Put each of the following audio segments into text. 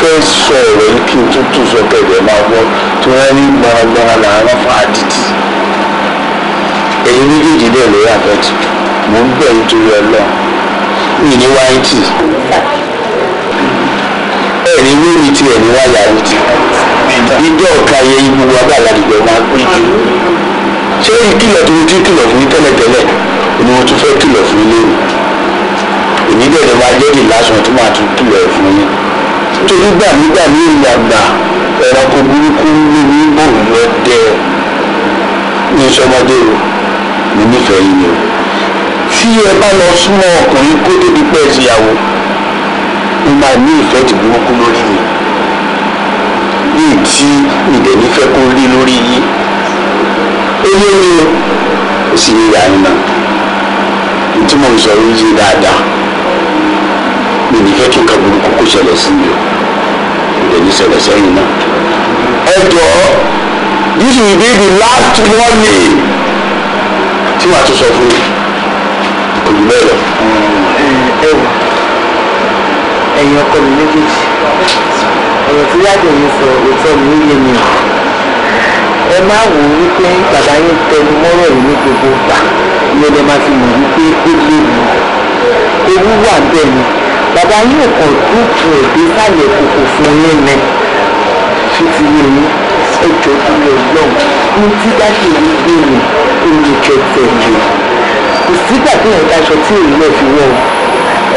fẹ́ sọ ọ̀rọ̀ yìí kí n tún tún sọ kẹ̀dẹ̀ máa gbọ́ tí wọ́n ní gbọ́nrangbọ́nran làárọ̀ fún àdìdì èyí méjèèjì dẹ̀ lórí àfẹ́tì mò ń bẹ̀ nítorí ọlọ́run mi ní wáyìntì bẹ́ẹ̀ ni wíwì tí ẹ̀ ní wáyà wìtì ìjọ ọ̀ka yẹ ibu wa bá aládìgbẹ́ máa ń jù ṣé ìkìlọ̀ tó ti kìlọ̀ fún tẹ́lẹ̀tẹ́lẹ̀ ni mo tún fẹ́ kìlọ̀ fún mi lónìí èmi bẹ̀rẹ̀ máa jẹ́ ìlàsàn tó máa tún kìlọ̀ fún yín torí gbàmígbà ní ìyàgbà ẹranko burúkú ní ní lọ dẹ ní sọmọdé o mo nífẹ̀ẹ́ yìí ni o tí ẹ bá lọ súnmọ́ ọkùnrin kó débi pẹ́ ìyàwó mo máa ní ìfẹ́ ti burúkú lórí mi ní ìtí ìdẹ̀nífẹ́ kó rí lórí yìí ó yé o sì ní ìyá yín náà ìtumọ̀ ìsọ̀rọ̀ yìí dáadáa mi ní fẹ́ kí nǹkan burúkú kó ṣẹlẹ̀ sí mi o kò ní ṣẹlẹ̀ sẹ́yìn náà. ẹ jọ this will be the last warning tí wàá tún sọ fún mi kò jù bẹ́ẹ̀ lọ. ẹ wò ẹ̀yin ọkọ mi méjèèjì ọ̀rọ̀ tí yàgò mi sọ òótọ́ mi nílé mi o ẹ má wò ó wípé bàbá yín tẹnu mọ́rọ̀ yìí ní gbogbo gbà ni ẹ lè máa fi mọ̀ wípé ó léwu ewu wà bẹ́ẹ̀ ni bàbá yóò kàn gúùpù èdè sàlẹ̀ kòkò fún yín ni ṣé ti yé mi ẹjọ́ tó lè lọ́n ní tí dákìrì gbé mi omi kẹtẹ jù kò sígbà tí èèyàn daṣọ tí èèyàn fi wọ̀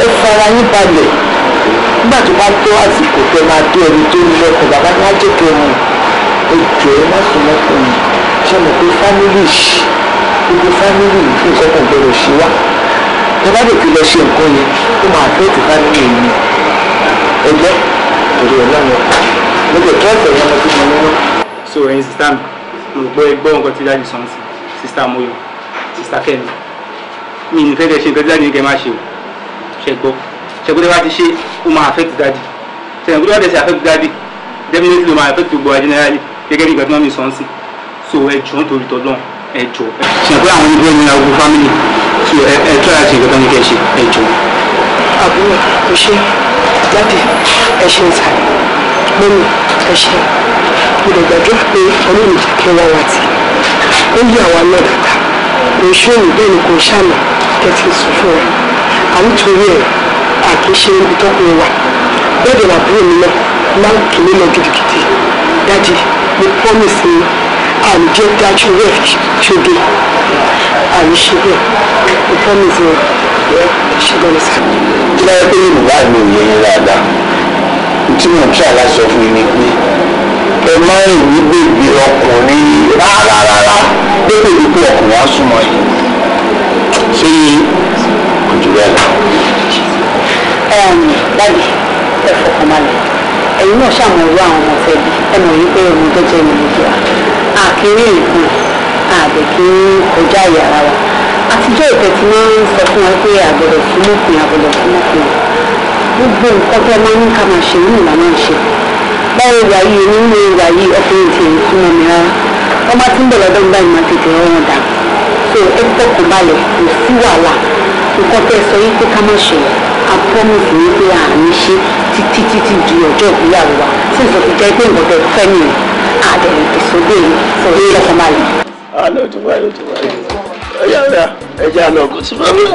ẹ fara yín balẹ̀ nígbà tó bá tó àsìkò tẹ máa dé ẹni tó lẹ́kọ̀ọ́ bàbá ní àjẹkẹ́ wọn ẹjọ́ ẹ má sọ mọ́kùnrin ṣe mọ̀ pé fámìlì ṣì gbogbo fámìlì nǹkan kan gbọdọ̀ ṣe wá tó bá lè fi lọ ṣe nǹkan yẹn ó máa fẹ́ ti bá nínú èyí ẹgbẹ́ torí ẹ̀ lọ́nà mo lè tọ́ ẹ̀sẹ̀ yẹn mo ti mọ nínú. so ẹyin sista mi mo gbọ́ ẹgbọ́ nǹkan tí dájú sọ ń sìn sista moyo sista kẹ́mi mi ní fẹ́ tẹ̀ ṣe nǹkan tí dájú ní kẹ́ máa ṣe o ṣe gbọ́ ṣe gbọ́dọ̀ bá ti ṣe ó máa fẹ́ ti dájú ṣe gbọ́dọ̀ bá ti ṣe àfẹ́ ti dájú definitely ó máa fẹ́ ti gbọ́ generally gẹ́gẹ́ bí ìgbà tí wọ́n mi sọ ń sìn so ẹ jọ̀ọ́ nítorí tọ́lọ́run ẹjọ. ṣe pé àwọn onídúró ní agogo family so ẹ ẹ tọ́ àti ìgbà ní kẹ́ẹ̀ṣe ẹjọ. àbúrò kò ṣe jáde ẹ ìta mọ́mí ẹ ṣe pé ọlọ́run jẹ́ kí wọ́n ó yí àwa náà dáadáa kò ṣe òní bẹ́ẹ̀ ni kò ṣàmì kẹ́tì sùn fún wa àwọn torí ẹ̀ àkíṣe ibi tọ́kùnrin wa bẹ́ẹ̀ dẹ̀ làbúrò mi náà máa ń kìlẹ̀ lọ gidigidi dájú mo promise ni. And àmì jẹ́ dájú rẹ̀ ṣoge àmì ṣe bẹ́ẹ̀ o promise o ṣùgbọ́n sá. tí báyọ̀ pé yìí bá mi yẹ yín dáadáa tí mo tún àlá sọ fún yín ni pé ẹ má rìn ní gbègbè ọkùnrin rárá rárá dépò dépò ọkùnrin á súnmọ́ yìí ṣé kò jù bẹ́ẹ̀ lọ. báyìí ẹ fọkàn balẹ̀ ẹ̀yin náà ṣàmọ̀ àwọn ọmọ fẹ́ ẹ mọ̀ wípé ọmọ jẹ́jẹ́ ni mo jẹ́ àkéré nǹkan àbẹ̀kí kọjá ìyàrá wa àtijọ́ ìtẹ̀tí máa ń sọ fún wa pé àgbọ̀dọ̀ fún òkun àgbọ̀dọ̀ gbogbo nǹkan tó máa ń ká máa ṣe nínú ìlà máa báwo wà yìí nínú ìwà yìí ọkùnrin ti ń súnmọ́ mi rárá wọ́n bá ti ń bọ̀ lọ́dọ̀ nígbà ìmọ̀ tètè ọ̀rọ̀ dà so ẹ tọkàn balẹ̀ kò sí wàhálà nǹkan tẹ́ sọ yìí pé ká má ṣe yìí máa promise pé à ń ṣe títí títí di ọjọ́ ìgbéyàwó wa sí ìsọ̀tì jẹ́ pé nǹkan tẹ fẹ́ mi àdẹ̀rẹ̀ ìsọdẹ̀ yìí sọ pé ẹ̀sán máa lè. àlọ́ òtún wáyé òtún wáyé ẹ̀yà rẹ̀ ẹ̀jẹ̀ àná kò sí fẹ́ mi.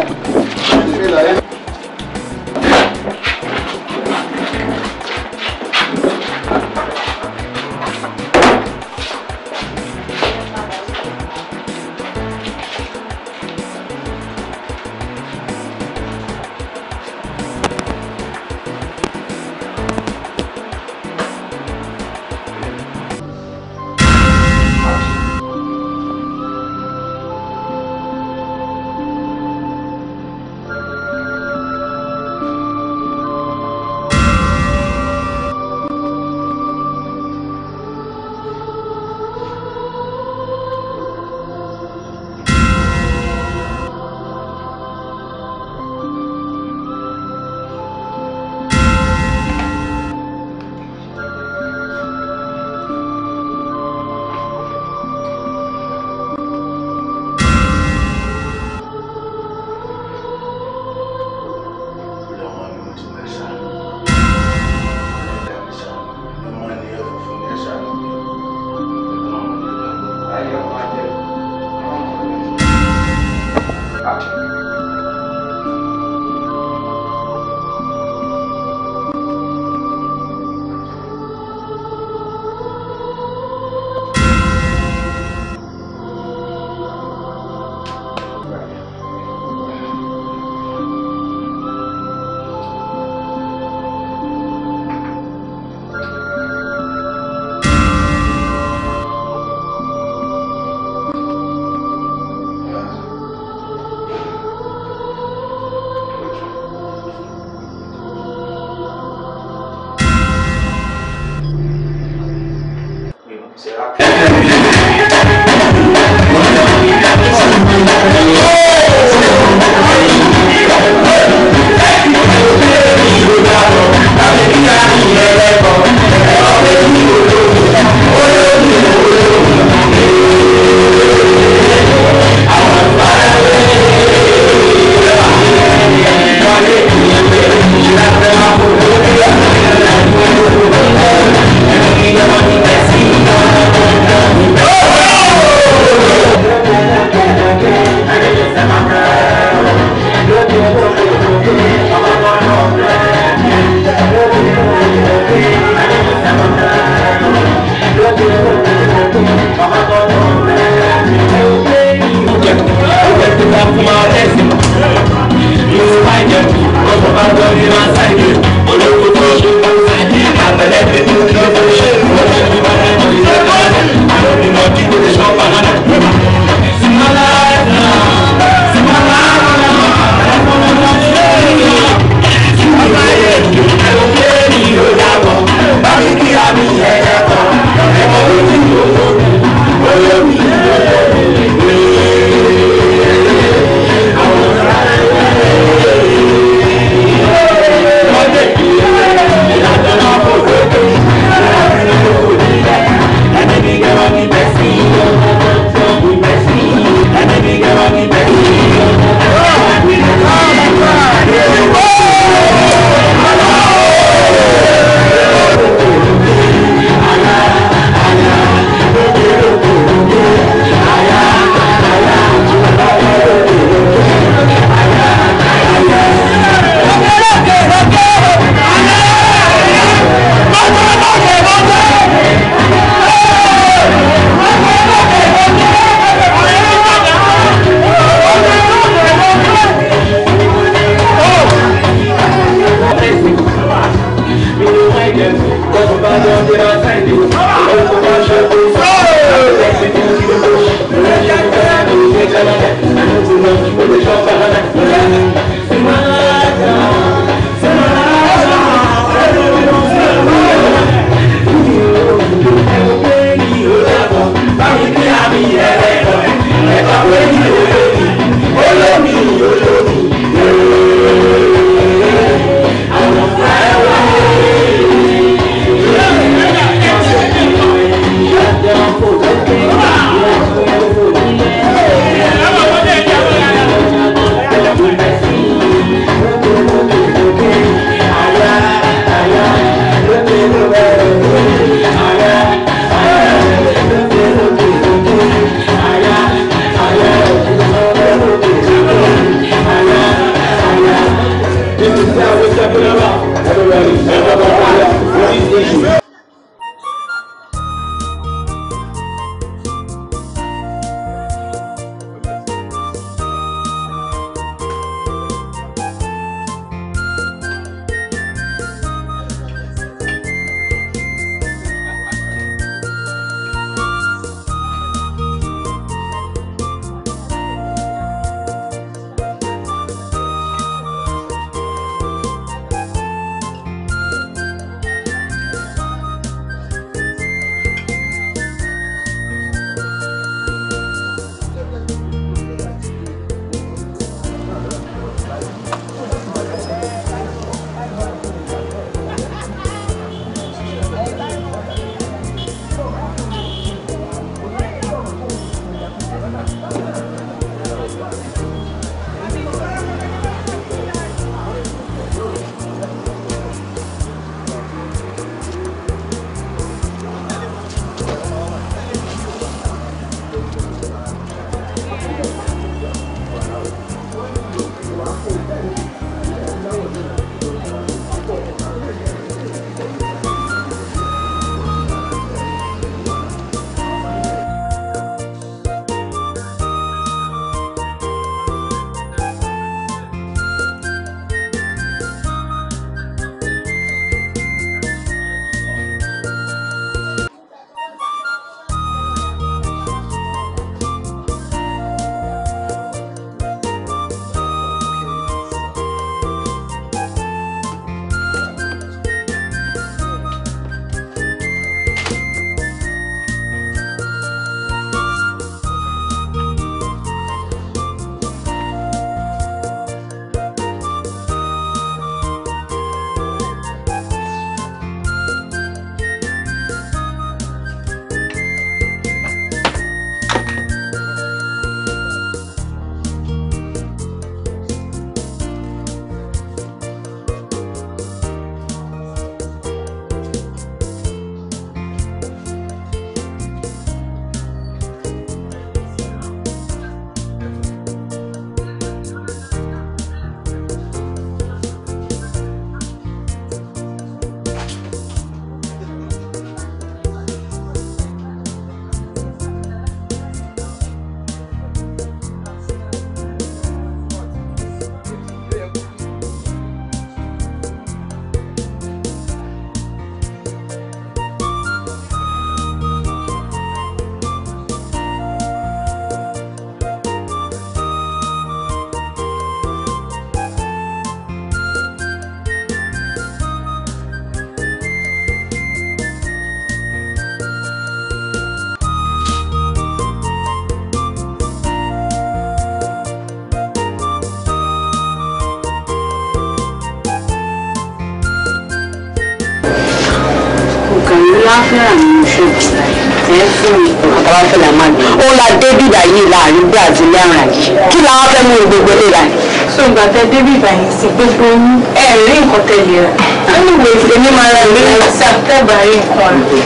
gbogbo léra ni. so ìgbà tẹ débi ìbàyẹn sí gbogbo yín ẹ rí nǹkan tẹ̀lé rẹ̀ ẹni wo èmi máa ra ìwé àti àtẹ̀bà rí nǹkan rẹ̀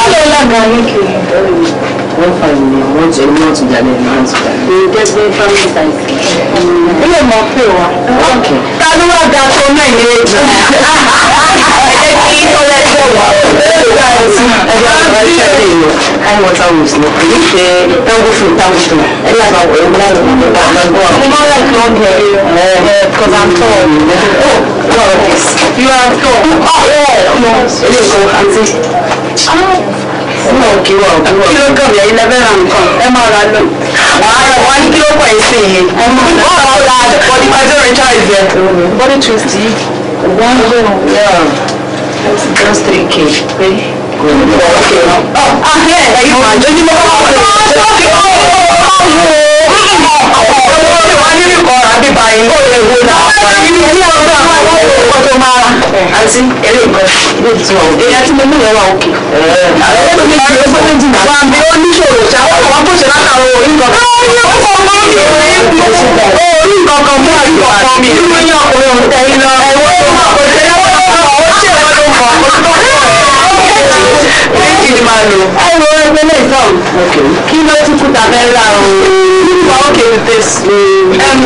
ọ̀rọ̀ ẹ̀ lọ́gàá ní kiri ìdọ́rẹ̀ one family one jẹ ní ọtún jalè ní ọtún jalè. ǹjẹ́ gbé family size. ilé mọ̀ pé wa. ta ló wá ga tó náà ní èjì. ẹ̀jẹ̀ kí ó lẹ́sẹ̀ wá. Àìwọ̀ta wò sí ní ṣe tango fún tango fún ẹ ní àbá wọ̀nyí ní àná ní ọ̀gá náà gbọ́. Mo máa ń like long hair ẹ̀ eh, because eh, I'm tall. Oh, God, you are tall. Oh, no, ilé ìkọ́ àti fún òkìwọ̀ òkìwọ̀. kí ló kàn mí ẹ̀yin lẹ́bẹ̀rẹ̀ nǹkan ẹ máa ra lọ. wàá wá ní kí ló pọ̀ ẹ́ sí iye. ó máa ra body pàṣẹ rẹ̀ charge body twist yìí one go well just three k pé. ọ̀hún ẹ̀yin máa jẹ́ ní mo bá wà lọ bí báyìí ó lè wo náà àǹfààní ní ọjọ́ àwọn tó máa àti eré nǹkan ní ìtumọ̀ èèyàn tí mo mú yẹn wà òkè. àwọn ọmọ mi kì í fún mi jìnnà. wà á bí ó níṣòro ṣá wọn kò wá bó ṣe látàrọ orí nǹkan. ọkọ ọmọ mi kì í orí nǹkan kan mú àyùkọ kan mi. ìlú yín ọkùnrin òun tẹ̀yìn lọ. ẹ̀wọ́n ọkọ̀ ìṣẹ̀lẹ̀ wọn ló ń bọ̀ ó ṣèwọ́n ló ń bọ̀ méjì ni máa lò. ẹ wo ẹgbẹ́ lè sọ̀rọ̀ kí ló tún kúta fẹ́ rà o. you are okay with this. kẹ́mi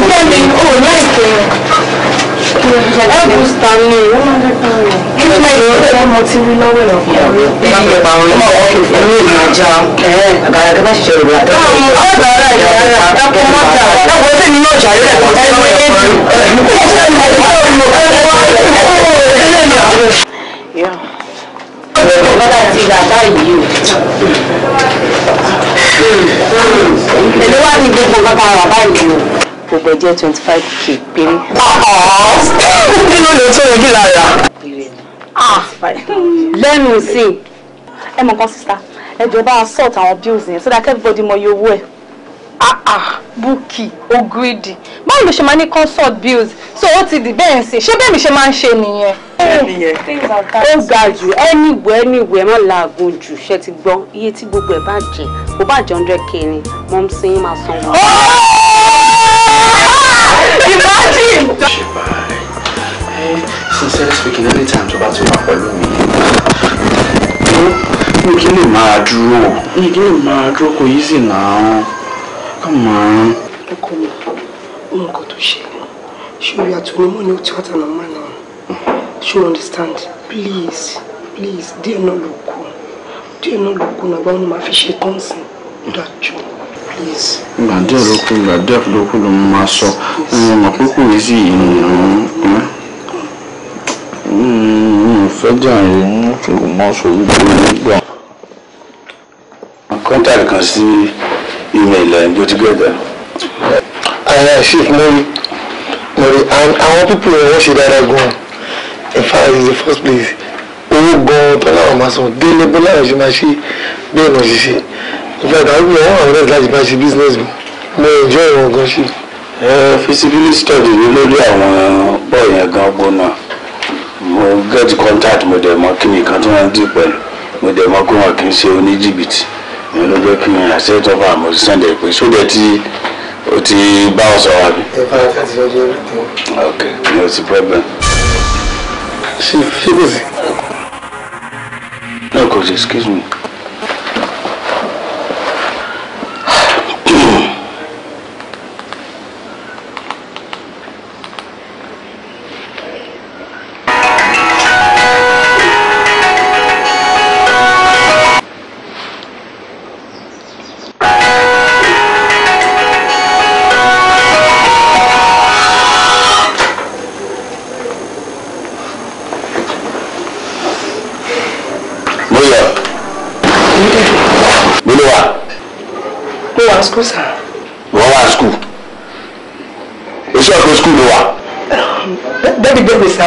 o láìpẹ́ ẹ̀bùn stanley one hundred pounds. kí ló máa yọ ọ́ mo ti rí lọ́wọ́ lọ. ìyá mi pa àwọn ọmọ ọkọ ìlú ìrìnàjà àgàrà tó bá ṣiṣẹ́ rẹ̀ bá. ọ̀dà ara ìyára ẹ̀kọ́ mọ́tà ẹ̀kọ́ tẹ̀ nínú ọjà rẹ̀ ẹ̀kọ́ tẹ̀ nínú ọ̀rọ̀ bọ́dà ti gbà báyìí o. èmi wá ní gbogbo nǹkan kan wà báyìí o. gbogbo ẹjẹ twenty five k péré. kí ló lè tó yẹn kí lára. lẹ́nu sí ẹ mọ̀ kan sísá ẹ jọba assault àwọn bills yẹn so that everybody mọ iye owó ẹ̀ ah ah bookie, búkì ògìrìdì báwo ló ṣe máa ní consult bills so ó ti dì bẹ́ẹ̀ ń ṣe ṣé bẹ́ẹ̀ mi ṣe máa ń ṣe nìyẹn. Oh, ó ga jù anywhere anywhere má làágùn jù ṣe ti gbọ́ iye tí gbogbo ẹ̀ bá jẹ́ kó bá jẹ́ hundred k ni mo ń sin máa san wọn. Oh! imagine. sincerely speaking anytime tó bá ti my pẹ̀lú mi you kí lè máa dúró mi kí lè máa dúró kò yí Come on. Look at me. Mo nǹkan tó ṣe. Ṣé you are to know money to what an man now? Ṣé you understand? Please, please, díẹ̀ náà ló kù. Díẹ̀ náà ló kù nàgbà wọn máa fi ṣe tọ́ǹsìn. Dájú. Please. Ìgbà díẹ̀ ló kù, ìgbà díẹ̀ ló kù so. máa sọ. Mo mọ̀ pé kò ní sí ìrìn mi ò fẹ́ jàre ń ṣòro mọ́ sórí kan sí email ẹ̀ go together. I sheik mori mori and I àwọn pípò wọn ṣe dáadáa gan-an in fact in the first place Oh God, an tó láwọn máa san délé bó láwọn ṣe máa ṣe bẹ́ẹ̀ náà ṣe ṣe in fact àwọn pípò wọn àwọn láti máa ṣe business mi mo enjoy wọn gan ṣe. feasibility study mi lórí àwọn bọ́ọ̀ yẹn gan gbóná mo get contact mo dẹ̀ mọ kí nìkan tí wọ́n ń dì pẹ̀lú mo dẹ̀ mọ pé wọn kì í ṣe oníjìbìtì ìyẹn ló jẹ́ kí n àṣẹ tó fà mo sẹ́ndẹ̀ pé sódẹ̀ tí o ti bá ọ sọ̀rọ̀ àbí. ẹ bá a ti lọ́jọ́ orí tó. ok no ti problem. ṣé ṣé kò sí. no kò excuse me.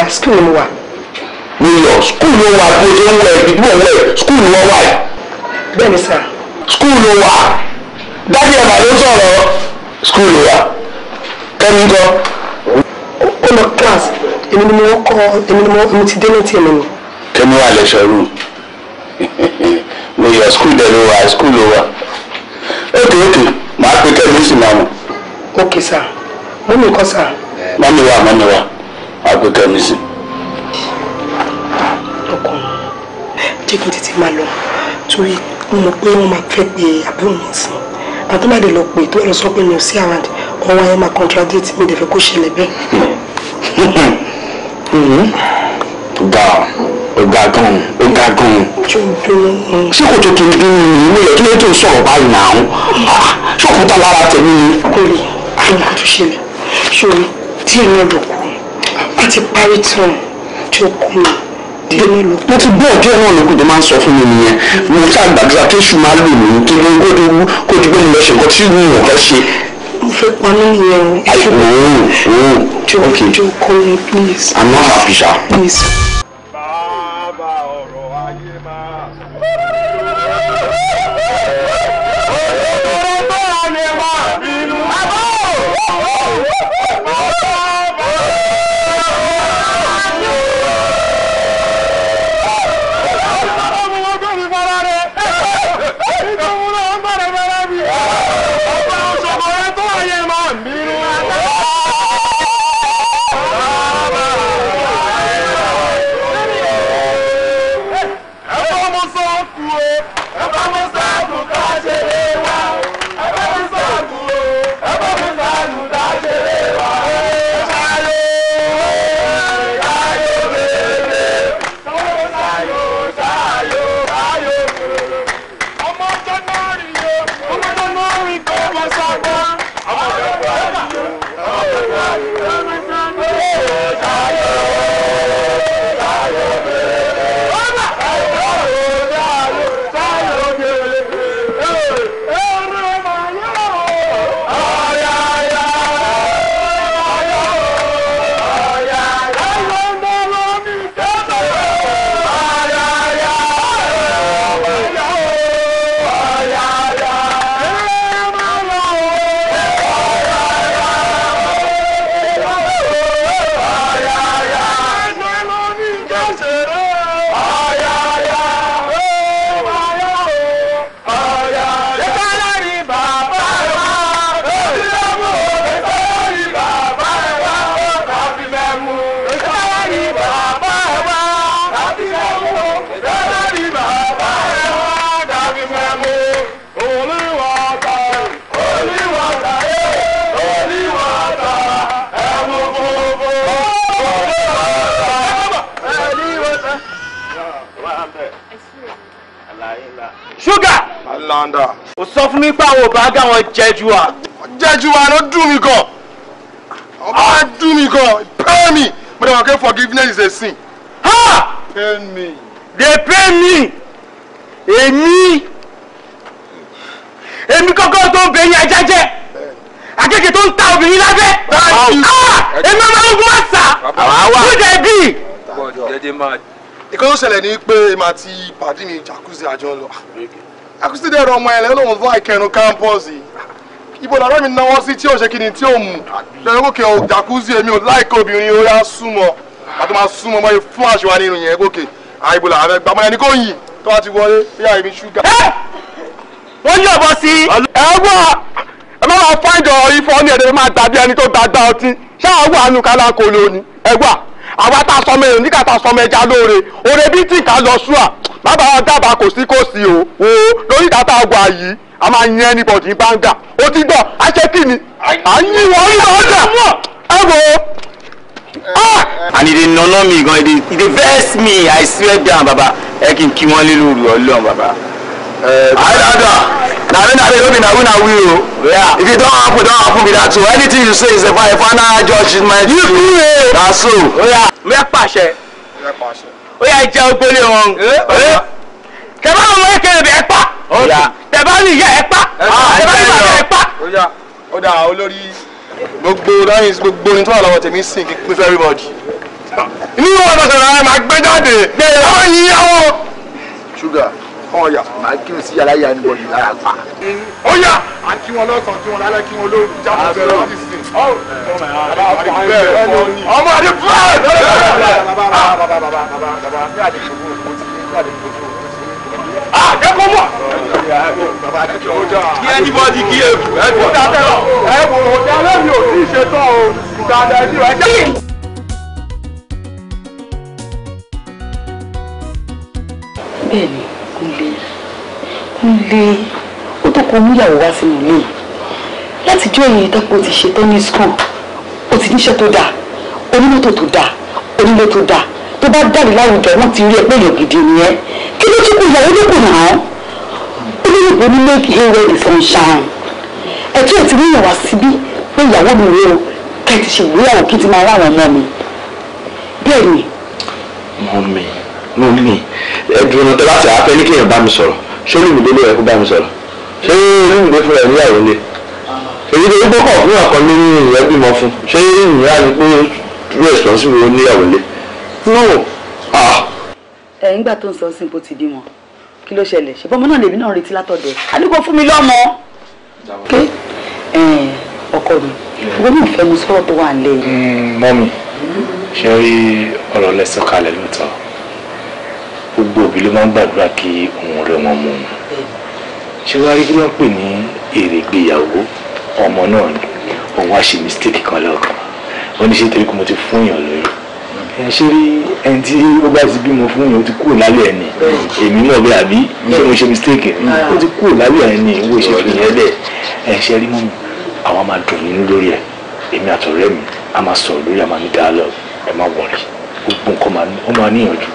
wà school ni mo wà. ní yọ school ló wà bó ṣe ń wẹ ìdúró wẹ school ni wọ́n wà yìí. bẹ́ẹ̀ni sà. school ló wà dájú ẹ̀ màá ló sọ̀rọ̀ school ló wà kẹ́mi ń kọ́. ó lọ class èmi ni mo kọ́ èmi ni mo ti dé ní tèmi ni. kẹ́mi wà lẹ́sọ̀ rú ní yọ school dẹ̀ ló wà school ló wà. ètò ètò màá pe kẹ́mi sí màmú. ok sà mọ́mí kọ́ sà. mọ́mí wa mọ́mí wa agbẹ́kẹ̀mísì. ọkùnrin jẹ́ kí n tètè máa lọ torí mo mọ̀ pé wọ́n máa fẹ́ pé àbúrò mi sìn àti má dé lọ pé tó lọ sọ pé mi ò sí around ọwọ́ ayé máa contradict mi dẹ̀fẹ́ kó ṣẹlẹ̀ bẹ́ẹ̀. ga ó ga gan-an ó ga gan-an ṣé kò tó kí n bí mi ní ilé ẹjọ́ tó ń sọ̀rọ̀ báyìí náà ṣé òkúta lára tẹ̀mí ni. kò rí kí n kò tó ṣẹlẹ̀ ṣòro tí èmi ọ̀dọ̀ kù ti parí tán jókòó dèmí lọ. mo ti gbọ́ ọjọ́ náà lókùn tó máa ń sọ fún mi nìyẹn mo ká gbàdúrà kí máa lò mí kí ló ń gbọ́dọ̀ wú kó ti mi lọ ṣe nǹkan tí mi ò fẹ́ ṣe. mo fẹ́ pa mí nìyẹn o. jókòó jókòó mi please. i'm not happy sha. please. sọ fún mi pé àwọn òbá gá wọn jẹjú wa. jẹjú wa ló dùn mí gan ọba ah! dùn mí gan pay me but dẹ̀ wọ́n kẹ́ forgiveness is a sin. ha pay me. dey pay me èmi èmi kọ́kọ́ tó ń bẹ yín ajá jẹ́ akéèké tó ń ta obìnrin lábẹ́ ah! èmi ọmọ ogun wá sà ló jẹ bí. ìkọ́sọ̀lẹ̀ ni pé màá ti pàdé mi jacuzzi àjọ lọ akúsídẹ̀rọ ọmọ ẹ̀rẹ́ lòun fún àìkẹrùn kámpọ́ọ̀sì ibo lọ́rọ́ mi náwó sí tí ò ṣe kíni tí ò mú lọ́rọ́ gòkè ò jàkúzì èmi ò láìka obìnrin ó yá súnmọ́ àti máa súnmọ́ mọ́ fún àṣọ nínú yẹn gòkè àìbò làwọn ẹgbàá mọ́ ẹni kò yìn tó bá ti wọlé bíyà èmi ṣúgà. wọ́n yọ̀ bọ́ sí ẹ̀wọ́ ẹ má máa fáìjọ ifọ̀ ní ẹ̀dẹ̀ máa dàbí ẹni tó dáadáa ọtí ṣáà wà nù kálákó lónìí ẹ̀gbà àwa tá a sọmọ èèyàn nígbà tá a sọmọ ẹja lóore òre bí tí nǹkan lọ sùà bàbá wa dábàá kò sí kò sí o o lórí ìdá tá a wà yìí a máa yan anybody gbangba o ti gbọ́ a ṣe kí ni à ń yí wọn ní ọjà ẹ wo. Ah! and e dey nana me gan e dey vex me i swear down baba ẹ kì í kí wọn lérò rẹ Ọlọ́run baba. àyàdà. Eh, na me na dey no be na we na we o. Oh. if e don happen don happen be that too. Oh. anything you say is a final ah, judgement. you do e. na so. Oh, mẹ pàṣẹ. ó yà jẹ́ ogbólé wọn. Eh? tẹ̀bá àwọn ọmọ ẹ̀kẹ́ rẹ̀ ẹ̀ pa. tẹ̀bá ní ìyá ẹ̀ pa. Ah, tẹ̀bá ní bàbá ẹ̀ pa. ó dà olórí gbogbo lẹ́yìn gbogbo ní tó wà lọ́wọ́ tèmi sìn kí pín fún everybody. inú wọn lọ sọ̀rọ̀ ẹ̀ máa gbé jáde. bẹ́ẹ̀ ni àwọn yìí yà wọ́n. sugar kán ọ̀yà màá kí n sí yàrá yà ní bọ̀dì lára pa. ó yà á kí wọn lọ́sàn-án kí wọn lálẹ́ kí wọn lóru jáde bẹ̀rẹ̀ ọ́fíìsì ni. ọmọ àdé bẹ́ẹ̀ bẹ́ẹ̀ akẹ́kọ̀ọ́ mọ̀. kí anybody kí ebu ẹ wò ẹ wò ọ̀dà lẹ́yìn ò tí ì ṣe tán o dáadáa ẹ ti rẹ̀ jẹ́. bẹ́ẹ̀ni Kúnlé ó tó kọ múyàwó wá sínú ilé yìí láti jọ èyí tọ́pọ̀ ti ṣe tán ní school ó ti níṣẹ́ tó dáa onímọ́tò tó dáa onílé tó dáa tó bá dàbí láwùjọ wọn ti rí ẹ pé èèyàn gidi nìyẹn kí ló tún kú ìyàwó lóko náà olóyìnbó ní make hayway the sunshine ẹ̀tún ẹ̀ ti rí ìyàwó síbí pé ìyàwó mi rèé o kẹ́ ti ṣe ìgbéyàwó kí ti máa wá àwọn ọmọ mi bẹ́ẹ̀ ni. mọ́mí mọ́mí ẹ̀dùn ọ̀nà tẹ́lá ti àáfẹ́ ní kéèyàn bá mi sọ̀rọ̀ ṣé olùmí ló lè ẹ̀kú bá mi sọ̀rọ̀ ṣé olùmí ló fẹ́rẹ̀ níyàwó ni, èyí tó gbọ́kọ̀ fún ọ̀kan ní ìyẹn bímọ fún ṣé ìyá ni pé responsible ó níyàwó lé no ah. ẹ̀ ń gbà tó ń sọ sí bó ti bímọ kí ló ṣẹlẹ̀ ṣùgbọ́n ọmọ náà lèmi náà retí látọ̀dọ̀ ẹ̀ a ní kó fún mi lọ́mọ. ké ọkọ mi ìwé mi fẹ́ mu sọ́rọ̀ tó wà ń lẹ́yìn. Hmm, mọ́mì ṣe rí ọ̀rọ̀ lẹ́sọ̀kalẹ̀ lóòótọ́ gbogbo òbí ló máa ń gbàdúrà kí òun rẹ wọn mú un ṣé wàá rí kí wọ́n pè ní èrè ọmọ náà ni òun wá ṣe mistake kan lọ́kàn ó ní ṣe torí kí mo ti fún èèyàn lóyún ẹ ṣe rí ẹni tí ó bá ti bímọ fún èèyàn ó ti kúrò lálẹ́ ẹni èmi náà bẹ́ẹ̀ àbí ṣé mo ṣe mistake ni ó ti kúrò lálẹ́ ẹni ìwé ṣe fi yẹn bẹ́ẹ̀ ẹ ṣe rí mọ́mi àwa máa dùn nínú lórí ẹ̀ èmi àtọ̀rẹ́ mi a máa sọ̀rọ̀ lórí a máa ẹ má wọ̀rì gbogbo nǹkan ó máa níyànjú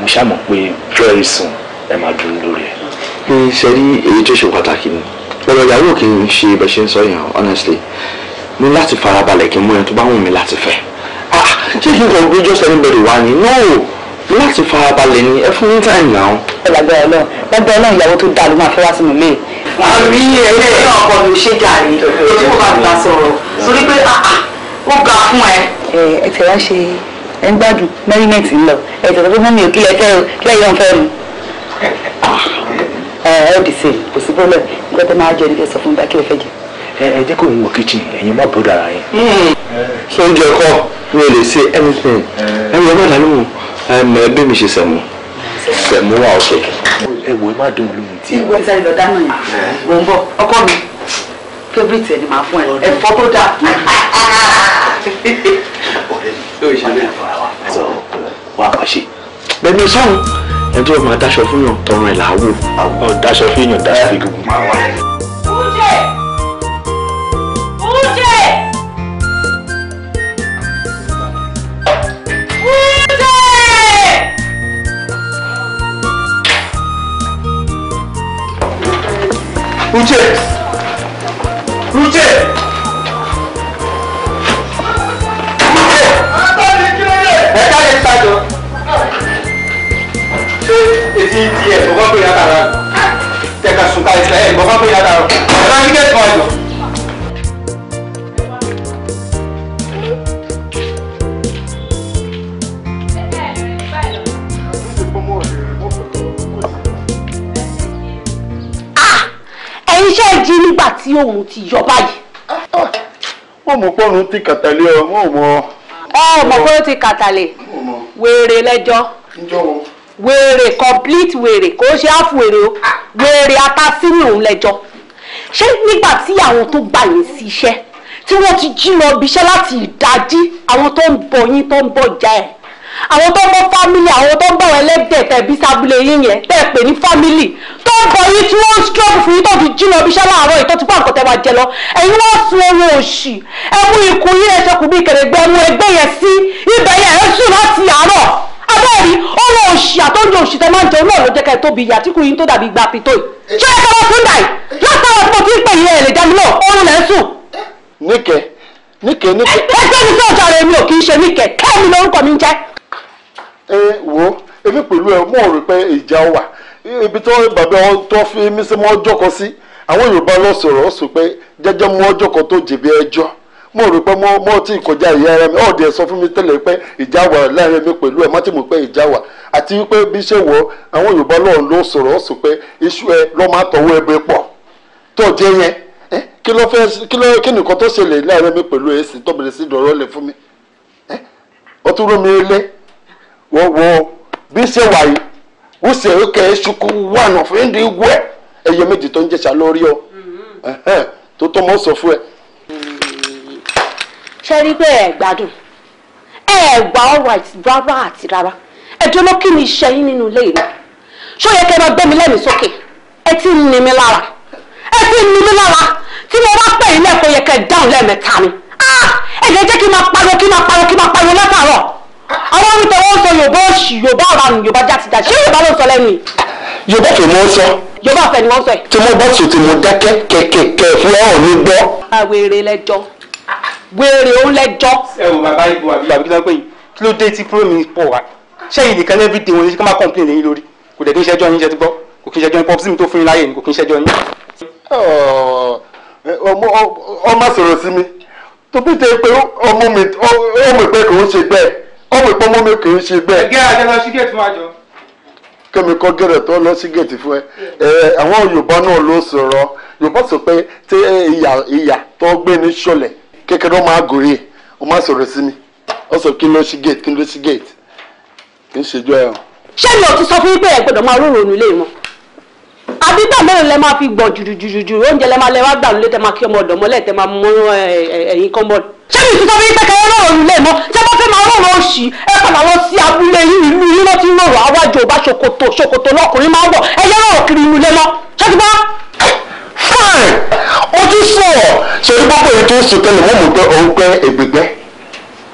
mo ṣàmọ̀ pé very soon ẹ máa dùn lórí ẹ. ṣe rí èyí tó ṣe pàtàkì ni ọ̀rọ̀ ìyàwó kì í ṣe bẹ́ẹ̀ ṣe ń sọ yẹn honestly mo láti farabalẹ̀ kí n mú ẹni tó bá wù mí láti fẹ́ ah ṣé kí n kàn gbé just anybody wá ni no láti farabalẹ̀ ni ẹ fún time now. ẹ lágbára Ọlọ́run lágbára Ọlọ́run ìyàwó tó dáa ló máa fẹ́ wá sínú ilé. àmì ẹ̀rẹ́ náà ọkọ mi ṣe jàre ojú kò bá mi bá sọ̀rọ̀ torí pé ah, ah, ó ga fún ẹ. ẹ ẹ tẹ̀ wá ṣe ẹ ń gbádùn mẹ́rìmẹ́ǹtì ń lọ ẹ tẹ̀sán tó mọ́mí òkìlẹ̀ ẹ̀fẹ́ o kílẹ̀ yóò fẹ́ mu. ẹ ẹ ọ́ dìse kò sí pọ́lẹ̀ nígbà tó máa jẹ ní kẹsàn fún bákẹ́ ẹ̀fẹ́ jẹ. ẹ ẹ jẹ́ kó ń wọ kíchìn ẹ̀yin má bọ́dọ̀ ara yẹn. Hmm. ṣé oúnjẹ kọ́ mi ò lè ṣe anything ẹ wọ bàtà lóhùn ẹ mọ ẹbí mi ṣe sẹ̀mú sẹ̀mú wà ọ̀kẹ́. ẹ wò ó má dùn lóhùn tí. ìwé sẹ́yìn lọ dáná yẹn mò ń bọ̀ ọkọ mi. Favorite ẹni máa fún ẹ ẹ̀fọ́ tó dáa. ọ̀rẹ́ mi ọ̀rẹ́ mi sọ wà á ṣe. bẹ́ẹ̀ni sọ́run ẹni tó máa dáṣọ fún yàn tọrọ ẹ̀ làwọ̀ dáṣọ fún yàn dáṣọ fún gbogbo máa wà. Uche! Uche! Uche! Uche! ti ti ẹ̀ bọ́kọ́ pé yàtọ̀ rẹ̀ tẹ̀ka sùn ká ìfẹ́ ẹ̀ bọ́kọ́ pé yàtọ̀ rẹ̀ ọ̀rọ̀ ní kẹ́kọ̀ọ́ ẹ̀dọ̀. jí nígbà tí òun ti yọ báyìí. wọ́n mú pọ́nrún ti kàtàlẹ́ ọ wọ́n mọ. ọ mọ̀ pé ó ti kàtàlẹ̀ wèrè lẹ́jọ́ wèrè complete wèrè kò ṣe áfù wèrè o ah. wèrè apásínú òun lẹ́jọ́ ṣé nígbà tí àwọn tó gbà yín sí iṣẹ́ tí wọ́n ti jí lọ bíṣẹ́ láti ìdájí àwọn tó ń bọ̀ yín tó ń bọ̀ já ẹ̀ àwọn tó ń bọ́ fámìlì àwọn tó ń bọ̀ wọ́n ẹlẹ́dẹ̀ tẹ̀bí sábúlé yín yẹn tẹ́ ẹ pè ní fámìlì tó ń bọ̀ yín tí wọ́n ń strọ́ọ̀bù fún yín tó fi jìnnà ibi iṣẹ́ láàárọ̀ yìí tó ti bá nǹkan tẹ́ wá jẹ lọ ẹ̀yin wọ́n sun ohun òṣì ẹ mú ikùn yín ẹsẹ̀ kù bí kèrègbè ẹmu ẹgbẹ́ yẹn sí ibẹ̀ yẹn ẹ sùn láti àárọ̀ abẹ́ẹ̀rí ohun òṣì àtọ́jú òṣì tẹ máa ń jẹun náà ló jẹ́ ká ẹ tóbi ìyá tí kò yín tó dàbí gba pító yìí ṣé ẹ tọwọ́ fún dàí látàwọn tí mo ti ń pè yín ẹ̀ lè dá mi náà oorun lẹ́ ń sùn. níkẹ níkẹ níkẹ. ẹgbẹ́ mi sọ̀tọ̀ rẹ̀ mi ò kì í ṣe níkẹ kẹ́mi lórúkọ mi ń jẹ́ ẹ wo èmi pẹ̀lú ẹ mọ̀ rò pé ìjà wà ibi tó bàbá ọ tó fi mí sí mọ́ ọjọ́ kan sí àwọn yorùbá lọ sọ̀rọ̀ ọ sọ pé jẹ́jẹ́ mọ́ ọjọ́ kan tó jẹ̀bi ẹjọ́ mo rò pé mo mo ti kọjá ìyá ara mi ọ̀dẹ̀ sọ fún mi tẹ́lẹ̀ pé ìjà wà láàrin mi pẹ̀lú ẹ̀ má ti mọ̀ pé ìjà wà àti wípé bí ṣe wọ àwọn yorùbá lọ́ọ̀ ló sọ̀rọ̀ ọ sọ pé iṣu ẹ lọ́ máa tọwọ́ ẹbẹ pọ̀ tó jẹ yẹn kí ló kí nìkan tó ṣẹlẹ̀ láàrin mi pẹ̀lú ẹ̀ sì tọ́bìrì sí dọ̀rọ̀ lẹ̀ fún mi ọtún rómi ilé wọ́n wọ bí ṣe wà yìí wọ́n ṣe òkè ṣukú wà nà fún ẹ̀ndì wẹ̀ ẹ̀yẹ méjì tó ń jẹ̀ṣà lórí ọ tó tó mọ́ sọ fún ẹ. ṣé rí pé ẹ gbádùn ẹ gbà ọ̀rọ̀ rárá àti rárá ẹjọ́ ló kí ni iṣẹ́ yín nínú ilé yìí ṣó yẹ kẹ́ ẹ máa bẹ́ mi lẹ́mìí sókè ẹ ti ń ni mi lára ẹ ti ń ni mi lára tí mo bá pè yín lẹ́ẹ̀kọ́ yẹ kẹ́ ẹ dáhùn lẹ́ẹ̀mẹ́ta ni ah! ẹ jẹ́ jẹ́ kí n máa pariwo kí n máa pariwo kí n máa pariwo lẹ́tàárọ̀ àwọn mi tọwọ́ sọ yorùbá òṣì yorùbá àbàmì yorùbá jàtìjà ṣé yorùbá ló sọ lẹ́nu yìí. yorùbá kì í mọ sọ. yorùbá fẹ́ ni wọ́n sọ yìí. tí mo bá sùn tí mo dákẹ́ kẹ̀kẹ́ fún ọ̀rọ̀ mi gbọ́. àwèrè lẹjọ wèrè òun lẹjọ. ẹ wo bàbá ibo àbí bàbá kí ló ń pè yín kí ló dé tí púrọ́mì pọ̀ wá ṣẹ́yìn nìkan lẹ́bí dé wọn ní kí wọ́n máa kọ́ńpìlì lẹ́yìn lórí kò dẹ̀ kí ń ṣẹ́jọ́ yín jẹ́ ti gbọ́ kò kí tó fún yín láyè ọmọ mi tó bí pé kò ń ṣe bẹ́ẹ̀ ọ wẹ̀ pọ́nmọ́ ṣe bẹ́ẹ̀. ẹgẹ́ ajá lọ sí gẹ̀ẹ́tì fún lọ ẹ àwọn yorùbá náà ló yorùbá sọ pé tí ìyà ìyà tó gbé ní ṣọlẹ̀ kékeré ọ má sọ̀rọ̀ sí ọ sọ kí ló sí gẹ̀ẹ́tì kí ló sí kì ti sọ fún gbọ́dọ̀ máa rúrò àbí gbà mélòó lẹ máa fi gbọ̀n jùjùjùjù oúnjẹ lẹ máa lẹ wá gbà lólé tẹ máa kí ọmọ ọ̀dọ̀ mọ́lẹ̀ tẹ máa mú ẹ̀yìn kan bọ́ọ̀lù. ṣé mi ìtúsọ fún pẹ́kẹ́ ẹ̀rọ òru lè mọ́ tẹ bá fẹ́ máa rọ̀rọ̀ òṣì ẹ padà lọ sí abúlé yìí ìlú yìí ló ti ń rọrọ̀ àwájò bá ṣòkòtò ṣòkòtò lọkùnrin máa ń wọ̀ ẹ yẹ rọrọ̀ kiri inú lẹ mọ́ ṣé ti bá. fine ojú sọ̀rọ̀ ṣe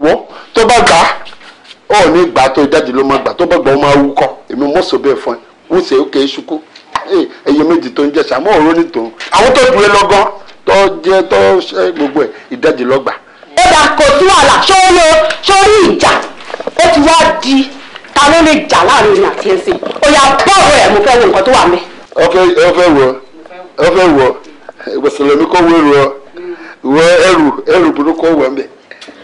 wọ́n tó bá gbà á ọ̀ ní gbà á tó jáde ló máa gbà tó bá gbà ó máa wú kọ́ èmi mọ́sọ̀ bẹ́ẹ̀ fún ẹ wúṣẹ́ òkè ṣukú ẹyẹ méjì tó ń jẹ sàmọ́ òró ní tòun àwọn tó dùn ẹ lọ́gán tó jẹ tó ṣe gbogbo ẹ ìdájì lọ́gbà. ó dà kò sí wàhálà sórí sórí ìjà ó ti wá di ta ló lè jà láàrin ìrìn àti ẹsìn ó yá bọ́ọ̀rọ̀ ẹ̀ mo fẹ́ wo nǹkan tó wà mẹ́. ọfẹ ọfẹ wọ ọfẹ wọ ìgbésẹ̀ lèmi wọ ẹrù ẹrù ẹrù burúkú wọ mẹ́.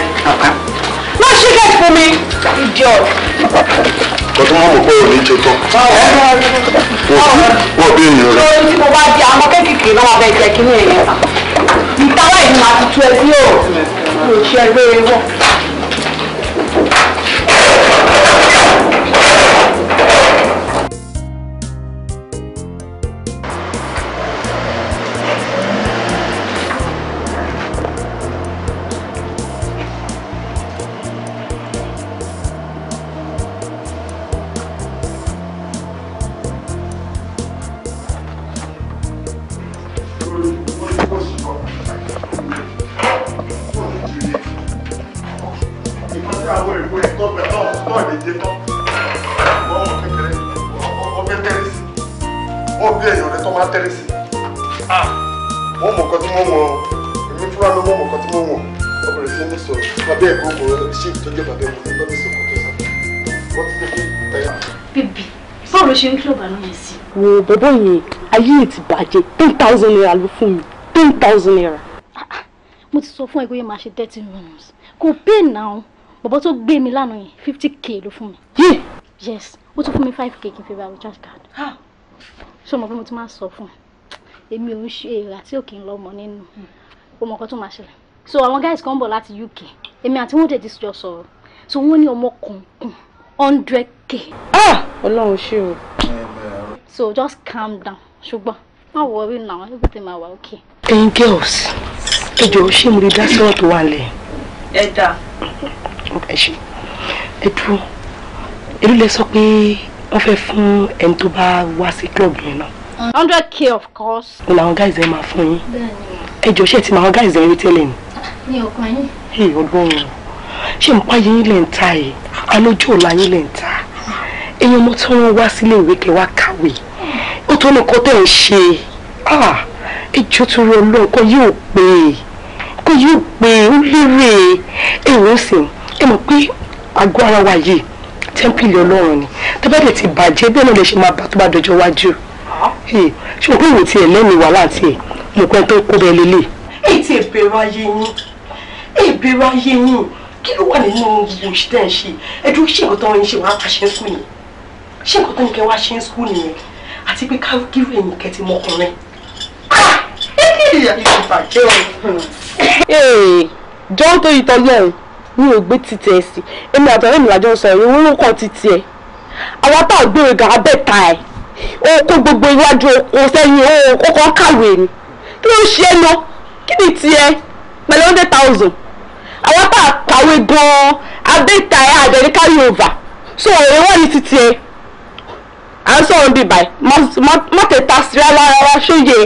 jàre. má ṣe gẹ́gẹ́ fún mi. idiot. kò tó mọ̀ mọ̀ pé òní ṣe tán. wọ́n bí ènìyàn rẹ̀. lórí tí mo bá di àwọn kéékèèké náà bẹ jẹ́ kí ní èèyàn ta. ìtawá ìlú àti tu ẹbí ò lè ṣe ẹgbẹ́ wọn. bọ̀bọ̀ yẹn ayé ẹ̀ ti bàjẹ́ ten thousand naira ló fún mi ten thousand naira. Ah, ah, mo ti sọ fún ẹ pé màá ṣe thirty rooms kò pay now bọ̀bọ̀ tó gbé mi lánàá yẹn fifty k ló fún mi. yes ó tún fún mi five k kí n fi ra recharge card. Ah! ṣé o mọ̀ pé mo ti máa sọ fún ẹ èmi ò ń ṣe èrè àti òkè ń lọ́mọ nínú o mọ̀ tó máa ṣẹlẹ̀ so àwọn guys kan bọ̀ láti UK èmi àti wọn dẹ̀ ti jọ sọ̀rọ̀ so wọ́n ní ọmọ kọ̀ọ̀kan hundred k. ọlọ́run ṣé o. Eh, so just calm down ṣùgbọ́n má worry now everything ma wà okay. ẹ̀yin girls ẹ jọ̀ọ́ ṣé mo lè dá sọ́rọ̀ tó wà lẹ̀. ẹ dà. ẹ ṣe ẹ dúró èló lẹ sọ pé wọ́n fẹ́ fún ẹni tó bá wá sí club yẹn náà. hundred k of course. mo làwọn guys ẹ máa fún yín ẹ jọ̀ọ́ ṣé ẹ ti mọ àwọn guys ẹ rí tẹ́lẹ̀ ni. Ah, mi ò kàn yín. ẹ ọgbọ́n ṣé n pa yín lẹ́ yìí alójú ọ̀la yín lẹ́ èèyàn mo tọ́ wọn wá sílé ìwé kẹ wá kàwé ó tó nìkan tẹ̀ ń ṣe ẹjọ́ ah, tó rí ọlọ́run kan yóò pé kan yóò pé ó lérè èrò sì ẹ mọ̀ pé àgọ́ ara wa yìí tẹ́ḿpìlì ọlọ́run ni tẹ́bẹ̀lẹ̀ ti bàjẹ́ bẹ́ẹ̀ náà lè ṣe máa bà tó bá dọjọ́ wájú eh, ṣùgbọ́n pé ìwò tiẹ̀ lẹ́nu ìwà láti ẹ̀ mo pẹ́ tó kó bẹ́ẹ̀ lélẹ̀. èyí ti ìbẹ̀rù ayé yín ìbẹ̀rù ayé yín kí ló wà nínú gbogbo òṣìṣẹ́ ẹ̀ ṣe ẹ̀dùn ṣègùn tó ń ṣe wàá pàṣẹ fún yín ṣé nǹkan tó ní kẹ́ wá ṣe ń skul nìyẹn àti pé kírú èyí kẹtì mọkùnrin. jọ́n tó yìí tọ́lọ́run mi ò gbé títì ẹ̀ sí èmi àtọ̀rẹ́ mi làjọ sọ ẹ̀rọ owó kan títì ẹ̀ àwa tá a gbèrè gan abẹ́ta ẹ̀ ó kó gbogbo iwájú oko sẹ́yìn ó kọ́kọ́ kàwé ni kí ló ṣe é ná kí ni tiẹ̀ pẹ̀lú hundred thousand àwa tá a kàwé gan-an abẹ́ta ẹ̀ àjẹríkà yorùbá so ọ̀rẹ́ wọ́n ní títì ẹ̀. azọ obi bai mọtẹtasirala rárá ṣóye.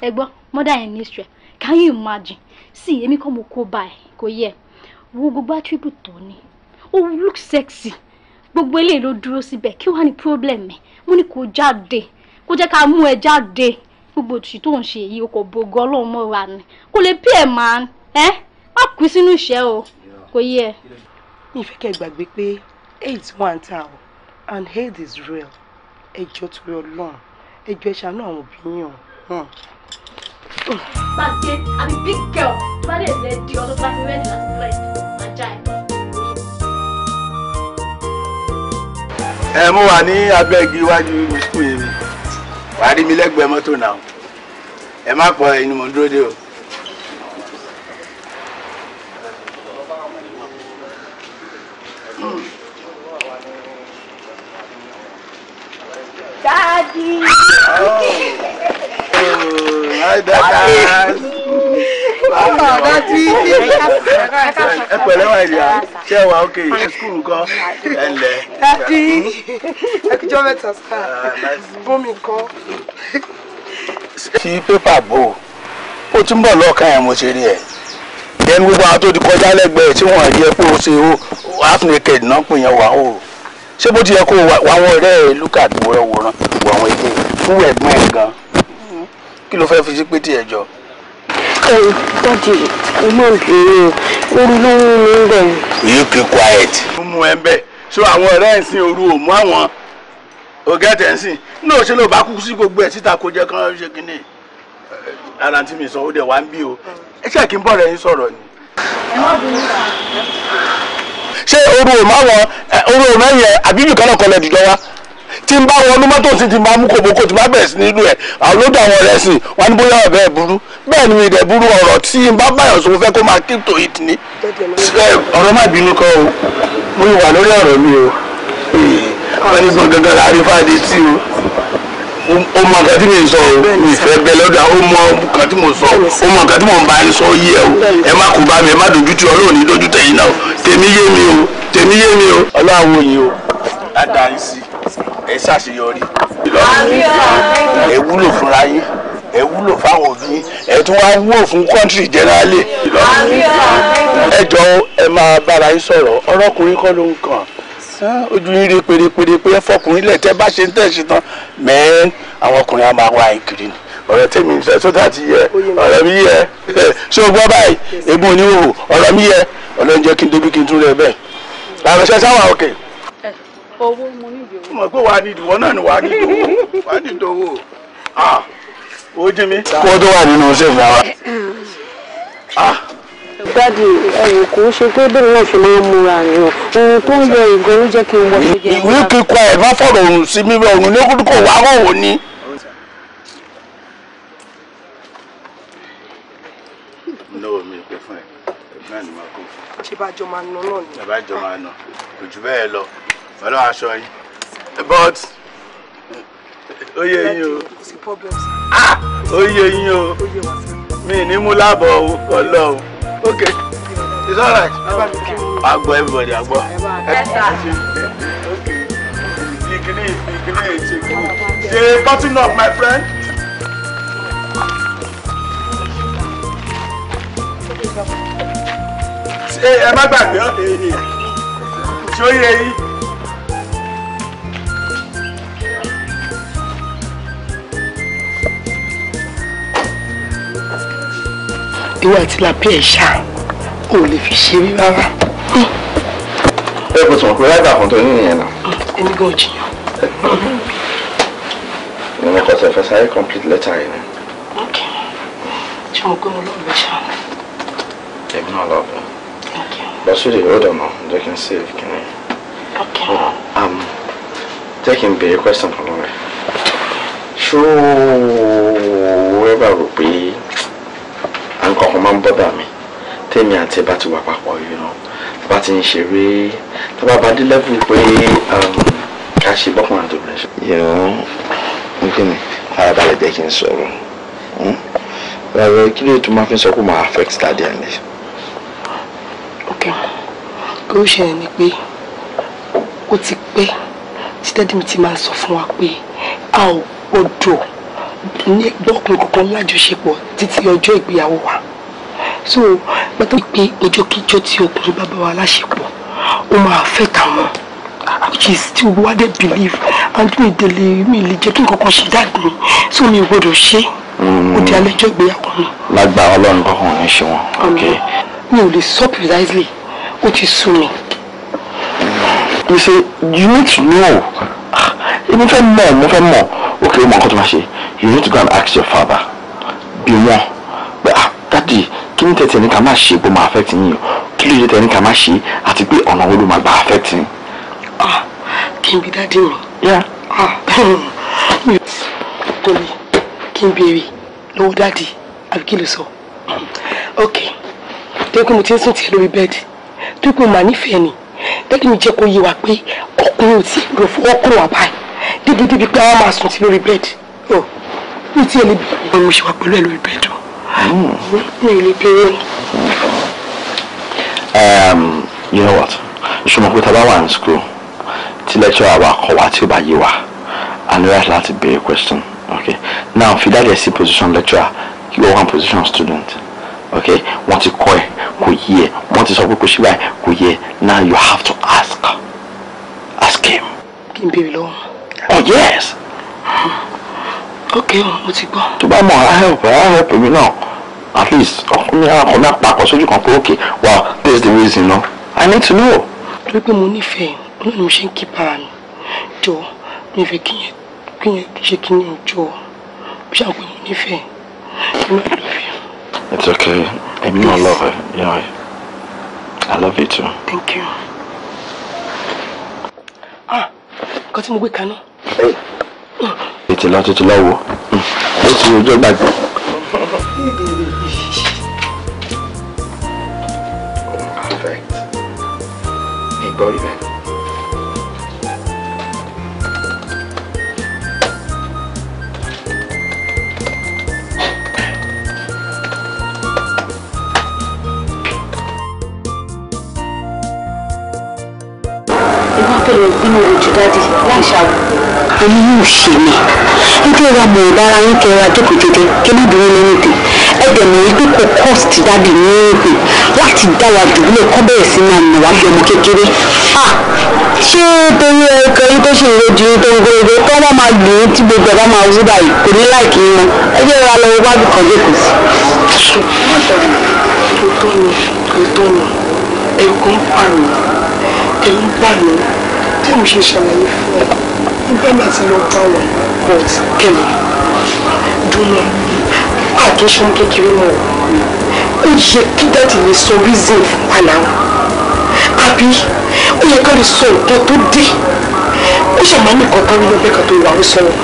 ẹ gbọ́ mother in history can you imagine sí èmi kọ́ mo kó báyìí kò yẹ wo gbogbo attribute tó ní ó look sexy gbogbo eléyìí ló dúró síbẹ̀ kí wàá ní problem ẹ̀ mo ní kó jáde kó jẹ́ ká mú ẹ jáde gbogbo òtútù tó ń ṣe èyí o kò bògo ọlọ́run mọ́ra ni kò lè pí ẹ̀ máa ẹ má kú sínú o kò yẹ. mi fẹ́ kẹ́ gbàgbé pé AIDS wà ń and AIDS is real. ẹjọ́ torí ọlọ́run ẹjọ́ ẹ ṣàánú àwọn òbí yín o. Gbàgbé, hmm. I'm a big girl. Bá lè lè di ọdún bá fi mẹ́rin láti Ẹ mú wa ní abẹ́ iwájú ìwé sùkúù yẹn mi. Wàá rí mi lẹ́gbẹ̀ẹ́ mọ́tò náà. Ẹ má pọ̀ ẹni mò ń dúró dé o. Daddy. Oh, hi, Daddy. Báwo ọ̀dọ́ tí ẹ pẹ̀lẹ́ wà ìyá ṣé wà ókè ẹ skul nǹkan ẹ lẹ̀. Dadi hmm? ẹkújọ́ mẹ́ta sá ah, bómi nǹkan. Fi pépà bò ó tún bọ̀ lọ́ọ̀kan ẹ̀ mo ṣe rí ẹ̀. Ẹni gbogbo àwọn tó ti kọjá lẹ́gbẹ̀ẹ́ tí wọ́n rí ẹ pé ó ṣe half naked náà pè yẹn wà ó ṣé bó ti yẹ kó wà àwọn ọ̀rẹ́ ẹ̀ lúkà wọ́n wòran wọ àwọn ilé fún ẹ̀gbọ́n ẹ̀ gan kí ló fẹ́ fi sí pété ẹ̀ jọ. dadi mo máa ń bèrè orí ló ń mú mi bẹ̀. you be quiet. mo mú ẹ bẹ́ẹ̀ so àwọn ọ̀rẹ́ ẹ̀ ń sin òru òmú àwọn ògẹ́tẹ̀ ń sìn ní òṣèlú ò bá kú sí gbogbo ẹ̀ síta kó jẹ́ kán ṣe kínní eh, ara tí mi sọ ó dẹ̀ wá ń bí o ẹ ṣe kí n bọ̀ rẹ̀ yín sọ̀rọ̀ ni. ẹ má bínú sàn. ṣé oru ò máa wọn oru ò náà yẹn àbí ibìkan náà kọlẹ̀ dìjọ wa tí n bá mọ́tò sí ti máa mú kòbókò tí n bẹ̀rẹ̀ sí nílùú ẹ̀ àlódà wọn ti wọn ní bóyá ọ̀bẹ burú bẹ́ẹ̀ ni ìdẹ̀ burú ọ̀rọ̀ tí bá báyọ̀ sọ fẹ́ kó máa kíntò yìí ní. ọ̀rọ̀ má bínú kọ́ o mo wà lórí ọ̀rọ̀ mi o gbọ̀ngàn o mọ nǹkan tí mi sọ o mi fẹ́ bẹ lọ́dọ̀ o mọ nǹkan tí mo sọ o mọ nǹkan tí mo ń bá yín sọ yí ẹ o ẹ má kó bá mi ẹ má dojú tí Ọlọ́run ní dojú tẹ̀yìn náà tèmi yé mi o tèmi yé mi o. Ọlọ́run yìí o dáadáa yín sí ẹ ṣàṣeyọrí ẹ wúlò fúnra yín ẹ wúlò fáwọn òbí ẹ tún wá wúlò fún kọ́ńtírì jẹ́nálì ẹ jọ ẹ máa bára yín sọ̀rọ̀ ọ̀rọ̀kùnrin kọ́ ló ń kàn ojú rere pérépérépé ẹ fọkùnrin lẹ tẹ bá ṣe ń tẹ̀sí tán mẹ́ẹ́ àwọn ọkùnrin á máa wá ẹ̀ kiri ni ọ̀rẹ́ tèmi ń fẹ́ sódà ti yẹ ọ̀rẹ́ mi yẹ ṣé o gbọ́ báyìí èmi ò ní wò ọ̀rẹ́ mi yẹ ọlọ́run jẹ́ kí n débi kí n tún rẹ bẹ́ẹ̀ àwọn ṣe sáwà òkè. owó mo ní ìdòwò. mo pé wàá ní ìdòwò náà ni wàá ní ìdòwò wàá ní ìdòwò ah, ó jí mi. kó tó wà nínú ṣèfì àwa. Ah, dádì ẹ̀yìn kò ṣe pé bẹ́ẹ̀ náà ṣe máa ń múra rẹ̀ o ohun tó ń yọ ìgò ló jẹ́ kí n wọ ṣẹ́jẹ́ wọn. ìwé kíkọ ẹ̀ má fọ̀rọ̀ ọ̀run sí mi ọ̀run ní kúndùkọ̀ kò jù bẹ́ẹ̀ lọ but ó yẹ o ó yẹ yín o ah! mi ní mú lábọ̀ ọlọ́run okay it's all right. agbọ everybody agbọ. ṣe button up my friend. Hey, am I back ṣó Show yìí. ìwà àti làpẹ́ ẹ̀ ṣá ò lè fi ṣeré rárá. ẹ kò sọ̀rọ̀ pé ráìdà kan tó ní nìyẹn náà. ẹni gan jiyàn. ní mo kọ́ fẹ́ sáré complete letter yìí ni. ok ṣé mo gbé mo lọ́ọ́ lọ ṣá. èmi náà lọ bọ̀. lọ sí ìdè lóòdà náà jẹ́ kí n save kí ni. ok. jẹ́ kí n béèrè question kan lọ́wọ́ ẹ̀. ṣó o ẹ bá rò pé nǹkan kan máa ń bọ́dà mi tèmi àti ẹ bá ti wà papọ̀ yìí náà bá ti ń ṣeré tá bá bá dé lẹ́bù pé um, ká ṣe bọ́kùnrin àti obìnrin ṣe. yẹ̀rọ ń kí ni arábàlẹ̀ jẹ́ kí n sọ̀rọ̀ hmm? rárá kí ló tún máa fi sọ pé màá affect stadium ni. ok kí ó ṣẹlẹ̀ ni pé ó ti pẹ́ tí dádì mi ti máa sọ fún wa pé a ò gbọ́dọ̀ ní gbọ́kùnrin kankan lájọṣepọ̀ títí ọjọ́ ìgbéyàwó wa so pẹ̀tọ́ pé ojókíjọ́ tí ọkùnrin bá bá wa láṣepọ̀ ó máa fẹ́ tàwọn which is still what they believe and mi délé mi lè jẹ́ kí nǹkan kan ṣe dáàbò mi so mi gbọ́dọ̀ ṣe ó hmm. di alẹ́jọ́ ìgbéyàwó mi. lágbára ọlọ́run kọ́kàn ní ṣe wọn. mi ò lè sọ precisely ó ti sú mi. you say you need to know èmi fẹ́ mọ̀ mo fẹ́ mọ̀ ok ó mọ nǹkan tó máa ṣe you need to go and ask your father bí wọ́n pé ah dadi kí ni tẹ̀tẹ̀ ní ká má ṣe bó máa affect yín o kí ló yẹ tẹ̀ ní ká má ṣe àti pé ọ̀nà wo ló máa gbà affect yín. Ah, kí n bi dáàdì mi. Ah, torí kí n béèrè lọ́wọ́ dáàdì àbí kí ló sọ. ok tó kí mo ti ń sùn tiẹ̀ lórí bẹ́ẹ̀dì tó kí mà nífẹ̀ẹ́ ni dáàdì mi jẹ́ kó yé wa pé ọkùnrin ò tí ì rò fún ọkùnrin wa báyìí débi débi pé àwọn máa sùn sí lórí bẹ́ẹ̀dì. ó ní tí ẹ lè pẹ̀lú ẹ lórí bẹ́ẹ̀dì o. Um, you know what? Ṣùgbọ́n pé tábà wà ní school tí lecturer wa kọ̀ wá tí ó bá yé wa and right láti béèrè question okay now fi dáadé sí position lecturer kí wọ́n wá position student okay wọ́n ti kọ́ ẹ̀ kò yé ẹ̀ wọ́n ti sọ pé kò ṣí báyìí kò yé ẹ̀ now you have to ask ask him. Kí n béèrè lọ́wọ́. Oh yes ok oh, mo ti gbọ́. tó bá mọ̀ I help I help mi náà at least ọkùnrin akọ̀mí apapọ̀ sójú kan pé ok wow that's the reason no i need to know. torí pé mo nífẹ̀ẹ́ náà ni mo ṣe ń kí para mi jọ mi fẹ́ kí yẹn kí yẹn ṣe kí yẹn jọ ó ṣàgbé mo nífẹ̀ẹ́ kí n má fi. it's okay èmi náà love her yeah i love you too. thank you. ah nǹkan tí mo gbé kaná ètè lọ tètè lọ wò ó ti ojú gbàgbé. perfect ìgbọ́ rí bẹ́ẹ̀. òjò dáadé láì ṣàwọ̀ èmi yóò ṣe ni ẹgbẹ́ wa mọ̀ ìbára yín kẹra jókòó jẹjẹ kí má bínú lẹ́yìn tè ẹ̀dẹ̀ mọ̀ wípé kò cost dáàdì ní èèpẹ̀ láti dá wa dùbúlẹ̀ kọ́ bẹ́ẹ̀ sí máa nà wá bí ọmọ kékeré ṣé torí ẹ̀kọ́ yín tó ṣe ìrèjì yín tó ń gbèrègbè tó bá máa gbìn tí gbogbo ẹ̀ máa wú báyìí kò ní láìkí yín mọ́ ẹgbẹ́ wa lọ wọ́n bí kan jókòó sí. ẹ̀kọ́ ń pààyàn ẹ̀rù ń pààyàn tí mo ṣe ṣàlàyé fún ọ bẹ́ẹ̀ni àti lọ bá wọn but kẹmí dúró àkínṣán kékeré mọ ó yẹ kí dáàdì lè sọ reason fún wa náà àbí ó yẹ ká lè sọ nǹkan tó dé ó ṣàmọ́ nìkan tó ń lọ bẹ́ẹ̀ kan tó wà ó sọ̀rọ̀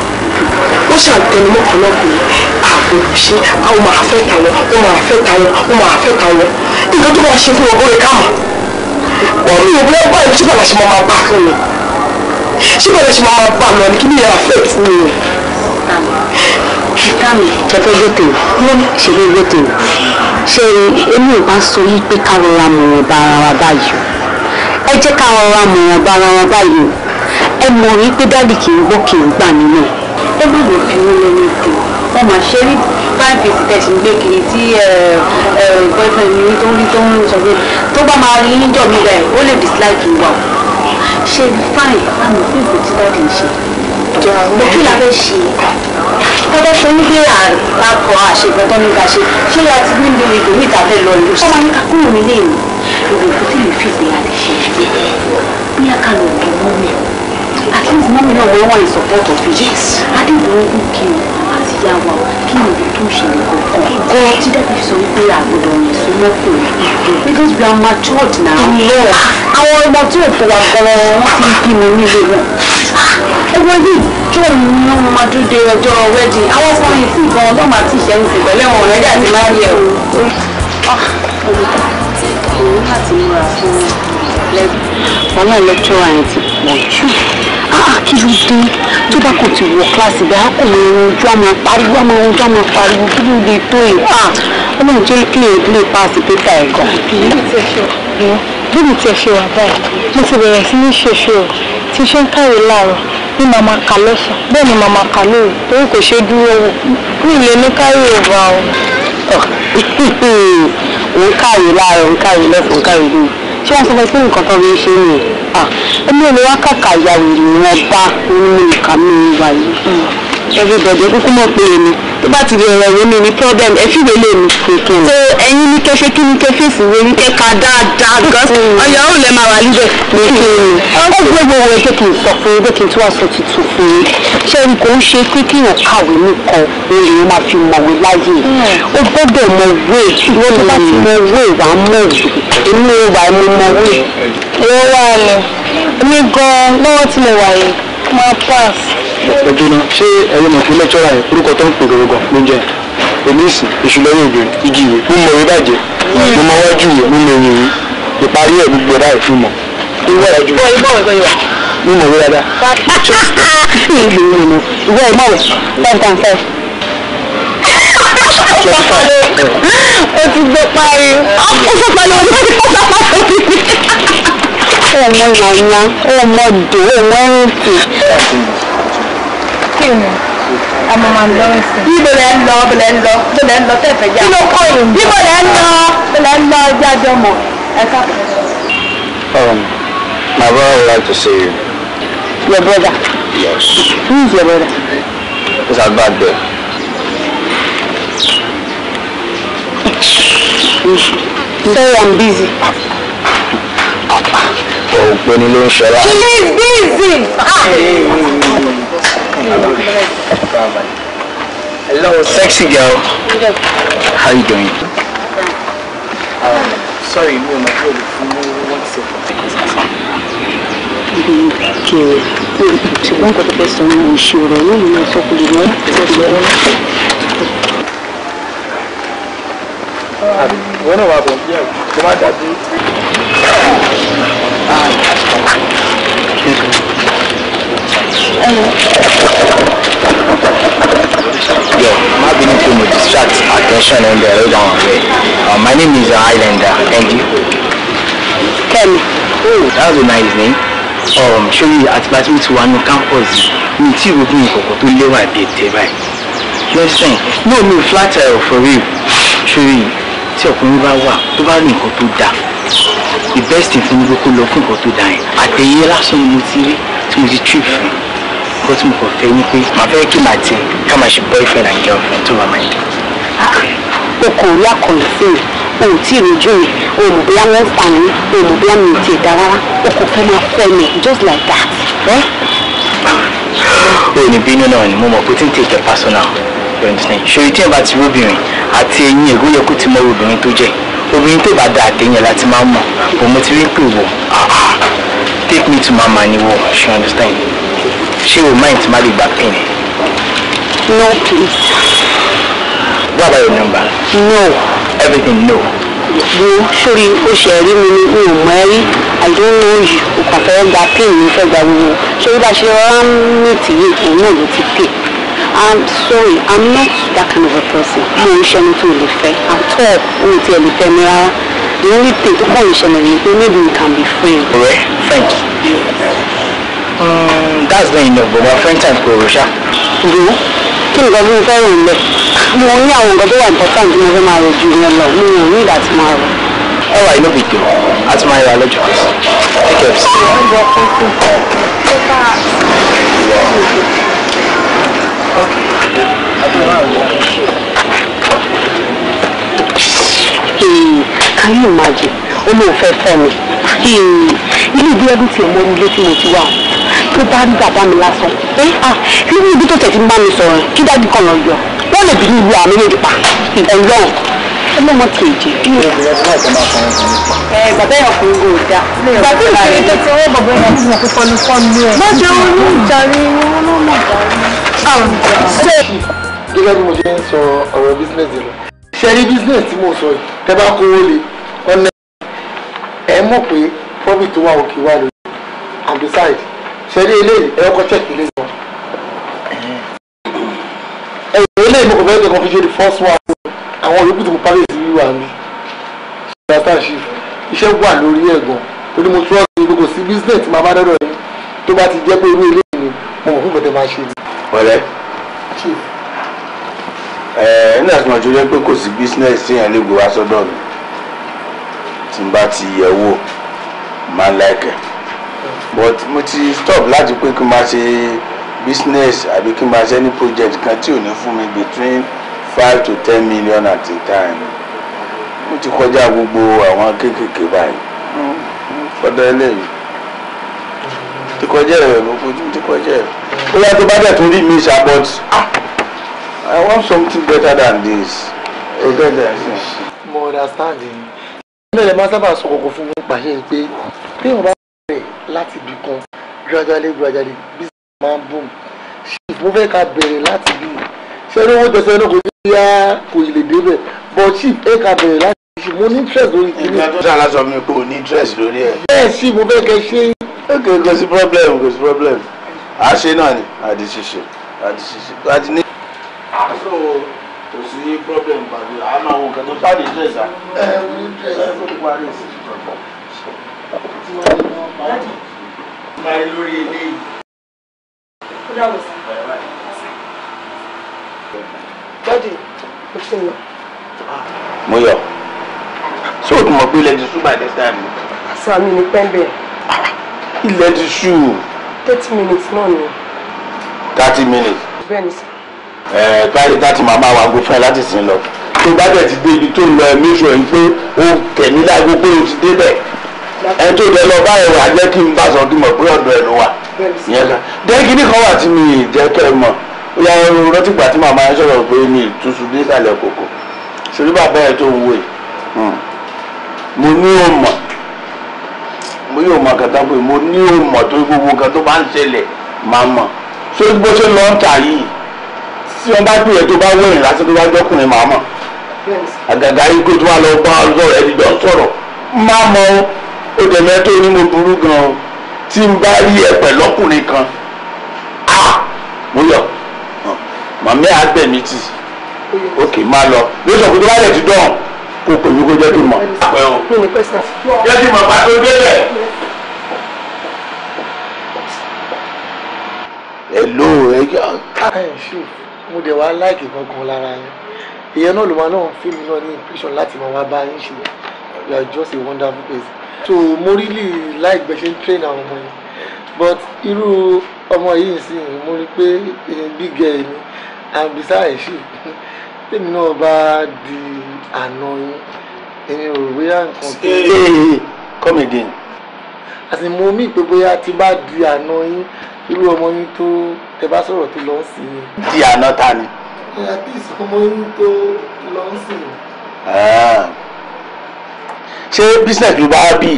ó ṣàtẹnumọ́ kan náà pé ààbò ṣe àwọn máa fẹ́ tàwọn ó máa fẹ́ tàwọn ó máa fẹ́ tàwọn nǹkan tó máa ṣe fún ọgbọ́n rẹ̀ káàmù wọ́n mi ò bí wọ́n bá ibi tí bàbá ṣe máa bá fún mi ṣé bẹ́ẹ̀ ṣe máa bá lọ ní kí ni yàrá fẹ́ fún mi. Tami tẹ́fẹ́ gbẹ̀tẹ̀ ṣe ló gbẹ̀tẹ̀ ṣe èmi ò bá sọ yí pé ká rọra mọ̀ràn bá ara wa báyìí ẹ jẹ́ ká rọra mọ̀ràn bá ara wa báyìí ẹ mọ̀ rí pé dáàdì kì í gbọ́ kì í gbà nínú ẹ má lè fi wọn lẹ́nu tó wọn máa ṣe rí five eight tẹ̀sí ń gbé kiri tí boyfriend mi tó ń rí tó ń sọ pé tó bá máa rí níjọ́ mi rẹ̀ ó lè dislike ìwà o ṣe fine àmì fún ìgbè tí dáàbì ń ṣe mo kí la ṣe tọ́jọ́ tó ń gbé àkọ́ àṣegbọ́n tó ní ká ṣe ṣé ya ti ní lo ìgò níta fẹ́ lọ lò sọ́mọ ní kakúrò mi lè mí ìgò kò tí lè fi ìgbé àti ṣe bí a kà lọ dùn mọ́ at least mọ́ náà wọ́n wọ́n ìsọ̀pọ̀tọ̀ fi adébòógún kí o àti àwọn kí ni òbí tó ṣẹlẹ̀ kọ̀ọ̀kan tí dẹ́kun sọ wípé àgbọ̀dọ̀ yẹn so mọ́kò because we are matured now. ìlọ àwọn ọmọ tí ò tó wa gbọ́rọ̀ wọn ti ń bímọ nílé wọn. ẹgbẹ́ yìí tó ń mú ọmọ dúdé ọjọ́ wedding àwọn ọmọ yìí sì gan ọlọ́mà tí ìṣẹ́ ń sì pẹ̀lẹ́ wọn rẹ́jà ti máa ẹ̀ o. òun ah, láti múra fún lẹ́gbẹ̀ẹ́. ọlọ́ọ̀lẹ́tọ́ àyè ti pọ̀ jù kí ló dé tó bá kò ti wọ kíláàsì bẹ́ẹ̀ á kò mọ ohun ojú àmọ́ pariwo àmọ́ ohun ojú àmọ́ pariwo kí ló dé tó yìí à ọlọ́run jẹ́ kí lè lè paasi pépà ẹ̀ gan. bí mi tiẹ̀ ṣe wà báyìí mo ti bẹ̀rẹ̀ sí ní ṣe ṣe o ti ṣe ń kàwé láàárọ̀ ní màmá kà lọ́sàn bẹ́ẹ̀ ni màmá kà lóru torí kò ṣe dúró wò mi ì lè ní kárí òbá o. òun kàwé láàárọ̀ òun kàwé lọ́sàn òun kàwé lóru ṣé wọ́n sọ fún mi pé nǹkan tó ń ṣe nìyẹn ọmọ ìlú wa kàkà ìyàwó ènìyàn bá nínú ìka mi wà yìí everybody mm. kúkú mọ̀ pé èmi tó bá ti bẹ̀rẹ̀ ìwé mi ní problem ẹ fìwé lè mi. so ẹ̀yin ní kẹfẹ kí ni kẹfẹ ìfìwé ní kẹka dáadáa gan ọyọ ò lè máa wà níbẹ̀. Mm. Mm. ó gbé gbogbo ẹgbẹ́ kì í sọ fún ẹgbẹ́ kì í tún wà sọ tuntun fún yín ṣé ń ṣe pé kéèyàn kàwé nìkan ni èèyàn máa fi mọ̀wé láyè ó hmm. gbọ́dọ̀ mọ wọ́n tó bá ti mọ wà á mọ̀ wéè èmi wà mo mọ wéè. ìwọ wà ní èmi gan-an lọ́wọ́ tí mo wà yìí máa pass. ẹ̀dùnà ṣé ẹ̀rọ mọ̀ fún lẹ́kṣọ́rà yìí orúkọ tó ń pè gbogbo ló jẹ́ èmi ìsìn igi ìwé mo mọ̀ wí bàjẹ́ mo mọ wájú ìwé mo mọ ìwé ìparí ẹ̀ gbogbo ẹ̀dá ìfimọ̀. ìwọ mi mọ̀ wí dáadáa. ìlú ìlú ìwé ìmọ̀wé ten ten five. o ti gbé parí o sọ pẹ̀lú ọdún tí o bá wà lórí. ọmọ yàrá ọmọ dò ọmọ ẹ̀ǹtì. kí ni ọmọ máa ń lọ sí. ibo lẹ ń lọ ibo lẹ ń lọ ibo lẹ ń lọ tẹ̀fẹ̀ já. ibo kọ́ ìlú. ibo lẹ ń lọ ibo lẹ ń lọ jájọ mọ̀ ẹ̀ka. Um, my brother would like to see you. Your brother? Yes. Who is your brother? He's a bad boy. Sorry, I'm busy. Ògbẹ́ni ló ń ṣọlá. She is busy. Hello, sexy girl. How you doing? Um, sorry, mi ò mọ̀ kí o ṣùgbọ́n nǹkan tó fẹ́ sọ ní ìṣòro yóò ní ìsọkùnrin ní ìṣẹ̀lẹ̀ rẹ. wọ́n náà wà bọ̀ bí ẹ̀ Yo, my being too much distract attention on the road on way. Uh, my name is Islander, and you? Kenny. Oh, that was a nice name ṣóyè àtìgbà tí mo ti wà ní campus mi tí ìrògùn ìkọ̀kọ̀ lewa lẹ́wà bí ètè Next lẹ́sìn no, mi flat ẹ̀ uh, for real ṣóyè tí ọkùnrin bá wà tó bá rí nǹkan tó dáa the best thing fún mi ló kó lọ fún nǹkan tó dáa yẹn àtẹ̀yẹ lásán ni mo ti rí tí mo ti trip fún nǹkan tí mo kàn fẹ́ wípé màá fẹ́ kí màá ti ká máa ṣe boyfriend and girlfriend tó wà máa ń dé. Ah, o kò rí àkànṣe o tí ì rojú mi o mọ̀ bóyá wọ́n ń pa mi o mọ̀ bóyá mi ò tiẹ̀ rárá o kò fẹ́ máa fẹ́ mi just like that. o ò ní bínú náà ni mo mọ̀ pé tí n take it personal ṣòyí tí ẹ bá ti róbìnrin àti eyín èrú yẹ kó ti mọ obìnrin tó jẹ obìnrin tó bá da àtẹyìn láti máa mọ bò mo ti rí pé wò take me to my money, wò she understand ṣé o mind ti má lè gba pain. no please. what about your number. no everything no. wo sórí ó ṣe ẹ̀rí mi ni mi ò mọ̀ i don't know you o kàn fẹ́ gba pin mi fẹ́ gba gbogbo sórí bá ṣe rárá mi tì yí òun náà ló ti pè i'm sorry i'm not that kind of a person mo ń ṣe ẹni tó lè fẹ́ at all mi ò tiẹ̀ lè fẹ́ mi rárá the only thing tó kàn lè ṣẹlẹ̀ ni pé maybe we can be friends. ọ̀rẹ́ friend um, that's when enough, but my friend time kò rò ṣá. wo kí ni gbọ́dọ̀ fẹ́ràn lẹ mo ní àwọn nǹkan tó wà important tí mo fẹ́ máa rò ju ìyẹn lọ mi ò ní ìdá tí máa rò. ẹ wà inú bìtò a ti máa yọ lọ́jọ́ ẹ̀kẹ́ bí. Can you imagine? Ọmọ òfẹ́ fẹ́ mi. Ilé ìgbé ẹbí tí ọmọ mi lé tí mo ti wà tó bá rí bàbá mi lásán. Ẹ eh, ah, irú ibi tó tẹ̀ ti bá mi sọ̀rọ̀ kí dájú kan lọ yọ wọ́n lè bí ìlú àmì lè pa ẹ̀yọ́ ọlọ́mọ tó ìjẹ́ bí o. bàbá yẹn kò ń gò dá. bàbá yẹn kò ń tẹ̀sí owó bàbá yẹn kò ń kó fọnù fọnù ẹ̀. má jẹ́ wọn ní ìjàre wọn ló mọ̀ dáre. gẹ́gẹ́ bí mo ṣe ń sọ ọ̀rọ̀ bísíǹnẹ̀sì lọ ṣe rí bísíǹnẹ̀sì tí mo sọ yìí tẹ́ bá kówó lé ọ̀nà ẹ̀ mọ̀ pé profit tó wà òkè wà lórí and beside eléyìí ẹ̀ ọkọ̀ check eléyìí ẹ̀rọ ilé ìmọ̀ kọ̀ọ̀fẹ́ ìjọba fi ṣe the first one àwọn yòókù tó kọ pálíẹ̀sì wíwà mi ṣùgbọ́n iṣẹ́ wà lórí ẹ̀gbọ́n torí mo tún ọ̀sẹ̀ gbogbo sí business tí màá bá dọ́dọ̀ yín tó bá ti jẹ́ pé irú ilé mi mo mọ̀ fún ìgbọ̀dẹ̀ máa ṣe ni. ọ̀rẹ́ ẹ ẹ ní àtúntò àjọyọ̀ pé kò sí business tí èèyàn lè gbé wá mi tí n bá ti yẹ̀ wò máa ń láìkẹ̀ but mo ti stop láti pé kí n máa ṣe business àbí kí n máa ṣe ní project kan tí ò ní fún mi between five to ten million at a time mo ti kọjá gbogbo àwọn kéékèèké báyìí fọdọ eléyìí ti kọjá rẹ mo fojú ti kọjá rẹ ó yá tó bá dẹ̀ tún rí mi ṣá but ah, I want something better than this ó bẹ́ẹ̀ dẹ̀ sí. mo understand yìí nílẹ̀ máa sábà sọ kòkò fún mi pàṣẹ pé bí wọ́n bá rẹ̀ láti bì kan gradually gradually mamboom chief mo fẹ́ ká bẹ̀rẹ̀ láti bí ṣé ní wọ́n jọsọ náà kò ní yá kò lè débẹ̀ but chief ẹ ká bẹ̀rẹ̀ láti bí chief mo ní interest lórí kìíní. ìgbà tó sàn láti sọ mi pé o ní interest lórí ẹ. bẹ́ẹ̀ sì mo fẹ́ kẹ́ ṣe. ok kò sí problem kò sí problem a ṣe náà ni àti ṣiṣe àti ṣiṣe àti ní. so kò sí problem pàdé a máa wo nǹkan tó sáré interest à. ẹ ẹ wọ́n ní interest ẹ fún mi parí ìsìn. máa lórí eléyìí mo yọ o tún mọ̀ pé ilẹ̀ ti ṣú by this time. sami ni pẹ́ńbẹ́. ilẹ̀ ti ṣú. thirty minutes náà ni. thirty minutes. bẹ́ẹ̀ni sọ. ẹ káyọ̀ láti máa bá wa gbó fún ẹ láti sìn lọ tó bá bẹ̀ ti dé ibi tó lọ ẹ méjọ yìí pé ó tẹ̀mí lágbo pé o ti débẹ̀ ẹ tó dẹ lọ báyìí wà jẹ́ kí n bá sọ ọdún mọ̀ pé ọ̀dọ̀ ẹ̀ ló wà ìyẹn sá dẹ́gí ní kan wà tí mi jẹ́ kẹ́ ẹ mọ̀ ìyá rántí gbà tí màmá yẹn sọ̀rọ̀ pé mi ìtúsù dé ìsàlẹ̀ kòkò ṣòrí bàbá ẹ̀ tó ń wò yìí hmm. mo ní òmò mo yóò mọ kàtà pé mo ní òmò tó gbogbo nǹkan tó bá ń ṣẹlẹ̀ máa mọ̀ ṣé bó ṣe lọ ń tà yìí tí wọ́n bá pèyẹ tó bá wẹ̀yìn lásán tó bá jọ́kùnrin máa àgàgà yìí kó tó wà lọ bá ọlọ́rọ̀ ẹni ó dẹ̀ mẹ́tọ́ ní mo burú gan-an tí n bá rí ẹ pẹ̀lọ́kùnrin kan a mo yọ màmí àgbẹ̀mí tì òkè má lọ lóṣù kó tó bá dẹ̀ ti dán kó pè mí kó jẹ́ kí n mọ̀. jẹ́ kí n mọ̀ pàtó délẹ̀. hello ẹ jẹ́ ọ́ mo dẹ̀ wá láìkì kankan lára yẹn ìyẹn náà ló máa náà fíìmù náà ní impression láti máa wá bá yín ṣe you are just a so mo like bẹ́ẹ̀ ń train àwọn ọmọ yìí but irú ọmọ yìí sì mo rí pé eh, big girl ni and besides she tèmi náà bá di àná yín èmi ò bóyá nǹkan tó. come again. àti mo mí pé bóyá ti bá di àná yín irú ọmọ yín tó tẹ bá sọ̀rọ̀ tó lọ sí i. di àná ta ni. ẹ àti ìsọmọ yín tó lọ sí i. Ah ṣé business ló bá bí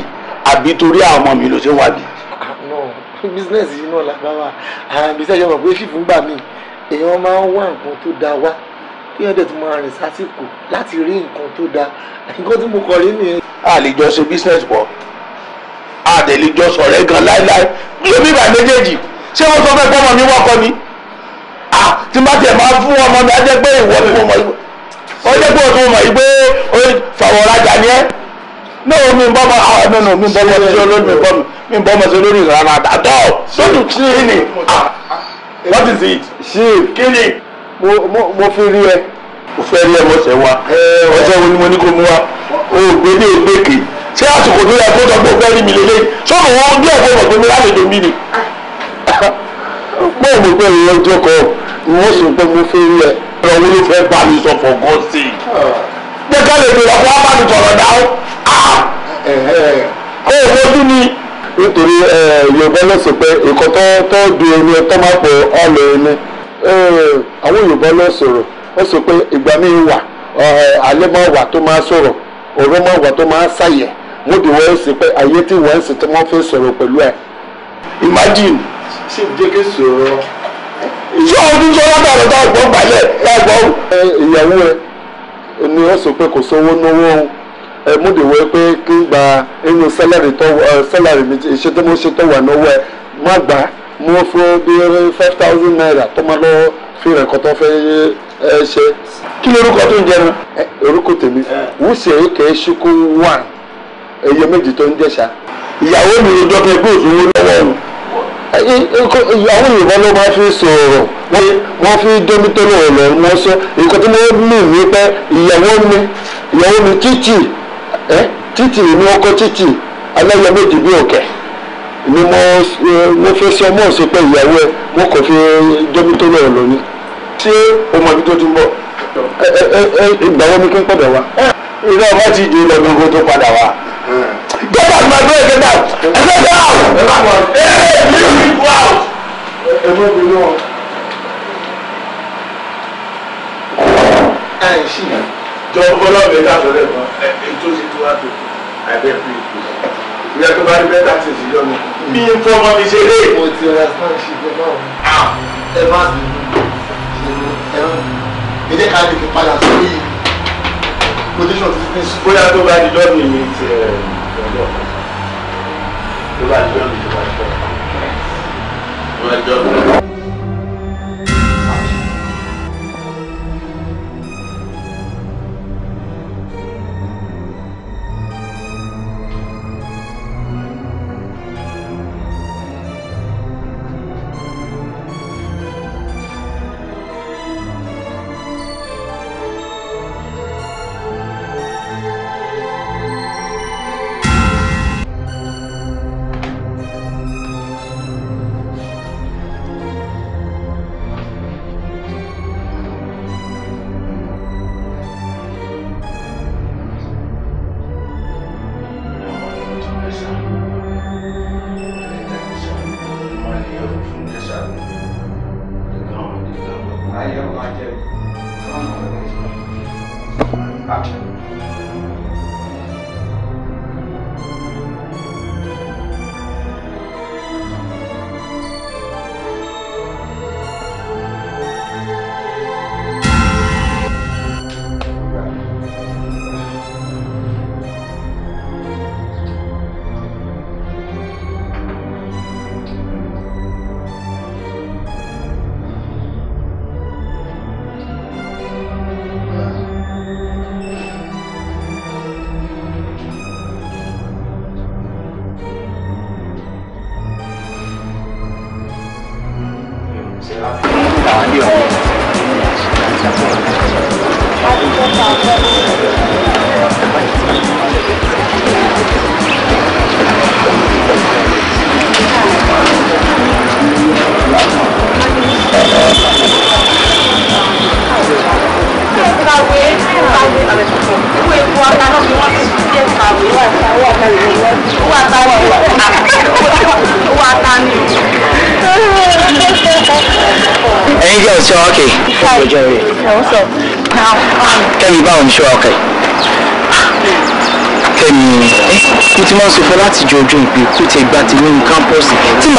àbí torí àwọn ọmọ mi ló ṣe wà bí. Ah, business yìí náà làbá wa business yóò mọ̀ pé fífún gbà mí èèyàn máa ń wá nǹkan tó dáa wá kéèyàn dẹ̀ tún máa rìn sásìkò láti rí nǹkan tó dáa nǹkan tí mo kọ̀ rí nìyẹn. a lè jọ ṣe business pọ̀ a dẹ̀ lè jọ sọ̀rẹ́ gan láéláé ló bí ìgbà méjèèjì ṣé wọ́n sọ fẹ́ fọ́mọ mi wọ́kọ ni tí n tiẹ̀ máa fún ọmọ mi á pé ìwọ ni mọ̀ ìwọ jẹ́ pé òtún mọ̀ yìí pé fàwọ̀rajà ni ẹ́ náà mi bọ́ ma ọ̀ no, mi bọ́ ma ah, ṣe olórí mi bọ́ mi bọ́ ma ṣe olórí ìlànà àtàtọ̀ lọ́dún tí ì ní. Ah, what is it. ṣe kíni. mo mo mo fi rí ẹ. mo fẹ́ rí ẹ mo ṣẹ̀ wá ọṣẹ wo ni mo ní kó mú wa o gbé ní ìgbèkè ṣé àsìkò tó yẹ kó sọ pé o fẹ́ rí mi lélẹ́yìn sọ́nù wọn ojú ẹ̀fọ́ mọ̀ pé mi lálejò mi ni. mo mọ̀ pé ìyẹn ojú ọkọ̀ mo sì pé mo fẹ́ rí ẹ. ọ̀rọ̀ wo ló fẹ́ bá mi sọ for God's sake. jẹ́ ká lè bèrè ọkọ̀ abánitọ̀rọ̀ dáhùn kó o lójú ni nítorí yorùbá lọ́sọ̀ pé nǹkan tó tó du omi ọtọ́ máa pọ̀ ọ̀lọ́ ẹni àwọn yorùbá lọ sọ̀rọ̀ wọ́n sọ pé ìgbà mi wà alẹ́ máa wà tó máa sọ̀rọ̀ òru máa wà tó máa ṣàyẹ̀ mo dì wọ́n sí pé ayé tí wọ́n sì tí wọ́n fi sọ̀rọ̀ pẹ̀lú ẹ̀ imagine ṣé ìdíkẹ́ sọ̀rọ̀ iṣẹ́ ọdún tó wá bàrọ̀ dá ọgbọ́n balẹ̀ lágbọ́n. ìyàwó ẹ ni wọ́n sọ pé kò sówó náwó òun ẹ múdi wọ pé kí n gba inú sẹ́lárì tó sẹ́lárì mi iṣẹ́ tí mo ṣe tó wà lọ́wọ́ ẹ má gbà mo fún bí five thousand naira tó máa lọ fi rẹ̀ kọ́tọ́ fẹ́ ẹ ṣe kí lórúkọ tó ń jẹun orúkọ tèmi wùsì èyí kẹ́ ṣíkú one èyí méjì tó ń jẹ̀ṣà ìyàwó mi ló dọ́kẹ́ gbé òṣùwò lọ́wọ́ mi àwọn yorùbá ló máa fi sọ̀rọ̀ wọ́n fi dómi tó lọ́wọ́ lọ́wọ́ sọ nǹkan tí mo mú mi pé ìyàwó mi ìyàwó mi títì ẹ eh? títì ní ọkọ títì aláya méjì bí òkè ni mo eh, mo fẹ́ sọ mọ́ sí pé ìyàwó ẹ mo kàn fi jẹ́bi tó lọ́rọ̀ lónìí. ṣé o mọ̀ ibi tó ti ń bọ̀. ẹ ẹ ẹ ìgbàwọ́ mi kí n padà wá. ilé eh, ọmọ ti di ilẹ̀ gbogbo tó padà wá. get out my boy get out ẹ fẹ́ get out. ẹ má bọ̀ ẹ ẹ mi ò ní go out. ẹ má bọ̀ náà. ẹ ṣì jọ ọlọ́ọ̀bẹ dáadọ́ lẹ́gbọ̀n personal people i beg you ìyá tó bá rí bẹ́ẹ̀ láti ìṣìyọ́ mi. mi ń fọmọ mi ṣe lé. mo ti ọ̀rẹ́ sáà ṣe ìgbẹ́ náà. Ah. ẹ má sì ṣe ẹ̀rọ èdè kan lè fi padà sórí condition ti fi sùn. bóyá tó bá di lọ́ọ̀nì mi ti ẹ̀ ọ̀dọ́ tó bá di lọ́ọ̀nì tó bá di lọ́ọ̀nì.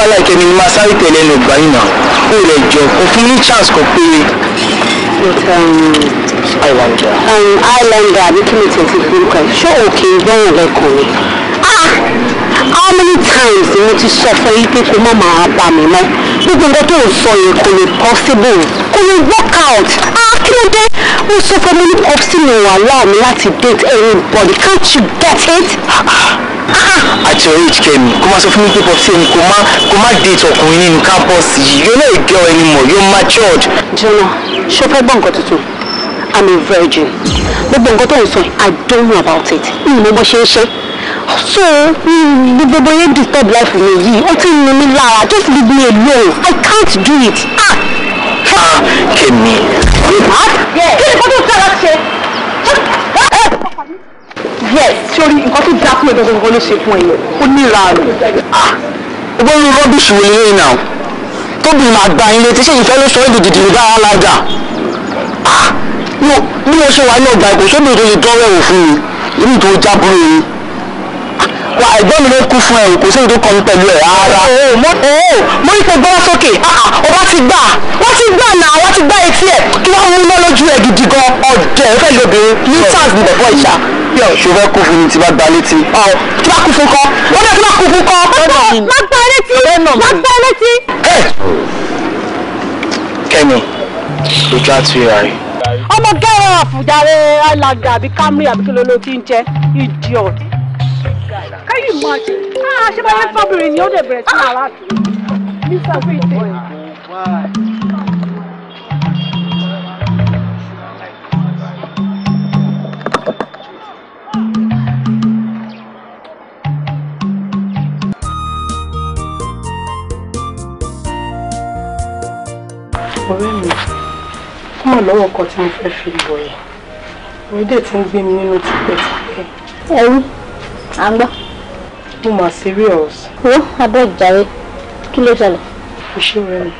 wàhálà ìkẹ́mi ni máa sáré tẹ̀lé ẹnu ìgbà yìí náà ó rẹ̀ jọ kò fún ní chance kan péré. islander islander àbí kí ni tẹ̀sí forúkọ yìí ṣé òkè ìgbọ́ràn lẹ́kọ̀ọ́ ni. Ah! how many times ni mo ti sọ fún yín pé kó má máa bà mí mọ́ gbogbo nǹkan tó ń sọ yẹn kò lè possible kò lè work out ah, kí ló dé mo sọ fún mi ní pọ́psì mi wà láàmú láti date everybody can't you get it. Ah, àti ọ̀rẹ́ ìjìkẹ́ mi kó má sọ fún mi pé pọ̀sí ẹni kó má kó má date ọkùnrin nínú kápọ́ọ̀sì yìí yóò náà gẹ́ ọ ẹni mọ̀ yóò má george. jọlọ ṣé o fẹ́ gbọ́ nǹkan tuntun i'm a virgin gbogbo nǹkan tó ń sọ i don't know about it mi ò mọ bó ṣe ń ṣe so mm, gbogbo yẹn disturb life mi yìí ó ti ń nu mi lára just leave me alone i can't do it. ah, ah kẹ́mi. Ah! kí ni kó tó sára ṣe yes sórí nǹkan tó dáa fún ẹgbẹ́ gbogbo ló ṣe fún ẹ̀yẹ ó níra rẹ̀. ọgbọ́n mi rọ́bìṣì wo lélẹ́yìn náà tóbi máa gba ilé tí sẹ́yìn fẹ́ ló sọ èdè dìdì dára lájà ah, bí mo ṣe wà ní ọgbà ìkòsóbì tó ṣe tọrẹ òfin mi èmi tó jábọ̀ yìí wa ẹ̀gbọ́n mi ló kú fún ẹ kò sí èyí tó kọ mi pẹ̀lú ẹ rárá. ooo oh, oh, mo ooo oh, mo rí pé gbọ́dọ̀ sókè ọba ah, ah, ti gbà wọ́n ti gbà náà wọ́n ti gbà etí ẹ̀ kí wọ́n mú iná lójú ẹ̀ gidi gan ọ̀dẹ̀ fẹ́ lóbìnrin newtons ní bọ̀bọ̀ ìṣá. ṣé o fẹ́ kú fún mi tí bá gba létí. ọ tí bá kú fún kọ wọ́n dẹ̀ tí bá kú fún kọ. má gba létí má gba létí. kẹ́mi ojú àtúnyẹ̀wò rẹ̀. ọmọ gẹ́rẹ́ àfùjáre alága àbí Camry àbí kí ló ló ti ń jẹ́ idiot máa ṣe báyé fọ́bìnrin ni ó dẹ̀ bẹ̀rẹ̀ sí máa wá sí i. mr fíìtì. ọ̀rẹ́ mi fún ọ̀lọ́wọ́ ọkọ tí mo fẹ́ fi wọ̀ yẹn orí dẹ̀ ti ń gbé mi nínú tipẹ́tipẹ́. ẹ̀rú à ń gbọ́ mo mà serious. wo abeg jàre kí ló ṣẹlẹ̀. kò ṣe rẹ mi.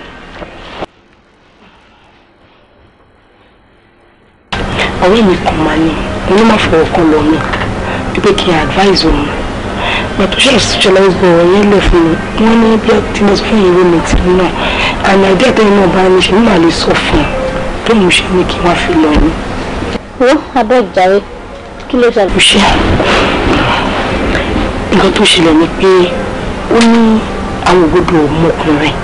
ọ̀rẹ́ mi kàn máa ní òun ló má fọwọ́ kan lọ mí wípé kí n advise òun pàtó ṣe socialize ọ̀rọ̀ yẹn lẹ̀ fún mi wọ́n ní bí activist fún ìwé mi ti náà àmì àdéhùn tẹ́yìn náà bá mi ṣe mí màá lè sọ fún un tó mo ṣe ní kí wọ́n fi lọ ni. wo abeg jàre kí ló ṣẹlẹ̀ nǹkan tó ṣẹlẹ̀ ni pé ó ní àwọn ọmọkùnrin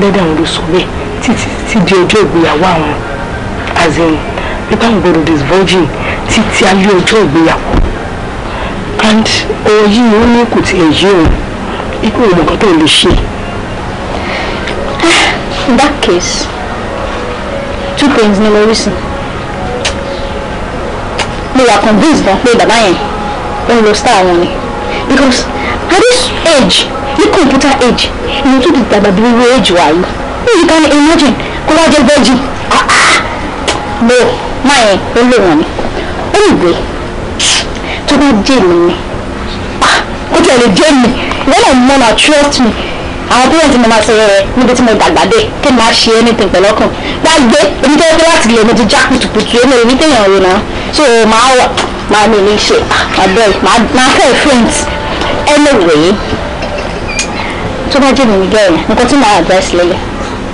lẹ́dà àwọn ló sọ bẹ́ẹ̀ títí tí di ọjọ́ ìgbéyàwó àwọn as in nípa àwọn ògbódò virgin títí alẹ́ ọjọ́ ìgbéyàwó and ọ̀rọ̀ yìí ó ní kò tiẹ̀ yé òun ikú òun nǹkan tó lè ṣe. in that case two things ni mo rí sí mo wà convinced gan pé bàbá yẹn ó ń lo star wọn ni because at this age the computer age you tó ti dàgbà age wà yìí you can imagine kó wá jẹ ah, no ah, my yẹn ó lè To ni ó lè gbé tó bá jẹ́ mi ni When ah, tiẹ̀ lè jẹ́ trust me àwọn parents mi máa ṣe rẹ níbi tí mo dàgbà dé kí n máa ṣe anything pẹ̀lú ọkàn gbàgbé èmi tó yẹ pé láti lè mo ti já kùtùkùtù èmi èmi téèyàn rò náà so màá wà màá mi ní ṣe ah, àbẹ̀ màá fẹ́ friends anyway tó bá jẹ́ mi ní gẹ́ẹ̀ nǹkan advice lẹ́yìn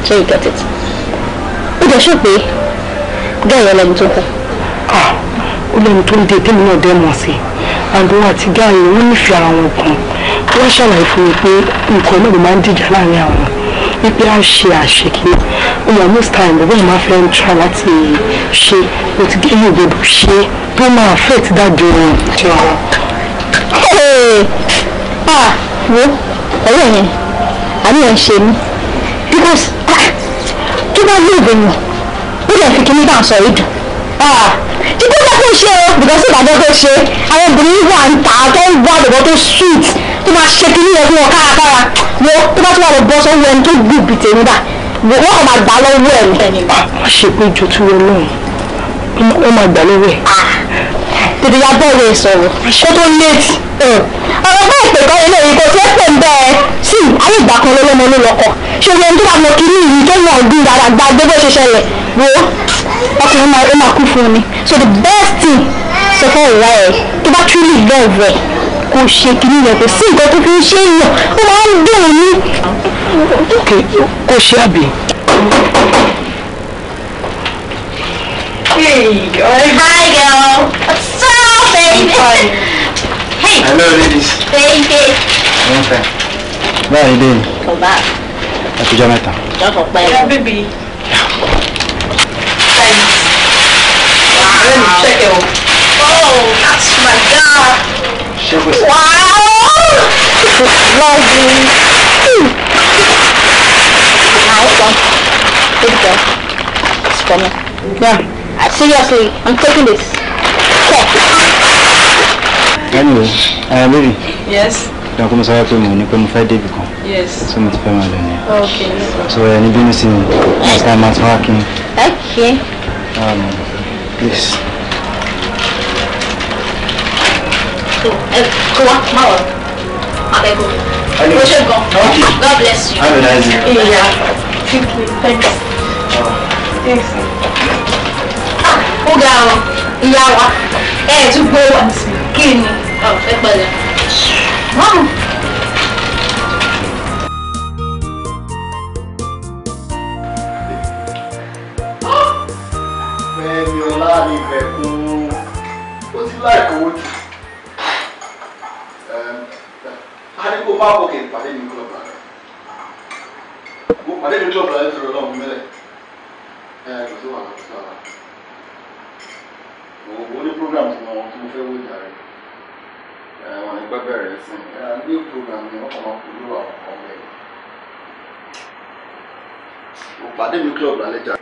so you get it ó jẹ́ sọ pé gẹ́ẹ̀ yẹn lẹ́nu tó kù. Ah, ó lẹ́nu tó ń de tèmi náà dẹ́ mọ̀ sí àdó àti gẹ́ẹ̀ yẹn wọ́n nífẹ̀ẹ́ ara wọn kan wọ́n ṣàlàyé fún mi pé nǹkan náà ló máa ń dìjà láàrin àwọn wípé a ṣe àṣekí ìyá most time bẹ́ẹ̀ ni máa fẹ́ ń tra láti ṣe bó ti gé yóò gbé bó ṣe tó máa affect dájú ọ̀hún ah wo ọ̀rẹ́ yẹn àníyàn ṣe mí because ah tó bá lé ìgbìmọ̀ ó lè fi kíní bá ń sọ yìí dùn ah títí bá tó ṣe o because ìbàdàn tó ṣe àwọn obìnrin wà ń ta tó ń wá bọ̀bọ̀ tó sweet tó máa ṣe kíní yẹn fún wọn kárakára wo tó bá tó wà lọ bọ́ sọ́wọ́ ẹni tó gbù bìtẹ̀ nígbà wọ́n kàn máa gbà lọ́wọ́ ẹ̀ ní. àṣepéjọ tó wọlé wọn wọ́n máa gbà lọ́wọ́ ẹ̀. Ah, tètè ya bọ́ọ̀lù ìsọ̀rọ̀ kó tó léètì. ọ̀rọ̀ bá ìpè kan eléyìí kò tiẹ̀ pè ń bẹ́ ẹ sí ayé ìgbà kan lọ́lọ́mọ ló lọ́kọ̀ ṣòro ẹni tó bá mọ kínní yìí tó yàn ọ̀gbìn dára gba gbogbo ṣe ṣẹlẹ̀ wo ọkùnrin máa ó máa kú fún mi so the best thing sọ fún ìyá ẹ tó bá truly love ẹ kò ṣe kínní rẹ kò sí nǹkan tó fi ń ṣe yàn ó máa ń dùn mí. kò ṣe àbí. Hey, girl. Hi, girl. What's baby. hey. Hello, ladies. Baby. One time. Báwo ni baby? Come back. Ẹ kújọ mẹ́ta. Lọ́kọ̀ pẹ́. Ẹ bíbí. Thanks. Wow. Let me check it out. Oh, that's my God. Wow. Lovely. Nice one. Good girl. It's for me. Yeah. Uh, seriously, I'm taking this. hello ẹ baby. yes. ìdá kó mo sọ pé mo ní pé mo fẹ́ débi kan. yes. so mo ti fẹ́ máa lọ ni. ok so ẹ ní bínú sí mi next time talking. tún ok. Um, please. ẹ kó come, má wọ má bẹ kó. o ṣe God bless you. have a nice day. ìyá fífi thanks. thanks. Ah. ah ó ga ọ ìyá wa ẹ ẹ tún gbé wa kí ẹ pẹ̀lẹ́. fẹ́mi ọlá ni ìbẹ̀kún ó ti láìpẹ́ owó jù adigun bá bọ̀ kì í pàdé ní kílọ̀bù rẹ̀ pàdé ní kílọ̀bù rẹ̀ sọ̀rọ̀ náà mímẹ́lẹ̀ ẹ kò sí wàhálà kò sí wàhálà òun ní program tí mo fẹ́ wọ́n jà àwọn ẹgbẹ́ bẹ̀rẹ̀ sí ní program ni wọ́n kàn máa polú àwọn kan bẹ́ẹ̀. mo pàdé mi club lálẹ́ jà.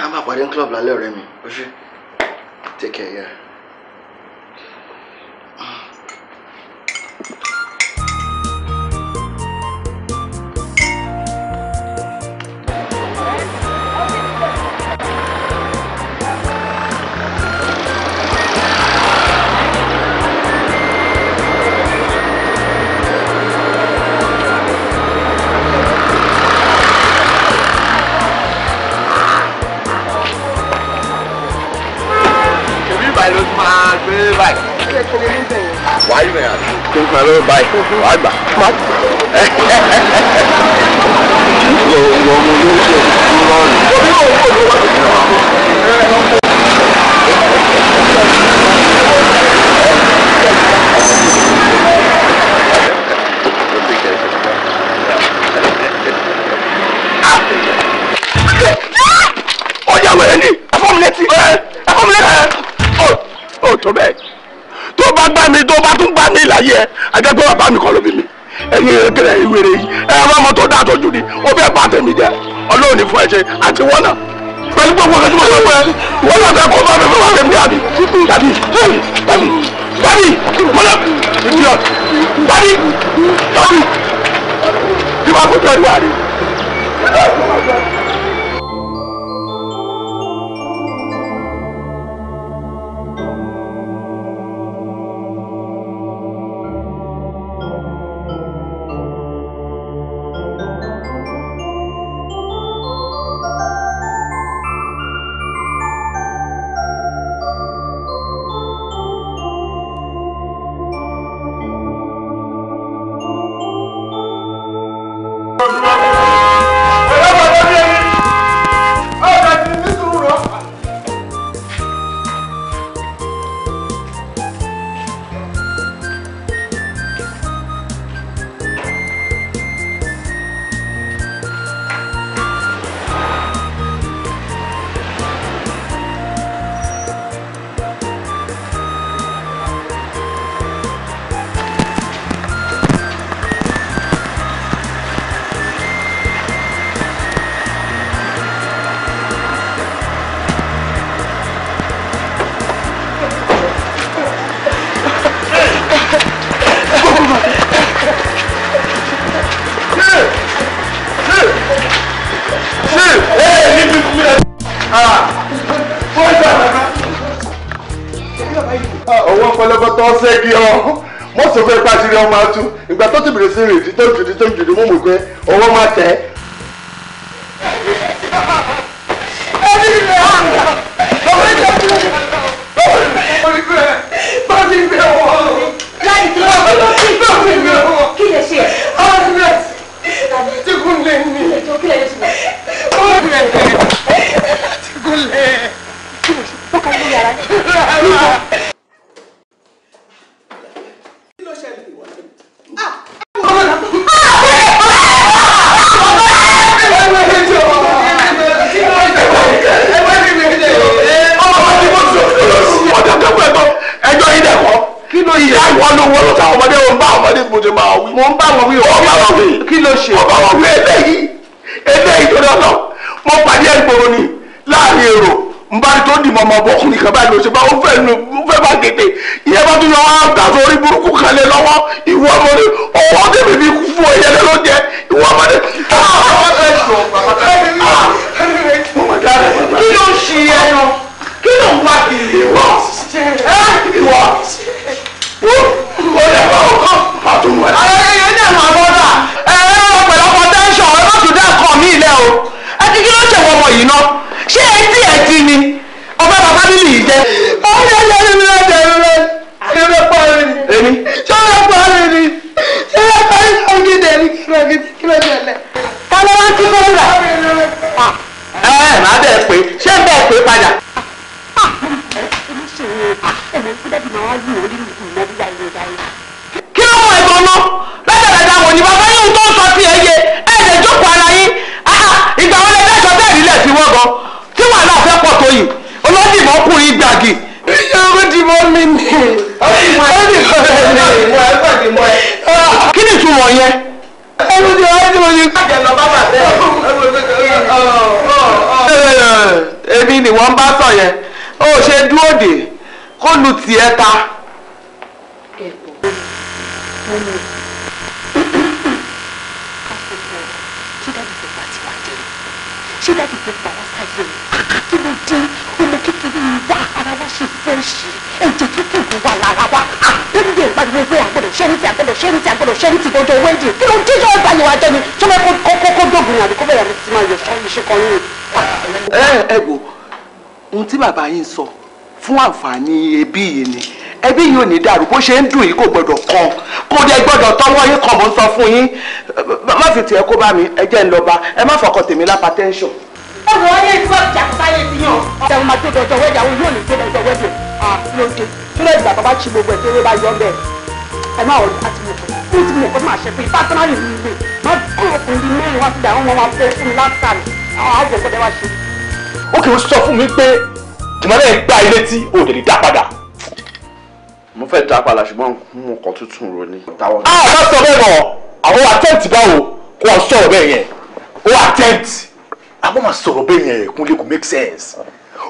a máa pàdé club lálẹ́ ọ̀rẹ́ mi ó ṣe take care yeah. máa gbé báyìí. wàá yìí bẹ̀rẹ̀ àti kí n fún ẹ lọ́wọ́ báyìí wàá gbà. ṣe àti wọ́n náà pẹ̀lú gbogbo ọ̀gá tí mo sọ pé wọ́n náà fẹ́ kó bá mi fún wa mi àbí dadi dadi dadi mọ́lá idiot dadi dadi bí wàá kó tẹ̀lé wa rí. ọmọ atu ìgbà tó ti bẹ̀rẹ̀ sí rìn dídó jùdí tó jùdí mo bó ṣe ń dùn yìí kò gbọdọ̀ kan kò dé gbọdọ̀ tọwọ́ yín kan mò ń sọ fún yín má fi tiẹ̀ kó bá mi ẹ jẹ́ ń lọ bá ẹ má fọkàn tèmi lápá tẹ́ńṣọ̀n. ọ̀rọ̀ ayé tí wọ́n jà sáyé ti yàn. ọ̀sẹ̀ máa tó dọ̀jọ́ wẹ́jà wọn yóò lè tó dọ̀jọ́ wẹ́jẹ̀ à ló ń ṣe kí ló ìgbà bàbá ṣi gbogbo ẹ̀kẹ́ bá yọ bẹ́ẹ̀ ẹ má ọ̀rọ̀ àti fún mi ẹ̀kọ́ má ṣe. fún mi pé jùmọ̀lẹ́ ń gbá ilé tí mo fẹ́ dá padà ṣùgbọ́n mo kàn tuntun rò ni. a ah, bá sọ bẹ́ẹ̀ mọ̀ àwọn attempt báwo kó wàá sọ̀rọ̀ bẹ́ẹ̀ yẹn ó attempt àmọ́ màá sọ̀rọ̀ bẹ́ẹ̀ yẹn kún lè kò make sense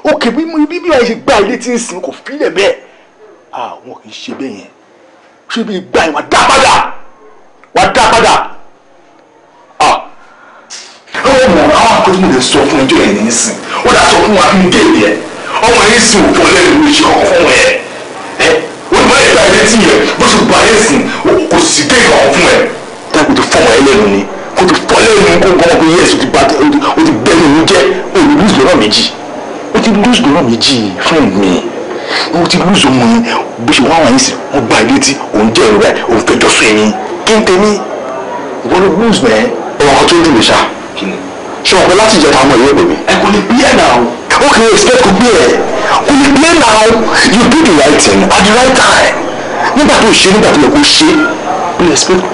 òkè bí bí bí wàá ṣe gbá ilé tí ń sìn kò fílẹ̀ bẹ́ẹ̀ àwọn ah, kì í ṣe bẹ́ẹ̀ yẹn ṣé bí gbá yẹn wàá dá padà wàá dá padà. Ah. ọmọ àwọn akọ́jú mi lè sọ fún ẹjọ́ yẹn ní sìn ó dá sọ fún wa kí n dé ìyẹn ọmọ yẹn sìn òfò lẹ́nu ìṣòro fún ẹ létí yẹn bó ṣe gba ayé sìn kò sì dé ìgbà wọn fún ẹ. táyà kò ti fọmọ ẹlẹ́nu ni kò ti fọ lẹ́nu kó gbọ́n pé yẹ́sì ti bá o ti bẹ́ẹ̀ nínú jẹ́ o ti lose lọ́rọ̀ méjì o ti lose lọ́rọ̀ méjì fún mi o ti lose ọmọ yẹn bó ṣe wá wà yín sí wọn gba ilé tí òun jẹ́ ìrora ẹ̀ òun fẹjọ́ sùn ẹ̀yìn kí n tẹ̀mí ìwọ ló lose mẹ́ ọmọ kan tó ń dùn mí ṣá ṣé ọ̀pẹ láti ìjẹta ọmọ ìwé bèbè. ẹ kò ní bí ẹ̀ náà okay expect to be here. Will you play now? You do the right thing at the right time nígbà tó ṣe nígbà tó yẹ kó ṣe kí ló respect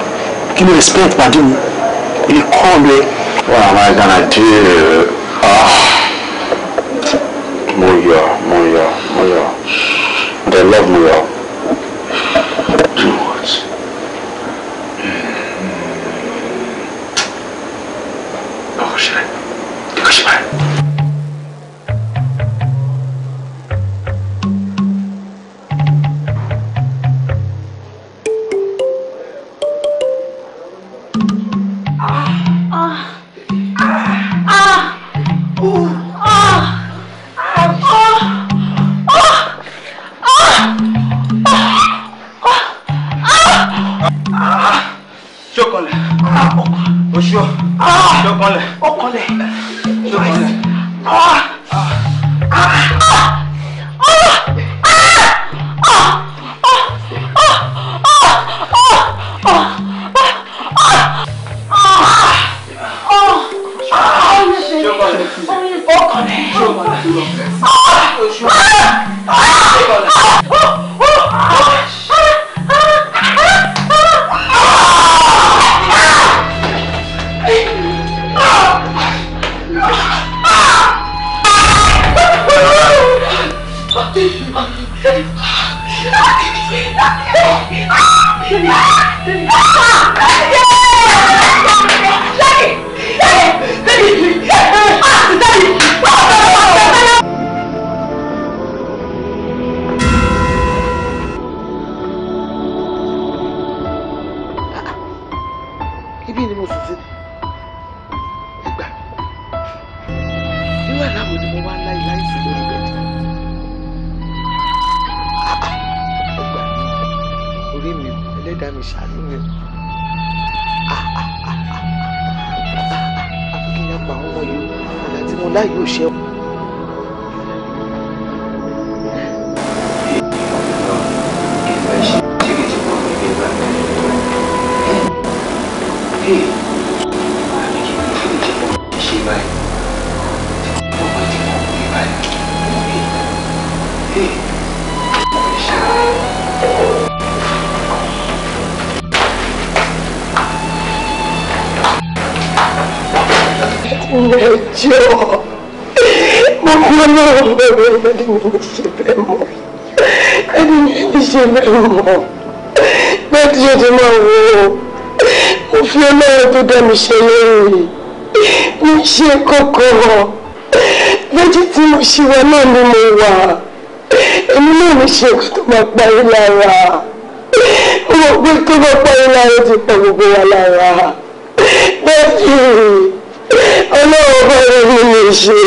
kí ló respect pàdé mi ilé kọ́ lẹ. what am I gonna do? ah mo yọ mo yọ mo yọ they love mo yọ. Ole. ṣe lórí mi ṣe kókó lójú tí mo ṣe wọ náà ni mo wà èmi náà mi ṣe kó tó máa parí lára mo gbé tó máa parí lára ti pa gbogbo wa lára bẹ́ẹ̀ ni ọlọ́run bá rẹ̀ mi lè ṣe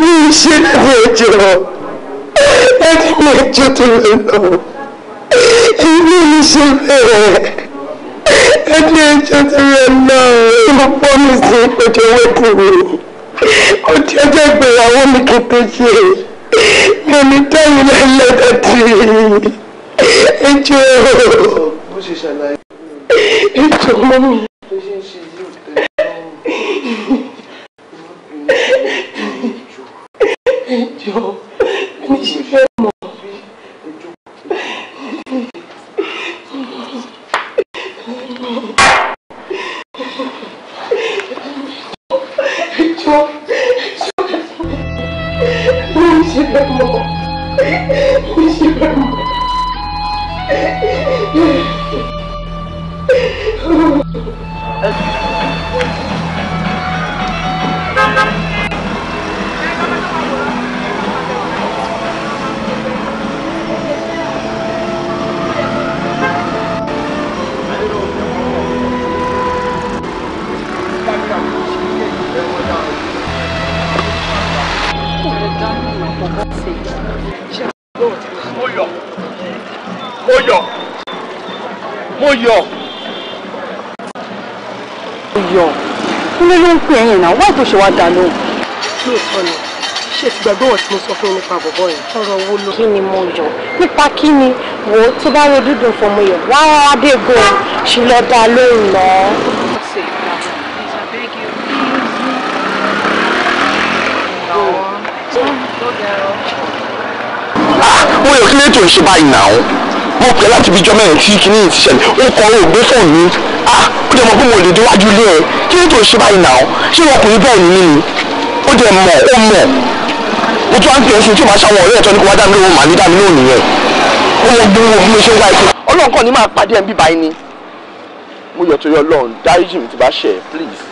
mi ṣe láti ẹjọ́ ẹni mi ẹjọ́ tó lè lọ èmi mi ṣe bẹ́ẹ̀ you promise me that you're waiting me. Ọtí ọjọ́ ìgbéyàwó mi kì í tó ṣe. Mi ò ní tẹ́yìn lẹ́lẹ́dà tí ẹ jọ. Bó ṣe mi. Tá, Olha! Olha! mo yọ̀. mo yọ̀ kúnlé ló ń pè ẹ̀yìn náà wáyé ṣe wá dà lóhùn. lóòótọ́ ni ṣe ti gbàgbọ́ wọn tí mo sọ fún yín nípa bọ̀bọ̀ yẹn. ọ̀rọ̀ wo ló. kí ni mo yọ̀ nípa kí ni wo tó bá ro dúdùn fún mi yọ̀ wá rárá go ṣì lọ dá lóhùn náà. Ah! mo yọ̀ kí lè tó ń ṣe náà wọ́n pẹ́ láti fi jọ́ mẹ́rin tí kinní ti ṣẹlẹ̀ ó kọ́ ó gbé fóònù mi ah kó dẹ̀ mọ̀ pé mo lè déwájú ilé ẹ̀ kí ló tó ṣe báyìí nà ṣé wọn kò ní bẹ́ẹ̀ ní ni ó dẹ̀ mọ̀ ó mọ̀ ó tún á ń pè é sí tí màá ṣàwọn ọ̀rẹ́ ẹ̀ tó ní kó wá dá mi màá ní dá mi lóhùn ó wọ gbé wo bí ṣe ń wá ike ọlọ́run kàn ní máa pàdé ẹ̀ ń bíbá ẹni mo yọ̀ torí ọlọ́run dáríjì mi ti bá ṣẹ̀ please.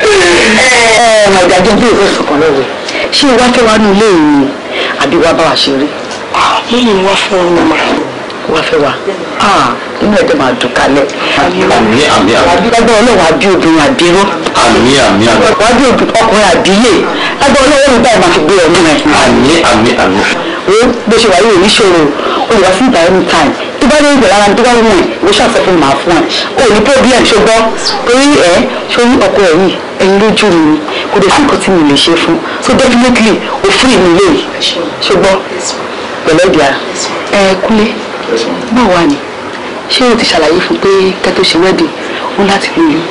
ẹ màdà jẹ́ bí ìwé ìsọ̀kan lọ́wọ́ ṣé wá fẹ́ wá nù ilé ìrìn àbí wá bá wa ṣeré. mi ni wá fún ọmọ mà wá fẹ́ wá ah, inú ẹ̀dẹ̀ máa dùn kalẹ̀. àmì àmì àmì. lágbára ọlọ́run àbí obìnrin àbíró. àmì àmì àmì. wàá bí ọkùnrin àbíyè lágbára ọlọ́run báyìí máa fi gbé ọmọ rẹ. àmì àmì àmì. o bó ṣe wà yóò ní ṣòro olùwà fún time tó bá lè gbẹ̀ lára ní tó bá wù ẹ̀ mo ṣàfẹ́ fún màá fún ẹ̀ o ní problem ṣùgbọ́n torí ẹ̀ ṣorí ọkọ ẹ̀ yìí ẹ̀yin lójú mi ni kò dé fún nǹkan tí mi lè ṣe fún so definitely òfin mi lè ṣùgbọ́n pẹ̀lẹ́ ìdíyà ẹ kúlé báwa ni ṣé o ti ṣàlàyé fún pé kẹ́tọ́ ṣe wedding ó láti lóyún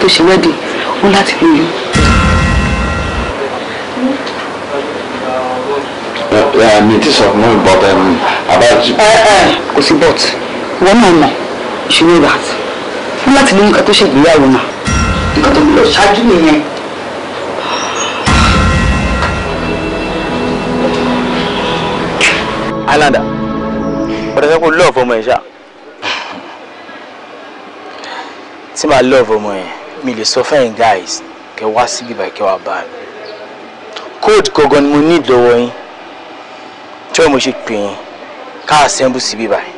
tó ṣe wedding ó láti lóyún. mi ti sọ fún mi but um, about. kò sí but ìwọ náà mọ ìṣòro rà fún láti lóyún ká tó ṣègbéyàwó náà nǹkan tó gbúdọ̀ ṣáájú nìyẹn. alanda bọ́dọ̀ kó lọ́ọ̀fù ọmọ yẹn ṣá tí màá lọ́ọ̀fù ọmọ yẹn mi lè sọ fẹ́yìn guys kẹ wá síbi báyìí kẹ wá bá mi code gangan ni mo ní ìlọ́wọ́ yín tí wọ́n mo ṣe pè yín ká assemble síbi báyìí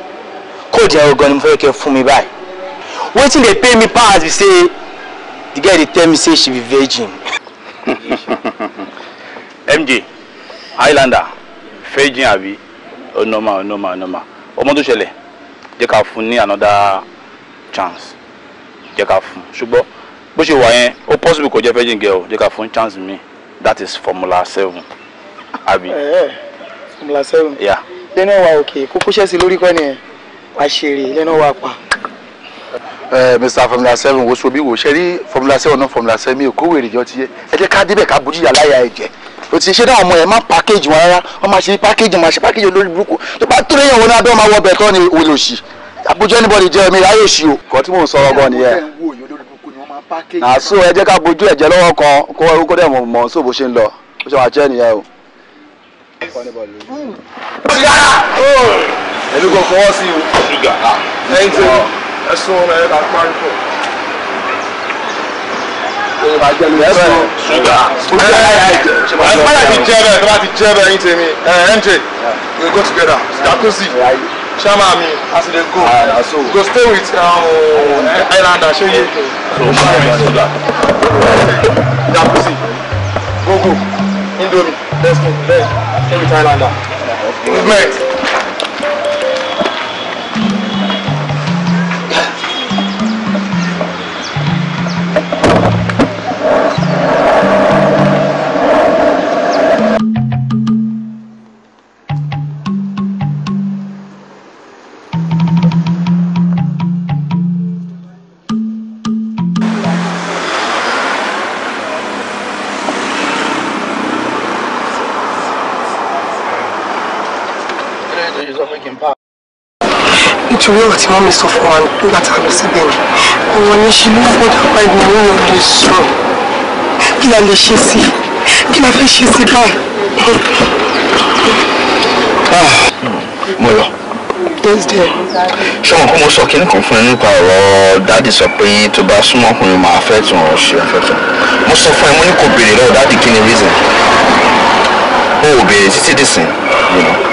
code yẹn gangan ni mo fẹ́ kẹ fún mi báyìí wetin dey pay me pass be say the girl dey tell me say she be virgin. mj highlander virgin abi onoma onoma onoma ọmọ tó ṣẹlẹ̀ jẹ́ ká fún ní another chance jẹ́ ká fún ṣùgbọ́n bó ṣe wà yẹn ó possible kò jẹ́ virgin girl jẹ́ ká fún chance me. that is formula seven àbí. Eh, eh, formula seven lẹ́nu wa òkè kókó ṣẹ́sí lórí kọ́ nìyẹn wàá ṣeré lẹ́nu wa pa. Eh, mr formula seven wo sobi wo ṣe formula seven náà formula seven mi ò kó wèrè jọ ti yẹ ẹ jẹ́ ká débẹ̀ ká bójú yà láyà ẹ̀ jẹ́ o ti ṣe dáhùn ọmọ yẹn má package wọn rárá wọn máa ṣe package máa ṣe package olórí burúkú tó bá tó léyìn òun náà bí máa wọ bẹ̀ẹ̀ tán ni olè òṣì àbújá anybody jẹ́ mi ráyè òṣì o. kọ́ tí mò ń sọ ọgbọ́n nìyẹn na so ẹ jẹ́ ká bójú ẹ̀jẹ̀ lọ́wọ́ kan kó ẹrú kó dẹ̀ mọ̀ mọ̀ so ṣe ń lọ bó ṣe wà jẹ́ nìyẹn o. èmi kò fọwọ́ sí i lẹ́yìn tí ẹ̀sùn ọ̀rọ̀ ẹ̀ bá parí pọ̀. Ẹ̀sùn ṣùgbọ́n ẹ̀ bá ti jẹ́ bẹ́ẹ̀ tó bá ti jẹ́ bẹ́ẹ̀ yín tèmi ẹ̀ ẹ̀ ń tè we go together jacuzzi chairman mi as dey go go stay with um, islander shey you jacuzzi go go indomie let's go let's stay with islander movement. Thank you. mọ́ mi sọ fún wa nígbà tá a lọ síbẹ̀ ni ọ̀rọ̀ yẹn ṣe ló fọ́dà pa ìgbìmọ̀ yẹn lè sọ kí la lè ṣe sí kí la fẹ́ ṣe sí báyìí. Ah, mo lọ ṣé wọn kọ́ mo sọ kí n kàn fún ẹ nípa ọ̀rọ̀ dáàdì sọ pé tó bá súnmọ́ ọkùnrin máa fẹ́ tún ọ̀rọ̀ ṣe afẹ́fẹ́ mo sọ fún ẹ mo ní kò béèrè lọ́wọ́ dáàdì kí ni reason o ò béèrè títí dìsìn. You know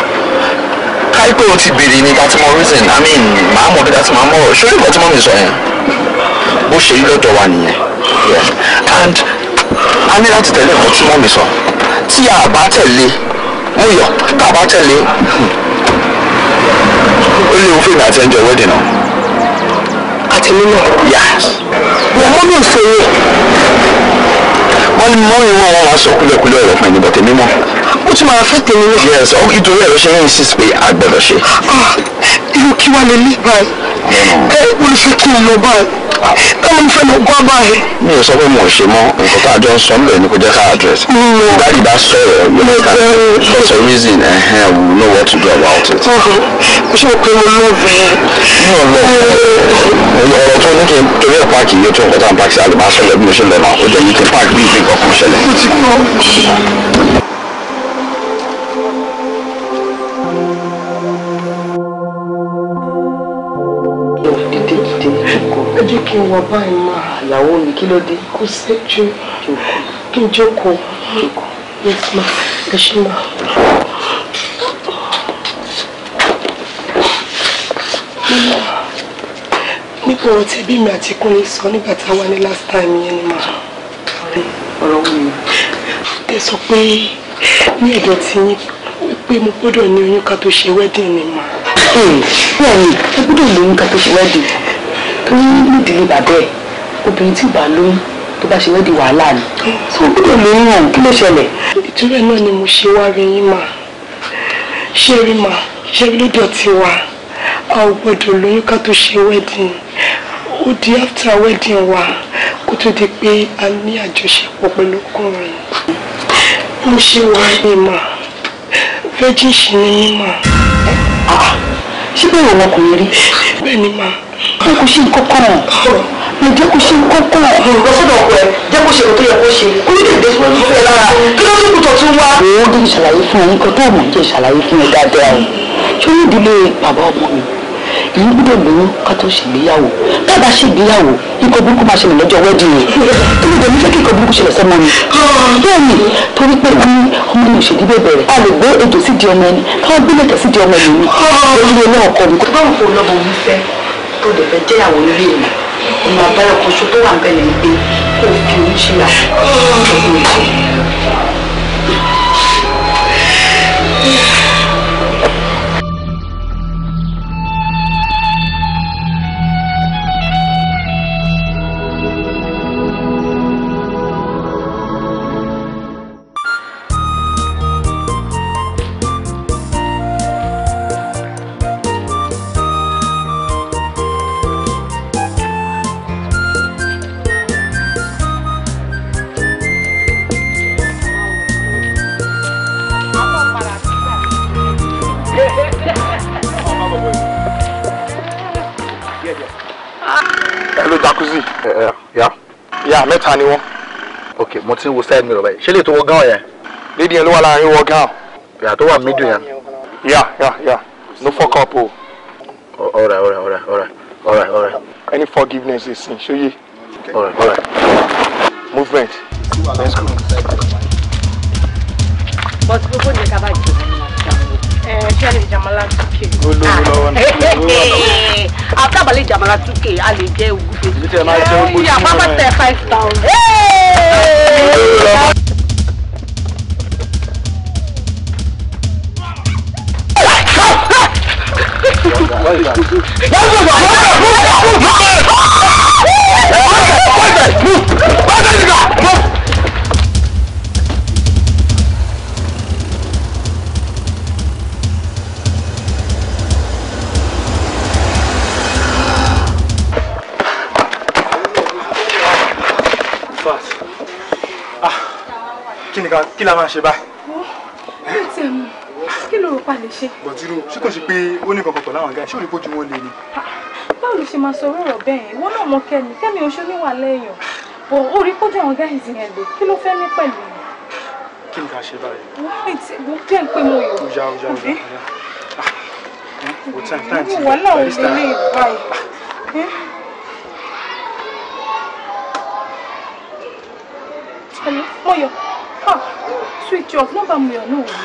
ká pé o ti béèrè ni that's more reason i mean màá mọ̀ bí that's my more ṣé ìgbà tí mo mi sọ yẹn bó ṣe rí lọ́dọ̀ wa nìyẹn yes and a ní láti tẹ̀lé nǹkan tí mo sọ tí a bá tẹ̀lé mo yọ tá a bá tẹ̀lé ó lè wọ́n fèmí àti ẹnjọ́ wedding náà. àti nínú. yes. wọ́n mọ́ mi ò é. wọ́n ní mọ́ ìwọ̀n wọn wá sọ kúlẹ̀kúlẹ̀ ọ̀rọ̀ fún ẹni bọ̀tẹ̀ mímọ́ ó tún máa fẹ́ tèmi náà. yes ọ nítorí ẹ ló ṣe ń insist pé a gbọ́dọ̀ ṣe. Ah, irú kí wàá lè ní báyìí ẹ olùfẹ́ eh, kí n lọ báyìí báwo eh, ni fẹ́ lọ gbọ́ báyìí. mi ò sọ pé mo ò ṣe mọ nǹkan tá a jọ ń sọ nílẹ̀ ni kò jẹ́ ká address. dáàdi bá sọ̀rọ̀ yóò ká for some reason ẹ eh, ẹ we know what to do about it. Uh-huh. mo ṣe pé mo lọ bẹ̀rẹ̀. mi ò lọ ọ̀rọ̀ tó ní kí n torí ẹ̀ páàkì yóò tó nǹkan tá a ń páàkì sí àlùbáṣọ̀lẹ̀ bí mo ṣe lọ náà ó jẹ́ yìí kí n páàkì bí ìpín kọ̀ọ̀kan ṣẹlẹ̀. máa bá ẹ máa àyàwó mi kí ló dé kò sẹ́jú kí n jókòó yes ma ẹ ṣe ma. nípa ọ̀rọ̀ tí ẹbí mi àti kúnlé sọ nígbà tá a wà ní last time yẹn ni màá rí ọ̀rọ̀ wù mí. ẹ sọ pé ní ọ̀dọ̀ tí yín pé mo gbọ́dọ̀ ní oyún ká tó ṣe wedding ni màá. bẹ́ẹ̀ ẹ gbọ́dọ̀ lóyún ká tó ṣe wedding torí nídìí bàbá ẹ̀ obìnrin tí ìbá lóyún tó bá ṣe wẹ́ẹ̀dì wàhálà ni tó gbọ́dọ̀ lóyún ọ̀hún kí ló ṣẹlẹ̀. ìtura náà ni mo ṣe wá rí yín mà ṣé rí mà ṣé rí lọ́dọ̀ tiwa a ò gbọ́dọ̀ lóyún ká tó ṣe wedding ó di after wedding wa kó tó di pé a ní àjọṣepọ̀ pẹ̀lú ọkùnrin mo ṣe wá rí mà virgin ṣì ni yín mà. Ah, ṣé bẹ́ẹ̀ ni ọkùnrin rí. bẹ́ẹ̀ ni mà jẹ́ kó ṣe nǹkan kan mo jẹ́ kó ṣe nǹkan kan. mo lọ sọ́dọ̀ ọkọ ẹ jẹ́ kó ṣe nǹkan tó yẹ kó ṣe kó ní tètè fún ẹ lára kí ló tún kùtọ̀ tún wá. òun dé ìṣàlàyé fún ẹ nǹkan tó mọ̀ jẹ́ ìṣàlàyé fún ẹ dáadáa o ṣé ó ní ìdílé bàbá ọmọ mi ìlú gbúdọ̀ lóyún ká tó ṣègbéyàwó tábà ṣègbéyàwó ikọ̀ burúkú máa ṣẹlẹ̀ lọ́jọ́ wedding yẹn kí ló dé mi fẹ́ kí ikọ̀ burúkú ṣẹlẹ̀ sẹ́mọ́ mi. bẹ́ẹ̀ni torí pé ní ọmọ mi ò ṣèdí bẹ́ẹ̀ bẹ̀rẹ̀ a lè gbé ètò sídìí ọmọ ẹni káwọn gbé lẹ́tọ̀ sídìí ọmọ ẹni mi lórí ilé ọkọ mi. báwo kò lọ́mọ mi fẹ́ tó dẹ̀ fẹ́ jẹ́yàwó nílé mi ọ̀nà àbáyọ kan ṣo tó wà ń bẹ̀ ní pé kó fi òun ṣe àṣọ oh. ọ̀gbìn ìṣe. style mirror báyìí ṣé lè tó wọ gán yẹn. lédi yẹn ló wà láàrin wọ gán. yà tó wà mídùn yẹn. yà yà yà no fuck up o. ọ̀rẹ́ ọ̀rẹ́ ọ̀rẹ́ ọ̀rẹ́ ọ̀rẹ́ ọ̀rẹ́. any forgiveness dey sin ṣó yé. ọ̀rẹ́ ọ̀rẹ́. movement. let's go. but gbogbo ní kaba jù ṣe lè jamala tuke. olówó lọ́wọ́ ní. after balẹ̀ jamala tuke a lè jẹ́ ogúfe. bí tẹ̀ máa jẹ́ eh, five thousand. Eh! Why is that? kí la máa ṣe báyìí. mi ò tiẹ̀ mọ̀ kí ló rò pa lè ṣe. bọ̀tírò ṣé kò sí pé ó ní kankan pẹ̀lú àwọn ọ̀gá ẹ̀ ṣé ò ní bójú wọn lè ni. báwo ló ṣe máa sọ ọ̀rọ̀ bẹ́ẹ̀ yẹn ìwọ náà mọ kẹ́mi kẹ́mi oṣù níwà lẹ́yìn bọ̀ ó rí kójú àwọn ọ̀gá yìí yẹn lò kí ló fẹ́ ní pẹ̀lú yẹn. kí n kà ṣe báyìí. wọ́n ti wọ́n jẹ́ pé mo yọ. ọjà ọjà ọjà ọjà ah, eh, ìwọ náà ò lè lè báyìí. Ah, ah. eh? mo yọ switch off nọ́mbà mu yàn náà wò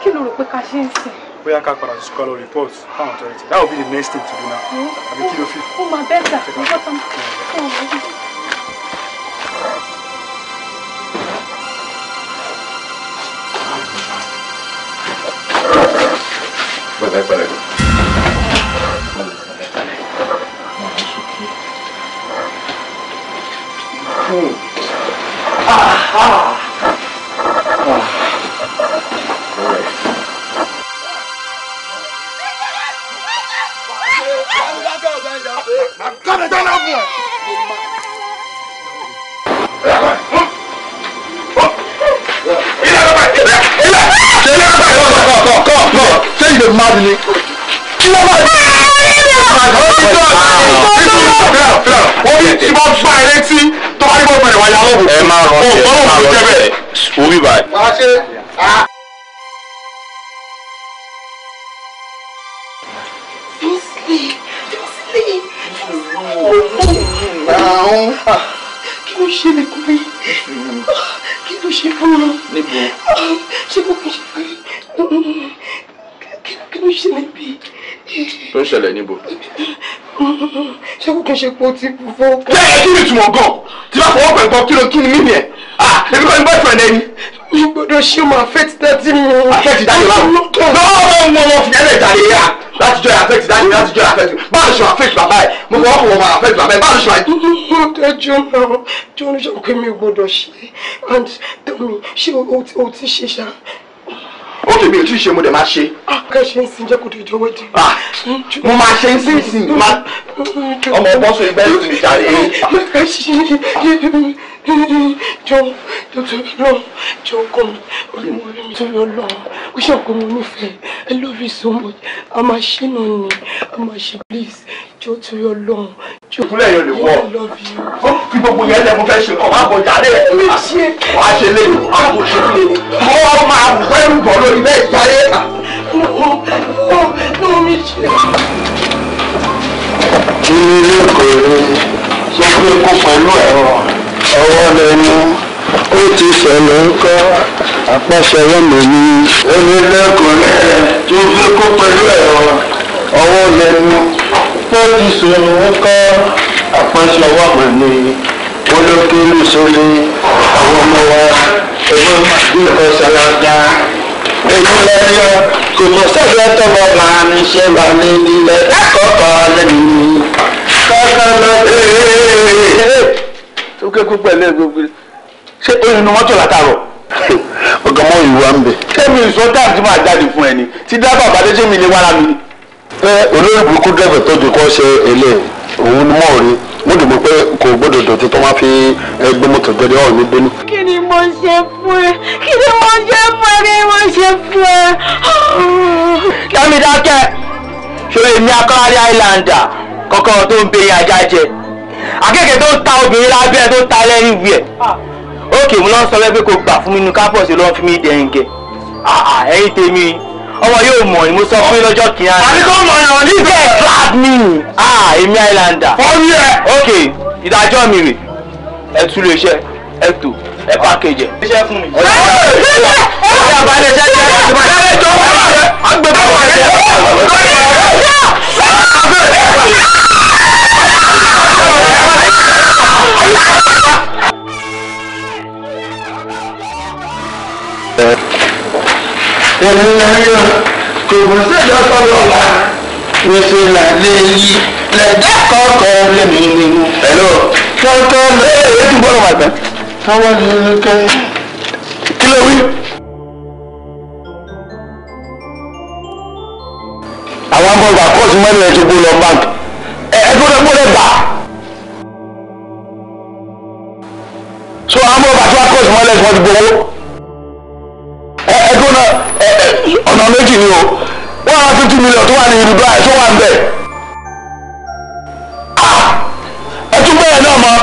kí ló rò pé ká ṣe ń sìn. bóyá ká padà sí kọ́lọ́ report fún authority that will be the next thing to do now àbí kí ló fi. ó máa bẹ́ẹ̀ tà ní bọ́tà fún ọ̀rọ̀ Pẹ̀lẹ́ pẹ̀lẹ́. máa gbọ́dọ̀ dáná fún ẹ. ṣé ìlè máa di ni. orí tí wọ́n gbá ẹ létí tó bá ní bọ́ bẹ̀rẹ̀ wáyà lọ́wọ́. ẹ máa rọ ẹ máa rọ ẹ orí báyìí. wàá ṣe a. Don't sleep. Don't sleep. Não. Ah, que não chega comigo. Que não chega não. Chegou que não chega. Que não chega. tó ń ṣẹlẹ̀ níbo. ṣé kò kí n ṣe pé o ti fọ́. jẹ́ ẹ kí ni ìtumọ̀ gan tí wọ́n fọwọ́ pẹ̀ gan kí ló tún ní mímì ẹ̀ ah èmi kọ́ ni boyfriend ẹni. mi gbọ́dọ̀ ṣé o máa fẹ́ ti dá tí mo. afẹ́ ti dájú báwo lọ́wọ́ wọn wọn fi ẹlẹ́ ìdàlẹ̀ yá láti jọ afẹ́ ti dájú láti jọ afẹ́ ti báwo ṣe afẹ́ ti bàbá ẹ̀ mo fọwọ́ fọwọ́ máa afẹ́ ti bàbá ẹ̀ báwo ṣe àìtú. mo dájú náà tí oníṣòwò pé mi ò gbọ́dọ̀ ṣe and tell me ṣé o ti ṣe ṣáà o tèmi ò tí ì ṣe mo dẹ̀ máa ṣe. ká ṣe ń sin jẹ́ kó dídí owó di. mo máa ṣe ń sin sin ọmọ bọ́sùn ìgbẹ́ ìsìn ìjà rẹ̀ jọ tuntun lọ jọ kọ mi olúmọlẹ mi torí Ọlọ́run ó ṣàkó mi nífẹ̀ẹ́ i love you so much a máa ṣe náà ni a máa ṣe please jọ torí Ọlọ́run jọ kúlẹ̀ yóò lè wọ̀ fún kí gbogbo yẹn lẹ́mu fẹ́ ṣe kọ́ máa bọ̀ jáde ẹ̀ mi ṣe wà á ṣe lé mi wà á bọ̀ ṣe lé mi mọ́ máa fẹ́rù bọ̀ lórí bẹ́ẹ̀ jáde. kí ni ilé ìkòyè sọ pé kó pẹ̀lú ẹ̀rọ ọwọ́ lẹ́nu ó ti fẹ̀lẹ̀ ń kọ́ àpẹ́fẹ́rẹ́ mọ̀ ní. onílẹ̀kùnrin rẹ̀ tó fi kó pẹ̀lú ẹ̀rọ ọwọ́ lẹ́nu ó ti sọ̀rọ̀ ń kọ́ àpẹ́fẹ́rẹ́ mọ̀ ní. olókèlú sórí àwọn ọmọ wa ẹgbẹ́ màdí ọ̀sálàdá èyí lẹ́yọ kò mọ̀ sẹ́gbẹ́ tọ́wọ́ máa ń ṣe wà ní ilẹ̀ gbẹ́kú pẹ̀lú ẹ̀ gbogbo ṣé oyin ni mọ́tò látàrọ̀. ọ̀gá mọ́ ìwà ń bẹ̀. ṣé mi sọ táàtì máa jáde fún ẹni tí dábàá bàdé ṣé mi lè mi. ẹ olórí burúkú dẹ́fẹ̀ tọ́jú kọ́ ṣe eléyìí òun ni mọ̀ rí mo dìbò pé kò gbọ́dọ̀ dọ̀tí tó máa fi ẹgbẹ́ mọ́tò jẹ́rẹ́ ọ̀rọ̀ mi gbénú. kí ni mo ṣe fún ẹ kí ni mo ṣe fún ẹ kí ni mo ṣe fún ẹ. kẹ́mi dákẹ́ ṣòro èmi akọ́rẹ́ islander kọ́kọ́rọ́ tó ń bẹ ajá jẹ akéèké tó ń ta obìnrin lábẹ́ tó ń ta lẹ́yìn wí ẹ̀ ókè mo lọ́n sọ fẹ́ pé kò gbà fún mi nu kápọ̀sì lọ́n fi mí dẹ̀yìn gẹ̀ ah, ah, ẹ̀yìn tèmi ọmọ yóò mọ̀ ni mo sọ fún lọ́jọ́ kìíní. àbí kò mọ̀ náà ní ìgbà ẹ̀ me èmi islander. fọ́ọ̀mù yẹ. ókè ìdájọ́ mi rè ẹ tú lè ṣe ẹ tò ẹ pàkéjì. iṣẹ́ fún mi. ọ̀sẹ̀ àbálẹ̀ ṣẹ́ṣẹ́ àgbẹ̀bọ̀ rẹ̀. ènìyàn kò bùn sẹ́jọ́ sọ́dọ̀ wa wíṣẹ́ là lè yí lẹ́dá kọ́kọ́ lè mú nínú. ẹ̀lọ́ kọ́kọ́ lè é tún bọ́lọ̀ wà tán. káwọn ní kẹ́ kí ló wí. àwọn akọ̀gbà kọ́ọ̀sì mẹ́rin ẹ̀ tó gbó lọ báńkì ẹ̀ gbọ́dọ̀ gbọ́dọ̀ bà. so àwọn akọ̀gbà tó akọ̀sì mọ́lẹ̀ tí wọ́n ti gbowó. kó na eh, eh, ọ̀nà méjì ni o one hundred fifty million tó wà ní ìlú báyìí tó wà ń bẹ̀ ah! ẹ tún bẹ́ẹ̀ náà mọ́.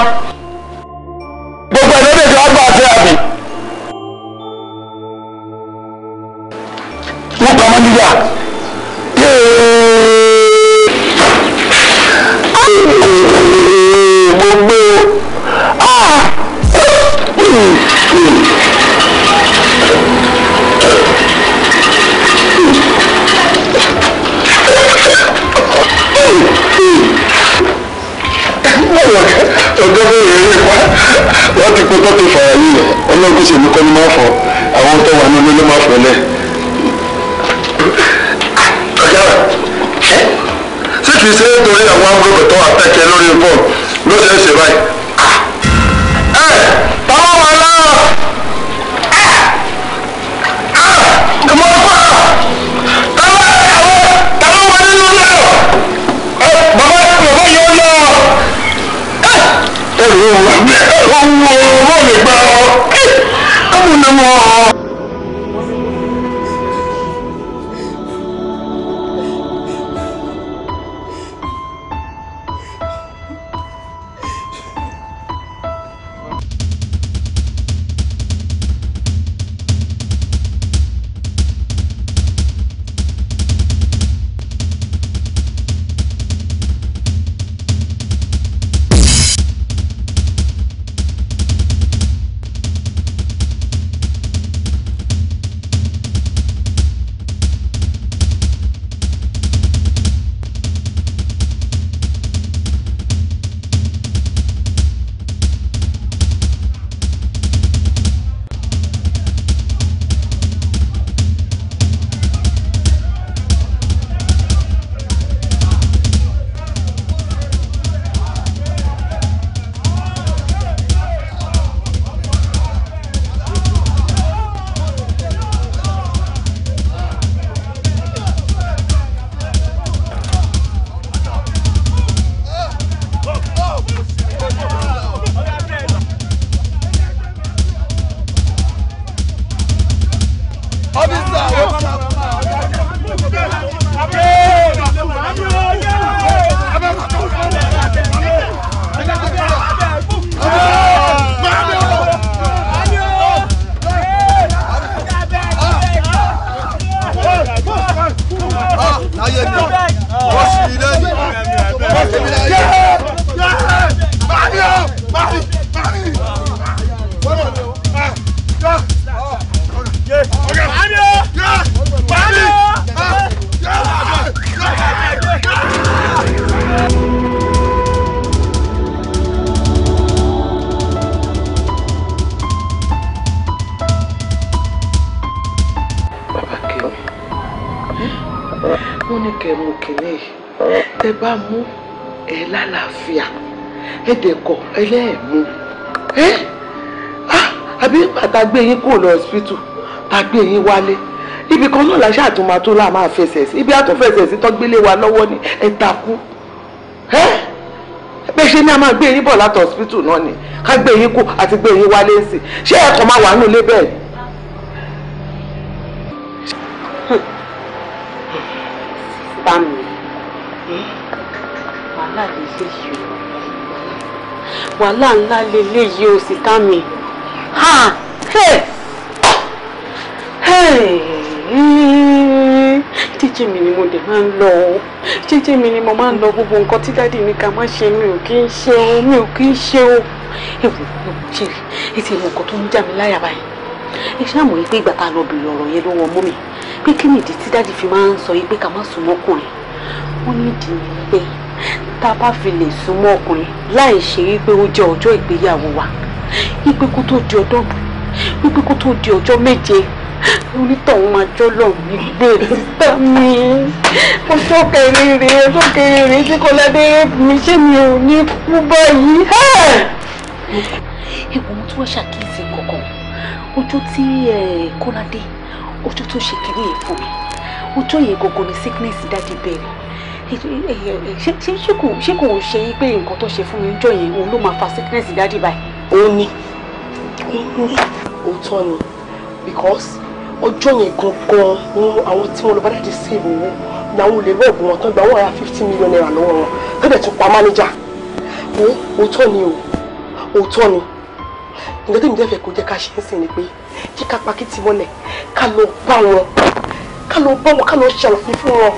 gbé yín kúrò lọ ọsibítù tá a gbé yín wálé ibì kan náà làṣà àtúntò máa tó láà máa fẹsẹ̀ sí ibi àtúnfẹsẹ̀ sí tọ́gbélé wa lọ́wọ́ ni ẹ takú ẹ bẹ́ẹ̀ ṣe ni a máa gbé yín bọ̀ láti ọsibítù náà ni ká gbé yín kú àti gbé yín wálé sí ṣé ẹ̀kọ́ máa wà nílé bẹ́ẹ̀. bámi wàhálà lélẹ́yìí o wàhálà ńlá lélẹ́yìí o sì tá mi. Ha! jẹ́jẹ́ mi ni mo dẹ̀ máa ń lọ o jẹ́jẹ́ mi ni mo máa ń lọ gbogbo nǹkan tí dáàdi mi ká má ṣe mi ò kí ń ṣe o mi ò kí ń ṣe o ewu ewu ṣe ètò ìwọ̀n kan tó ń jà mí láyà báyìí ẹ ṣáà mọ̀ yìí pé ìgbà tá a lọ bèrè ọ̀rọ̀ yẹn lọ́wọ́ mọ́ mi pé kí nìdí tí dáàdi fi máa ń sọ yìí pé ká má sùn mọ́kùnrin ó ní ni pé tá a bá fi lè sùn mọ́ ọkùnrin láì ṣe wípé ó jẹ́ ọjọ́ ìgbéyàwó wa wípé kó tó di ọdún wípé kó tó di ọjọ́ méje onítọ̀hún máa jọ́ lọ nígbè sísá mi ọjọ́ kẹrin rèé ọjọ́ kẹrin rèé tí kò ládé mi ṣé mi ò ní kú báyìí. ewu mo tún wá ṣàkíyèsí kankan ọjọ́ tí kọ́ládé ọjọ́ tó ṣe kiri èèfò mi ọjọ́ yẹn gògò ni sickness dáàdi bẹ̀rẹ̀ ṣé kò ń ṣe pé nǹkan tó ṣe fún mi ń jọ yẹn òun ló máa fa sickness dáàdi báyìí. ó ní ó ní òótọ́ ni because ọjọ́ yẹn gangan ni àwọn tí wọ́n lọ bá dáàdi save owó ni àwọn olè rọ̀gùn wọn tán gba wọn ra fifty million naira lọ́wọ́ wọn tó dẹ̀ tún pa mánéjà ó òótọ́ ni o òótọ́ ni nǹkan tó ń dẹ́fẹ̀ẹ́ kó jẹ́ ká ṣe ń sìn ni pé kí ká pa kí ti wọlé ká lọ bá wọn ká lọ bá wọn ká lọ ṣàlàyé fún wọn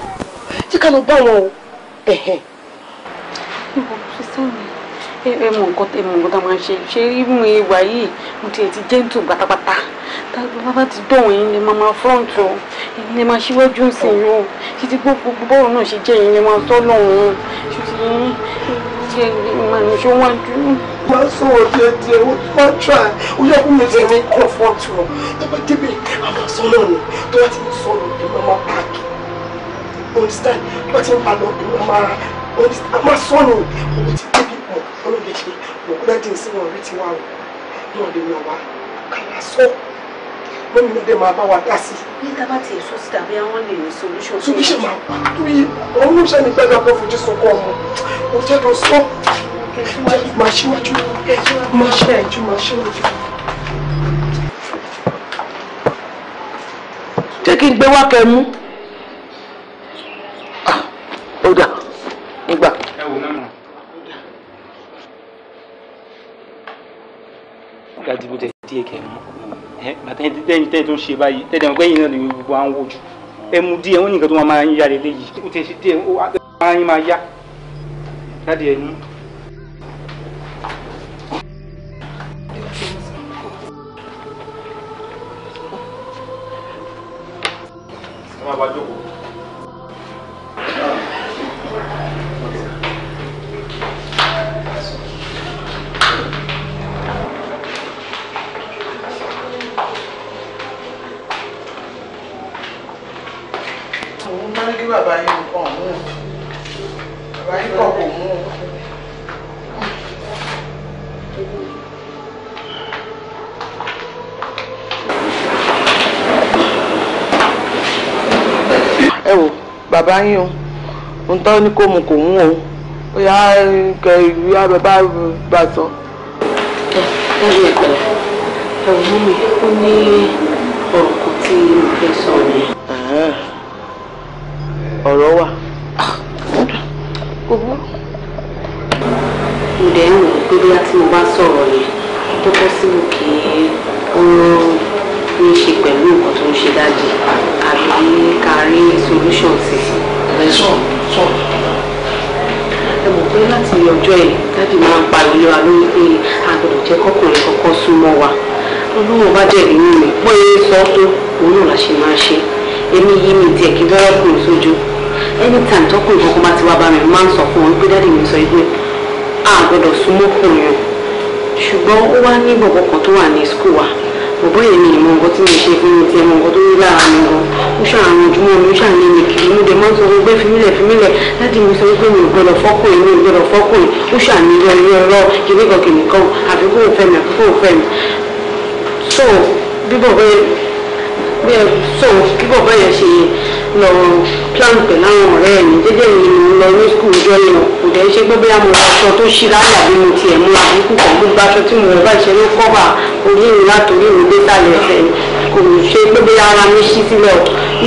kí ká lọ bá wọn o ẹ̀hẹ̀ ẹ mọ nǹkan ẹ mọ nǹkan tá máa ṣe ṣe irú ìwà yìí mo tiẹ̀ ti gentle pátápátá bàbá ti dọ̀wọ̀n yín lè máa front o èyí lè máa ṣíwájú sí i o títí gbogbo bọ́ọ̀rù náà ṣe jẹ́ èyí lè máa tọ́ lọ́hùn-ún ṣe máa ní ṣó wájú. tra ó yẹ kó mi ti ní comfort o nípa débè àwọn sọ́nà ni tó bá ti ń ní mama park understand bá ti ń palọ̀ ní mama understand máa sọ̀rọ̀ owó ti débi lè ṣe mo pẹ́ dín sí wọn rí tiwa o náà lè nà wá kàlá sọ lómi náà dé máa bá wa dá sí. bí tá a bá ti èso sí tàbí àwọn lè ní solution. solution máa wà torí òun ló ṣẹ́ni pẹ́ lọ́kọ́ fojú sunkún ọmọ o jẹ́ lọ sọ máa ṣíwájú máa ṣe àìjú máa ṣíwájú. ṣé kí n gbé wá kẹ mú? Ah, ó dà ẹ wò náà. ká dìbò tẹ̀ díẹ̀ kẹ́ mú bàtẹ́yìn tẹ́yìn tẹ́yìn tó ń ṣe báyìí tẹ́yìn ọgbẹ́ yìí náà ni gbogbo à ń wojú ẹ mú díẹ̀ wọ́n ní tó máa ń yá lélẹ́ yìí ó ti ṣe díẹ̀ ó máa ń máa yá jáde ẹ̀ mú. máa bá bàbá yín kàn mú un bàbá yín kàn kò mú un. ẹ wò bàbá yín o ohun tó ní kó mu kò mú o bóyá kẹ ìlú abẹ́bá bá sọ. ẹ ẹ ẹ ẹ mú mi ó ní ọ̀rọ̀ kò tí mo fẹ́ sọ ni ọ̀rọ̀ wà. kò bú. mo dẹ̀ ń wò ó pé bí a ti mo bá sọ̀rọ̀ yẹn tó bọ́ síbò kí ó ní ṣe pẹ̀lú nǹkan tó ń ṣe dájú àbí ká rí solution sí i. ẹ sọ sọ. ẹ mọ̀ pé láti ọjọ́ ẹ̀ dájú máa ń pariwo wa lórí pé a gbọ́dọ̀ jẹ́ kọ́kùnrin kọ́kọ́ súnmọ́ wa olúwo bá jẹ̀bi mímu pé sọ́tò òun náà la ṣe máa ṣe èmi yìí mi tiẹ̀ kí lọ́rọ̀ kùn sójú anytime tọkùn kankan bá ti wá bá mi máa ń sọ fún wọn pé dáàdì mi sọ pé a gbọ́dọ̀ súnmọ́ fún yàn ṣùgbọ́n ó wá ní bọ̀bọ̀ kan tó wà ní skul wa bọ̀bọ̀ yẹn ni ìmọ̀ nǹkan tí mo ṣe fún mi ti ẹmọ nǹkan tó rí lára mi gan ó ṣàrùn ojúmọ́ mi ó ṣàrùn ẹni kiri mo dẹ̀ máa ń sọ fún pé fímílẹ̀ fímílẹ̀ láti mi sọ pé mi ò gbọ́dọ̀ fọ́kùn mi ò gbọ́dọ̀ fọ́kùn ó ṣàrùn ilé ọyọ ọlọ́ kìnnìkan kìnnìkan àfikún òfẹ́ mi àfikún òfẹ́ mi so bí bọ̀bọ̀ yẹn bí ẹ sọ kí bọ̀bọ̀ yẹn ṣe lọ plan pẹ̀lú àwọn ọ̀rẹ́ ẹ̀ ní jẹ́jẹ́ mi ni mo lọ ní skul jọ yẹn kò dẹ̀ ṣe pé bóyá mo aṣọ tó ṣí láyà bí mo tiẹ̀ mú àbíkú kan gbogbo aṣọ tí mo rẹ̀ bá ṣe ló kọ́bà orí mi látòrí mi dé sàlẹ̀ ẹ̀fẹ̀ kò ṣe pé bóyá ara mi ṣí sílẹ̀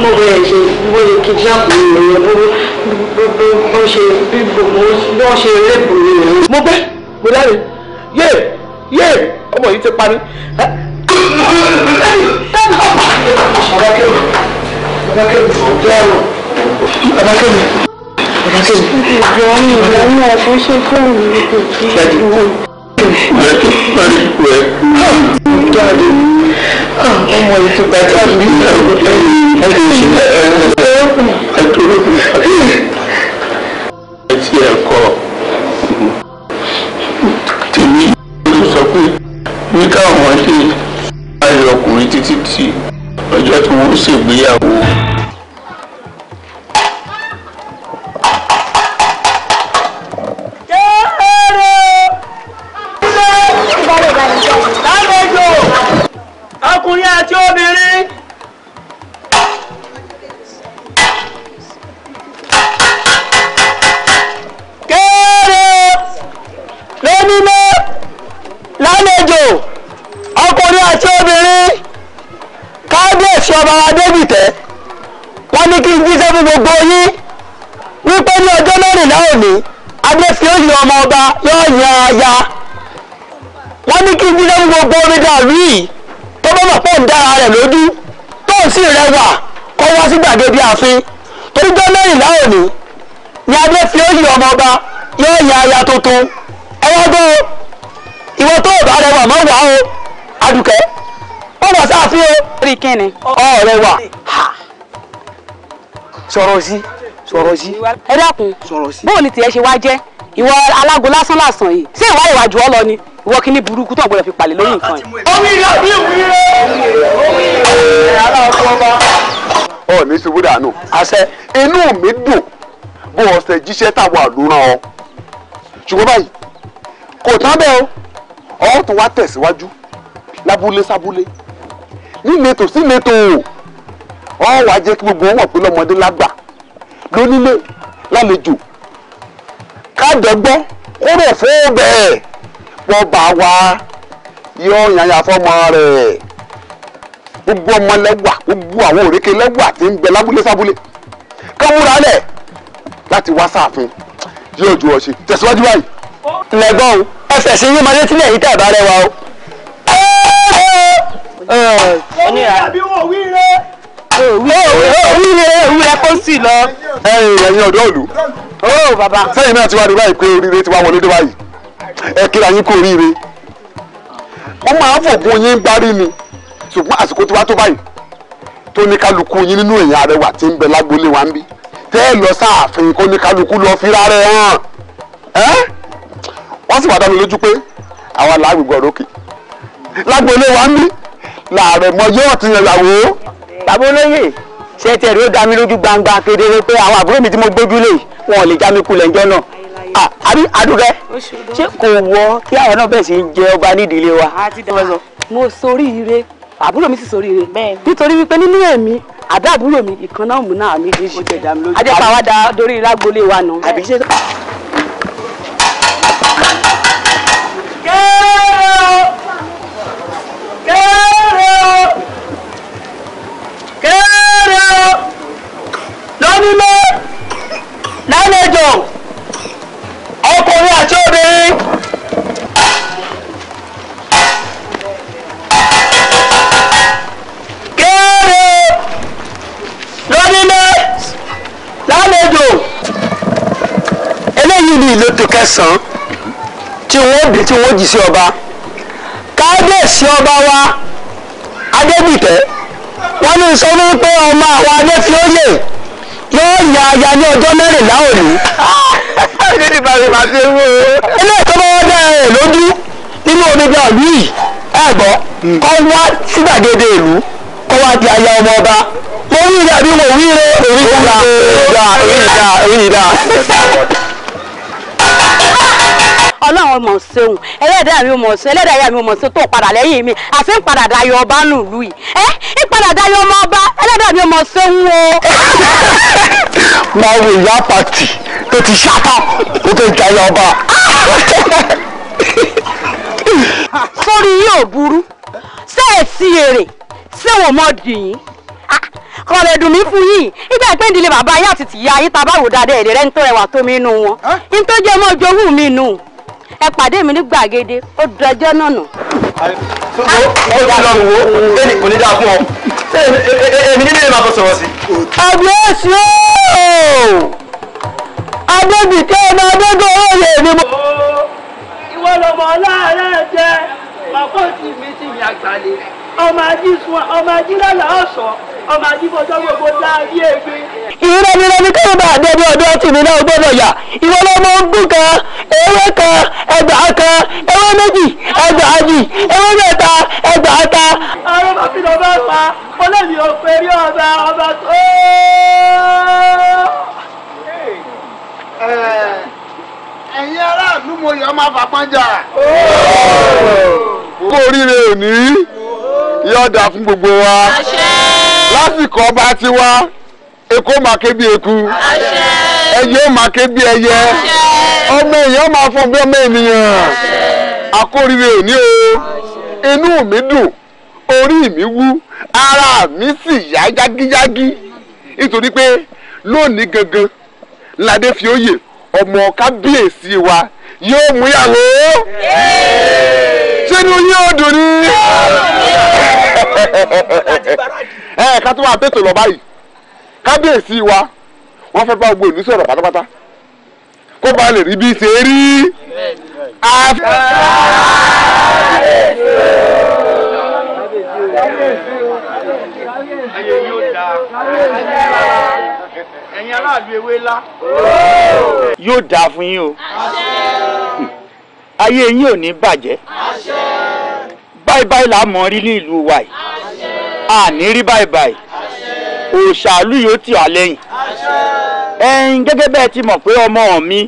mo bẹ̀rẹ̀ ṣe bóyá kidnap mi nìyẹn bó bó ṣe bí bó ṣe rẹ́pù mi nìyẹn. mo bẹ́ mo láre yé yé ọmọ yìí ti parí. Babakẹ́mi Babakẹ́mi Babakẹ́mi. Ìjọ mi ìjọ mi ọ̀fun ṣe fún mi kò kí ṣe wọ́n. Jáde ọmọ ìtura tàbí ẹ̀rọ ẹ̀rọ ẹ̀rọ ẹ̀rọ ẹ̀rọ ẹ̀rọ ẹ̀kọ́. títí di ọjọ́ tí wọ́n ṣègbéyàwó. ọmọ ọba yóò yan aya wọ́n ní kí n dídá ní gbogbo omi dàrú yìí tó bá mọ̀ pé ń dára rẹ̀ lójú tó ń sì rẹwà kọ́ wá sí gbàgede ààfin torí gbọ́ mẹ́rìnlá òní ni adé fi oyè ọmọ ọba yóò yan aya tuntun ẹ wá gbọ́ ìwọ tó bá rẹwà mọ́ wàá o adùkẹ́ ó wà sáàfin o. rí kíni. ọ rẹwà sọ̀rọ̀ sí sọ̀rọ̀ sí. ẹ dákun bóòlù tiẹ̀ ṣe wá jẹ́ ìwọ alágo lásán lásán yìí ṣé ìwà ìwàjù ọ lọ ni ìwọ kí ní burúkú tó gbọ́dọ̀ fi palẹ̀ lórí nǹkan yìí. omi ìyá bí ìwúre omi ìyá aláàbò ọba. ọ ní ṣubú dànù àṣẹ inú mi dùn bó ọsẹ jíṣẹ́ táwọn àdúrà ọ ṣùgbọ́n báyìí kò tán bẹ́ẹ̀ o ọ tún wá tẹ̀síwájú lábúlé sábúlé ní ìletò sí ìletò ọ wàá jẹ́ kí gbogbo wọn mọ̀ pé lọ́mọdé lágbà lónílé lálejò kájọgbọ́n kúrò fún bẹ́ẹ̀ wọ́n bá wa yóò yànyà fọmọ rẹ̀ gbogbo ọmọ lẹ́wà gbogbo àwọn òrékè lẹ́wà tí ń bẹ lábúlé sábúlé káwúra lẹ̀ láti wá sáàfin yóò ju ọ̀sẹ̀ tẹ̀síwájú báyìí. lẹ́gbọ́n o ẹ fẹ̀sìn yín máa létí lẹ́yìn tẹ̀ bá rẹwà o. oníyàrá bí wọ́n wí rẹ̀. ewúrẹ́ kó sì lọ. ẹ̀yin ọ̀dọ́ òlu. ó bàbá. sẹ́yìn náà ti wá di báyìí pé oríire ti wá wọlé dé báyìí ẹ kíra yín kó oríire. wọ́n máa ń fògùn yín gbárí ni ṣùgbọ́n àsìkò tó báyìí tó ní kálukú yín nínú èèyàn arẹwà tí ń bẹ lágbolé ń bí tẹ́ ẹ lọ sáàfin kó ní kálukú lọ hàn ẹ́ wọ́n làárẹ̀ mọ yóò ti yàn yàwó. bàbá olóyè ṣe tẹ̀rí ó dá mi lójú gbangba kedere pé àwọn àbúrò mi tí mo gbójúlé wọn ò lè já mi kulẹ̀ ńjọ́ náà àbí àdúgbẹ́ ṣé kò wọ kí àwọn náà bẹ̀rẹ̀ sí í jẹ ọba nídìílé wa. mo sorí ire àbúrò mi sì sorí ire nítorí wípé nínú ẹ̀mí àbí àbúrò mi ìkan náà mú náà méjèèjì ajẹ́pàá wa dá dorí lágbolé wa nù. àbí ṣe àlejò ọkùnrin àti obìnrin. kéèrè lónílé lálejò eléyìí ni ìletò kẹsàn-án tí wọ́n dé tí wọ́n jì sí ọba kábíyèsí ọba wa adébìtẹ́ wọ́n ní sọ wípé ọmọ àwọn adé fi ó yè yóò ya aya ní ọjọ́ mẹ́rìnlá òní. ṣé ní bàbá bàbá ṣe wú o. ilé ìtọ́jú wọn ẹ lójú nínú omi bíi ọ̀lú yìí hmm. kọ́ wá sí ìlú kọ́ wá di aya ọmọ ọba mo wí rẹ̀ mo wí rẹ̀ orí ìdá orí ìdá orí ìdá ọlọ́run mọ̀ ṣeun ẹlẹ́dàá mi mọ̀ ṣeun ẹlẹ́dàá ìyá mi mọ̀ ṣeun tó padà lẹ́yìn mi àfi ń padà dayọ̀ ọba nùlù yìí ẹ́ ń padà dayọ̀ ọmọ ọba ẹlẹ́dàá mi mọ̀ ṣeun o. máa wo ìyá pàtì tó ti ṣàtọ̀ tó tó jayọ̀ ọba. sórí yóò burú ṣé ẹ sí èrè ṣé wọn mọ dìyín ah, kọlẹ̀ dùn mí fún yìí ìgbà ìpín ìdílé bàbá yín àti tìyá yín tá a bá wò dáadáa èdè rẹ ń tó ẹwà tó mi nù wọn ń tó jẹ́ mọ́ jogún mi nù ẹ pàdé mi ní gbàgede ó dọjọ́ náà nù. ó ti lọ wò ó ẹnì kò ní dáa fún ọ èmi nílé màá tó sọ̀rọ̀ sí. àbí èsì ooo adébìkẹ́ ọmọ adébò òye mi. ìwọ lọmọ ọlá rẹ jẹ màkó tì mí tì mí ọmọ ají sun ọmọ ají lọ́la ọ̀sọ́ ọmọ ají fọjọ́ gbogbo láàrí ègbé. ìrẹ́nirẹ́ ni kí ló bá débi ọdún ọtí mi náà gbọ́dọ̀ yà ìwọ lọ́mọ ogún kan ewé kan ẹgbàá kan ewé méjì ẹgbàá jì ewé mẹ́ta ẹgbàá ta. ọ̀rọ̀ bàbí lọ bá pa ọlọ́ọ̀ni òpè rí ọba ọba tó. ẹ̀yin aráàlú mo yọ ọmọ àfàpọ́njà. kó oríire ò ní rí yóò dáa fún gbogbo wa lásìkò ọba tiwa èkó máa ké bí eku ẹyẹ ó máa ké bí ẹyẹ ọmọ èèyàn máa fọ bí ọmọ ènìyàn akóríire òní o inú mi dùn orí mi wú ara mi sì yá yágíyágí nítorí pé lónìí gangan ládé fi òye ọmọ kábíyèsí wa yóò mú ìyàwó ṣé ni oyún ọdún ẹ ká tó máa tètè lọ báyìí kábíyèsí wa wọ́n fẹ́ bá gbogbo ìlú sọ̀rọ̀ pátápátá kó bá lè rí ṣe rí daa yóò dáa fún yín o ayé yín ò ní bàjẹ́. báyìí báyìí la á mọ̀ rí ní ìlú wa yìí àní rí báyìí báyìí òṣàlù yóò tì wá lẹ́yìn ẹ̀yin gẹ́gẹ́ bẹ́ẹ̀ ti mọ̀ pé ọmọ mi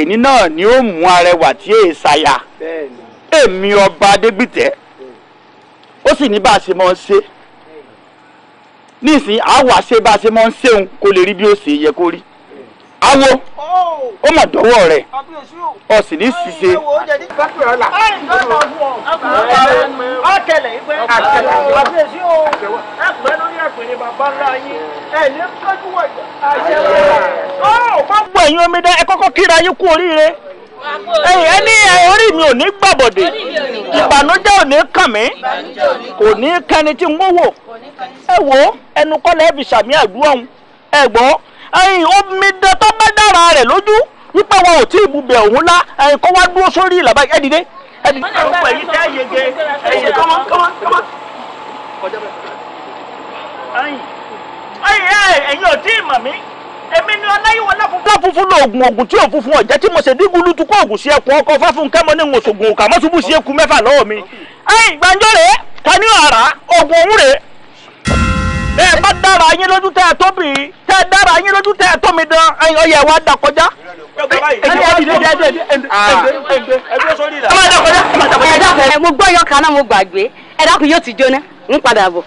èní náà ni ó mú arẹwà tí èè ṣàyà èmi ọba adégbìtẹ́ ó sì ní bá a ṣe mọ́ ń ṣe nísìnyí àá wàá ṣe bá a ṣe mọ́ ń ṣeun kó lè rí bí ó ṣe yẹ kó rí awo oh. ó mà dọ́wọ́ rẹ̀ ọ sì ní ṣiṣe. gbogbo ẹ̀yin omidan ẹ kọ́kọ́ kíra yín kú oríire ẹ̀yin ẹni orí mi ò ní gbàbọ̀dè ìbànújẹ́ ò ní kàn mí kò ní kẹni tí ń wò wò ẹ wò ẹnu kọ́lẹ́ ẹ̀bì sàmì àdúrà ọ̀hún ẹ gbọ́ omi tó bá dára rẹ̀ lójú wípé wọn ò tí ì bubẹ̀ òun lá kó wá dúró sórí ìlà báyìí ẹ dìde ẹ dìde. ọ̀pọ̀ èyí tẹ́ yege ẹ̀yìn kọ́mọ́ kọ́mọ́ kọ́mọ́. ẹ̀yin ò tí ì mọ̀ mí èmi ni ọláyíwọlá funfun. ọlá funfun lo oògùn oògùn tí òfun fún ọjà tí mo ṣe dín gulu tukọ oògùn sí ẹkùn ọkọ fáfún kẹmọ ní ìwòsàn oògùn òkà mọ́túbù sí ẹkùn mẹ́fà lọ́wọ́ mi. ẹ̀yin gbàǹjọ́ rèé ta ni ọ̀rá oògùn òun rèé ẹ bá dára yín lójú tẹ ẹ tó bì í tẹ ẹ dára yín lójú tẹ ẹ tó mi dán ọyẹ wa dà kọjá. Ah. mo gbọ́ yọ kan mo gbàgbé ẹ dákun yóò ti jóná ń padà bọ̀.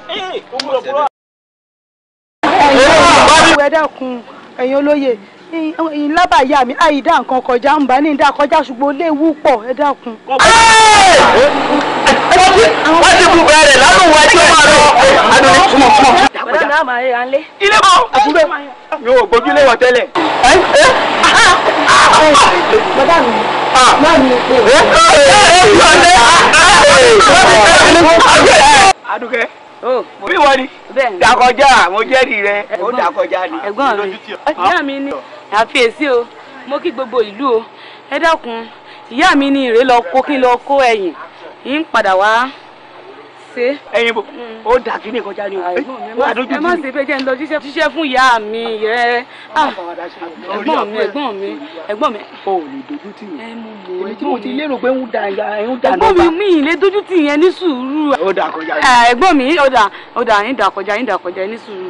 ẹ̀yin olóye ìlábà ìyá mi àìdá nǹkan kọjá ń bá ní ìdá kọjá ṣùgbọ́n léwu pọ̀ ẹ dákun. wọ́n ti kú bẹ̀rẹ̀ lánàá wọ́n ẹjọ́ máa lọ. adùnní túmọ̀ túmọ̀. bàbá àmà ẹ̀ à ń lé. ilé bọ̀ àbúrò mi ò gbójú lé wọ tẹ́lẹ̀. bàbá mi máa mi pè é. adùnkẹ́ bí wọ́n ni dàkọjá mo jẹ́rìí rẹ̀ ó dàkọjá ni. ẹ̀gbọ́n mi ni àfiyèsí o mo kí gbogbo ìlú o ẹ dákun ìyá mi ní ìrè lọ kó kí n lọ kó ẹyìn yìí ń padà wá ṣe. ẹyin bò mm. ó dàbí ní kọjá ni o wà lójú mi. ẹ má ṣe bẹ́ẹ̀ jẹ́ ń lọ jíṣẹ́ jíṣẹ́ fún ìyá mi yẹ. Ah, ẹ̀gbọ́n mi ẹ̀gbọ́n mi ẹ̀gbọ́n mi. o ò lè dojú tì yẹn. èmi tí mo ti lérò pé ń da ń da nọmba. ẹ̀gbọ́n mi mi ì lè dojú tì yẹn ní sùúrù. ó dà kọjá. Ah, ẹ̀gbọ́n mi ó dà ó dà ń dà kọjá ń dà kọjá ní sùúrù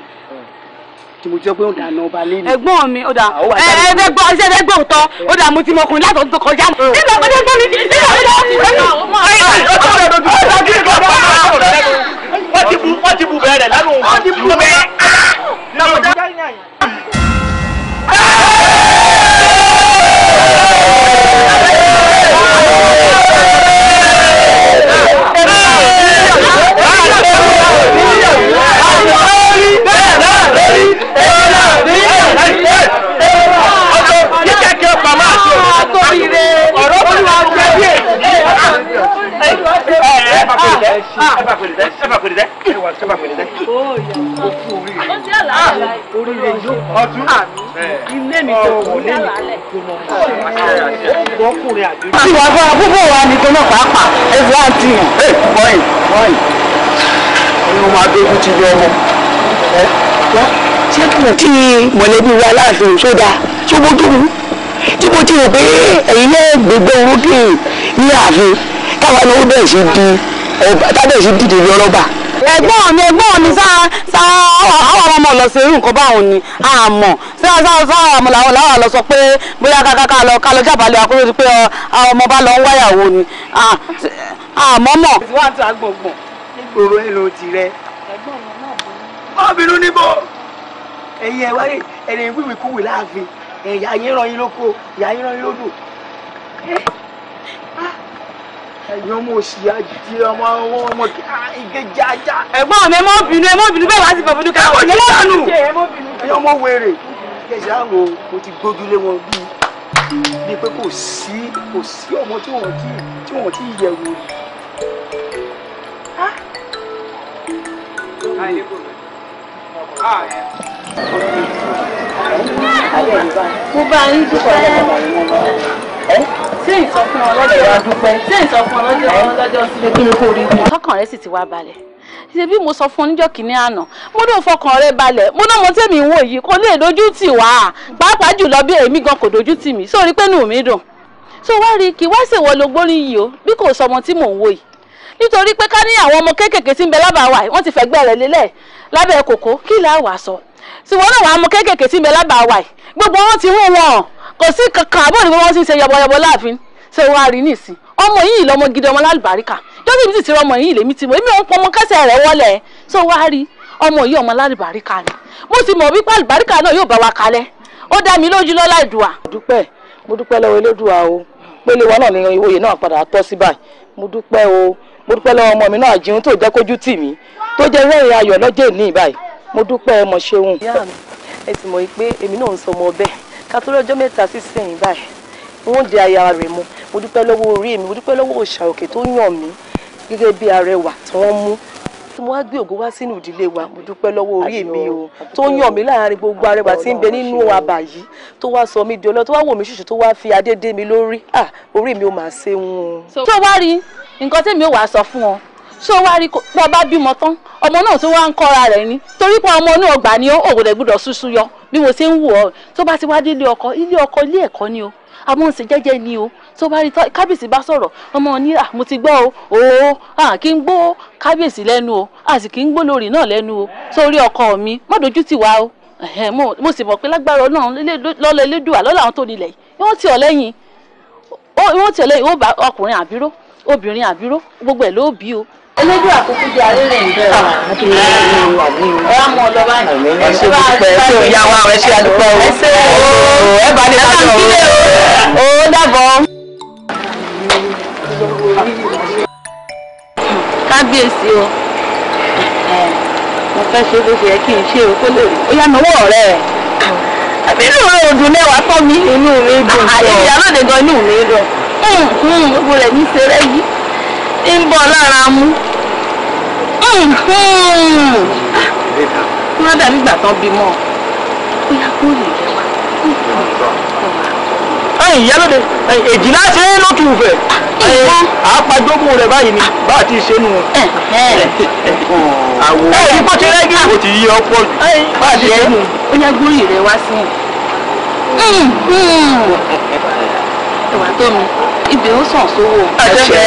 tí mo jẹ́ pé ó dáná ọba lé mi. ẹ̀gbọ́n mi ó dà ẹ̀ẹ́dẹ́gbọ́ ẹ̀ẹ́dẹ́gbọ́ òótọ́ ó dà mo ti mọ ọkùnrin látọ̀ tó kọjá. nígbà tó dé gbọ́mi nígbà tó dé gbọ́mi. wọ́n ti bu bẹ́ẹ̀ rẹ̀ lánàá. wọ́n ti bu bẹ́ẹ̀. Àgbà púpọ̀ wa ni tó náà pàápàá ẹ̀fọ́ àti yàn. Bọ́yìn bọ́yìn ọ̀nà ọmọ abẹ́kú ti yọ ọmọ. Ṣé kò tí mọ̀lẹ́bí wa láàfin sódà ṣó bójú mu? Tí mo ti rò pé ẹ̀yin náà gbogbo orókè ní ààfin táwa ni ó bẹ̀rẹ̀ sí di tábẹ̀ sí dìde ní ọlọ́ba. ẹ̀gbọ́n mi ẹ̀gbọ́n mi sá sá àwọn ọmọ lọ sí irú nǹkan báwọn ni àmọ́ sá sá sá àwọn làwọn làwọn lọ sọ pé bóyá kákáká lọ ká lọ jábàálẹ̀ akúrò ti pé àwọn ọmọ bá lọ ń wáyàwó ni àmọ́ mọ̀. wà níbo ẹ̀yin ẹ̀ wáyé ẹ̀rẹ̀ wíwìkúwì láàfin ẹ̀yà yín ràn yín lóko ìyá yín ràn yín lódò ẹ̀yin ọmọ òsì àjìtì ọmọ ọmọ ìgéjà ajá. ẹ̀gbọ́n mi ẹ bínú ẹ bínú bẹ́ẹ̀ wá sí bàbá olúkà ọ̀hún ẹ̀yẹ́ lọ́nù. ẹ̀yin ọmọ wèrè ìgéjà àwọn mo ti gbójúlé wọn bí bí pé kò sí kò sí ọmọ tí wọn ti tí wọn ti yẹ̀ wò. mo bá yín dúpọ̀ lọ́wọ́ ṣé ìsọfún ọlọ́jọ́ adúpẹ́ ṣé ìsọfún ọlọ́jọ́ ọlọ́jọ́ sílẹ̀ kí ni kò rí bí. tọkàn rẹ sì ti wá balẹ̀ ṣe bí mo sọ fún níjọ́ kìíní àná mo náà fọkàn rẹ balẹ̀ mo náà mo tẹ̀mí wò yìí kò lè dojú tì wá pàápàá jùlọ bí èmi gan kò dojú tì mí sórí pé nù mí dùn so wá rí kí wá ṣèwọ ló gbóríyìn yìí o bí kò sọmọ tí mò ń wò yìí nítorí pé ká ní àwọn ọmọ kéékèèké tí ń bẹ lábàá wa wọ́n ti fẹ̀gbẹ́ rẹ̀ lélẹ̀ lábẹ́ kòkó kí làá wàá sọ ṣùgbọ́n náà àwọn ọmọ kéékèèké tí ń bẹ lábàá wa gbogbo wọn ti hùn kò sí kankan àbọ̀ ni wọ́n ti ń ṣe yọbọyọbọ láàfin ṣé wàá rí nìsín ọmọ yìí lọmọ gidi ọmọ lálùbáríkà jọ́sí mi sì ti rọmọ yìí lèmi ti mọ̀ èmi ò ń pọmọ kẹsẹ̀ rẹ̀ wọlé ṣé wàá rí ọmọ yìí ọmọ lálùbáríkà ni mo sì mọ̀ wípé àlùbáríkà náà yóò bá wa kalẹ̀ ó dá mi lójú lọ́lá ìdùà. dúpẹ́ mo dúpẹ́ lọ́wọ́ elédùà o pélé wa náà ni oyè náà padà tọ́ sí báyìí mo dúpẹ́ o mo dúpẹ́ lọ́wọ́ ọmọ mi náà àjíhun tó jẹ́ kójú tì mí tó jẹ́ rẹ́rìn ayọ̀ lọ́jọ́ ìní báyìí mo dúpẹ́ ẹ mọ̀ ṣeun. ìyá mi ẹ sì mọ̀ pé èmi náà ń sọ ọmọ bẹ́ẹ̀ kátó lọ́jọ́ mẹ́ta sísìn báyìí wọ́n di aya rẹ̀ mu mo dúpẹ́ lọ́wọ́ orí mi mo dúpẹ́ lọ́wọ́ òòṣà òkè tó yàn mí gẹ́gẹ́ bí arẹwà tí wọ́n mú tí mo wá gbé ògo wá sínú ìdílé wa mo dúpẹ́ lọ́wọ́ orí mi o tó yàn mí láàárín gbogbo arẹwà tí ń bẹ nínú àbà yìí tó wá sọ mí di ọlọ́ tó wá wò mí ṣùṣù tó wá fi adé dé mi lórí ah orí mi ò máa ṣe wọn. tó wá rí nǹkan tèmi ò wá sọ fún ọ ṣé o wá rí pọ bá bímọ tán ọmọ náà tó wá ń kọ́ra rẹ̀ ni torí pé ọmọ inú ọgbà ni ó òwòrán gbọ́dọ̀ ṣuṣu yọ bí mo ṣe ń wù ọ tó bá ti wá dé ilé ọkọ ilé ọkọ ilé ẹ̀kọ́ ni o amóhùnsìn jẹ́jẹ́ ni o tó bá rí kábíyèsí bá sọ̀rọ̀ ọmọ ní à mo ti gbọ́ o òó à kí n gbọ́ kábíyèsí lẹ́nu o à sì kí n gbọ́ lórí náà lẹ́nu o sórí ọkọ mi má dojú tì wá o mo sì mọ̀ pé lágbára náà lọ́lọ́ elédùà lọ́lọ́ àwọn tó nílẹ̀ yìí wọ́n ti ọ̀ lẹ́yìn wọ́n ti ọ̀ lẹ́yìn ó bá ọkùnrin àbíró obìnrin àbíró gbogbo ẹ̀ ló bí o olójú àkókò di àrílẹ̀ ìbẹ̀rẹ̀ ọ̀rá ah, mọ́ ọ lọ́ba yìí. ẹ ṣe dúpẹ́ ẹ ṣe òyà wa ẹ ṣe àdúgbò o ẹ bá ní ká lọ o ó dàbọ̀. kábíyèsí o mo fẹ́ ṣe bó ṣe yẹ kí n ṣe o kó lè rí ó yá náwó ọ̀rẹ́ ẹ̀ àbí inú rẹ ò dùn mẹ́wàá tán mi inú mi dùn. àyèjì ah, alóde gan inú mi dùn. Hmm, hmm, gbogbo rẹ̀ ní ṣe rẹ́ yìí ń bọ̀ lára mú wọ́n dà nígbà tán bímọ bóyá kó lè yẹwà. ẹ̀yin ìyálóde èjì náà ṣe é lókè ìfẹ́ ah, àápàdógún rẹ̀ báyìí ni bá a ti ṣe nù. àwọ̀ ẹ̀yin bó ti rẹ́gí. o ti yí ọ pọ̀ jù bá a ti ṣe nù. ó yẹ gbóyè rẹ wá sí i. ẹ̀wà tó mi ibẹ̀ ń sàn sówó àṣẹ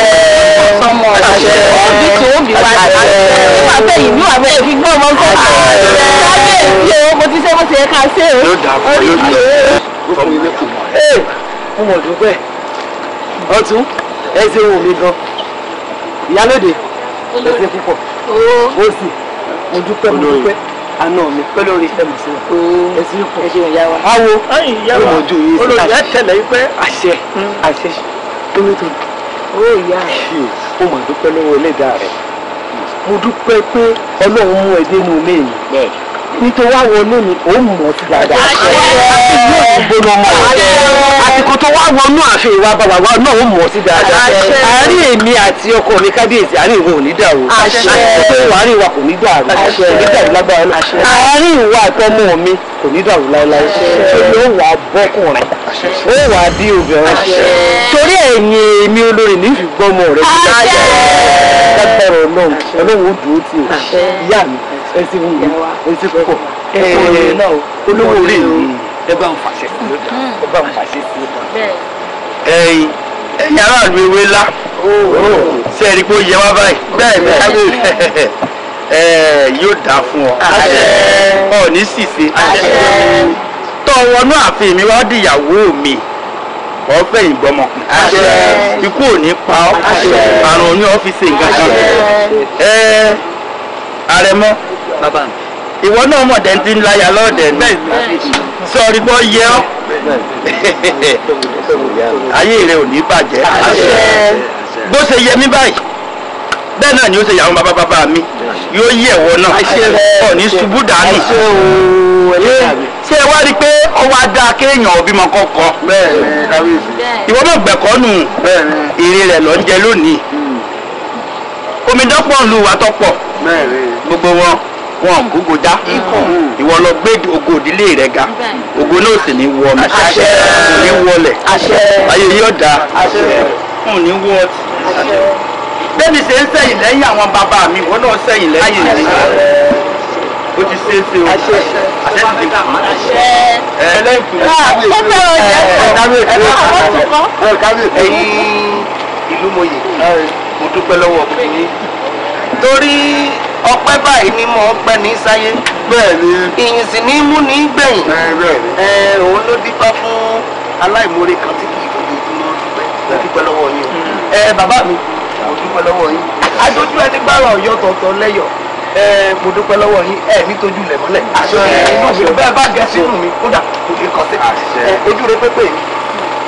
ọ̀sánmọ́ àṣẹ òbí tó òbí wa àṣẹ nígbà tẹ yìí níwà bẹ́ẹ̀ fi gbọ́ ọmọ tó ṣe kábíyèsí o mo ti ṣe bó ti yẹ ká ṣe o orí mi o. ee mo mọ̀ dúpẹ́ ọtún ẹ ṣe ohun mi gan ìyálóde ẹ ṣe púpọ̀ ó sì mo dúpẹ́ mo dúpẹ́ àná mi pẹ́ lórí ẹ̀mí sí wa ẹ̀sìn pọ̀ ẹ̀sìn ìyá wa. awo olùyẹ tẹlẹ yìí pé àṣẹ àṣẹ tolótoló ó yá ẹ. o mà dúpẹ́ lọ́wọ́ ẹlẹ́dàá rẹ̀. mo dúpẹ́ pé ọlọ́run mú ẹ dénú ilé mi. bẹ́ẹ̀ nítorí àwọn olómi ò mọ̀ ọ́ ti dada. àsìkò tó wá wọnú ààfin ìwà bàbá wa náà ó mọ̀ sí dada. àárín èmi àti ọkọ mi kábíyèsí àárín ìwọ ò ní dà o. àṣẹ tó wà àárín ìwà kò ní dà o. kò ní dà o lágbára náà. àárín ìwà àtọmọ mi kò ní dà o láéláé. ṣé ó wà bọ́kùnrin ó wà bí obìnrin. torí ẹ̀yin èmi olórí ní ìfi rẹ̀. ti o ẹsẹ wù mí ẹsẹ púpọ̀ ẹkọ rẹ náà olówó rẹ mi ẹ bá ń fàṣẹ sí ló dá ẹ bá ń fàṣẹ sí ló dá. ẹyin ẹyin aráàlú ewé ńlá oh. oh. ṣe é rí pé ó yẹ wá báyìí bẹ́ẹ̀ ni kábíyèsí yóò dá fún ọ ọ ní ṣìṣe tọwọnú ààfin mi wá dìyàwó mi ọ̀fẹ́ ìgbọ́mọkùn ikú ò ní pa ọ́ àrùn ní ọ́fíìsì nǹkan kan àrẹ̀mọ́ bàbá mi. ìwọ náà mọ̀ dẹ́ntì ńláyà lọ́ọ̀dẹ̀ ní sọ̀rí bọ́ yẹ ọ́ ayé rẹ ò ní bàjẹ́ bó ṣe yẹ mí báyìí bẹ́ẹ̀ náà ni ó ṣe yàwọn bàbá bàbá mi yóò yí ẹ̀wọ̀ náà ọ̀ ní ṣubú dànù ṣé ẹ wá rí i pé ọwọ́ adá kéèyàn ọ̀bímọ kọ́kọ́ ìwọ mọ̀ gbẹ̀kọ́nù èrè rẹ̀ ló lónìí omidan pọ̀ ń lu wa tọ́pọ̀ gbogbo wọn wọn kú gojá ìwọ lọ gbé ògo ìdílé rẹ ga ògo náà sì ní wọ mi àṣẹ ní wọlẹ̀ ayé yóò dáa fún ní wọ bẹ́ẹ̀ni ṣe ń sẹ́yìn lẹ́yìn àwọn bàbá mi ìwọ náà sẹ́yìn lẹ́yìn mi ó ti ṣe é ṣe o àṣẹ ti ti kù ẹ lẹ́yìn kù ẹ kábíyèsí ẹ̀yin ìlú mòye mo dúpẹ́ lọ́wọ́ ọkùnrin torí ọpẹ́ báyìí ni mo ọpẹ́ ní sáyé. bẹ́ẹ̀ni. ìyìn sì ní mú ní gbẹ̀yìn. bẹ́ẹ̀ni. ẹ òun ló dípá fún aláìmoore kan tí kì í fojú ojúmọ́ dúpẹ́ mo dúpẹ́ lọ́wọ́ yín o. ẹ bàbá mi mo dúpẹ́ lọ́wọ́ yín. adójú ẹni gbára ọ̀yọ́ tọ̀tọ̀ lẹ́yọ̀ ẹ mo dúpẹ́ lọ́wọ́ yín ẹ nítojú ilẹ̀ mọ́lẹ̀. àṣẹ inú mi bẹ́ẹ̀ bá gẹ sínú mi kódà kò ní kọ́ sí. ojú rẹ pépè mi.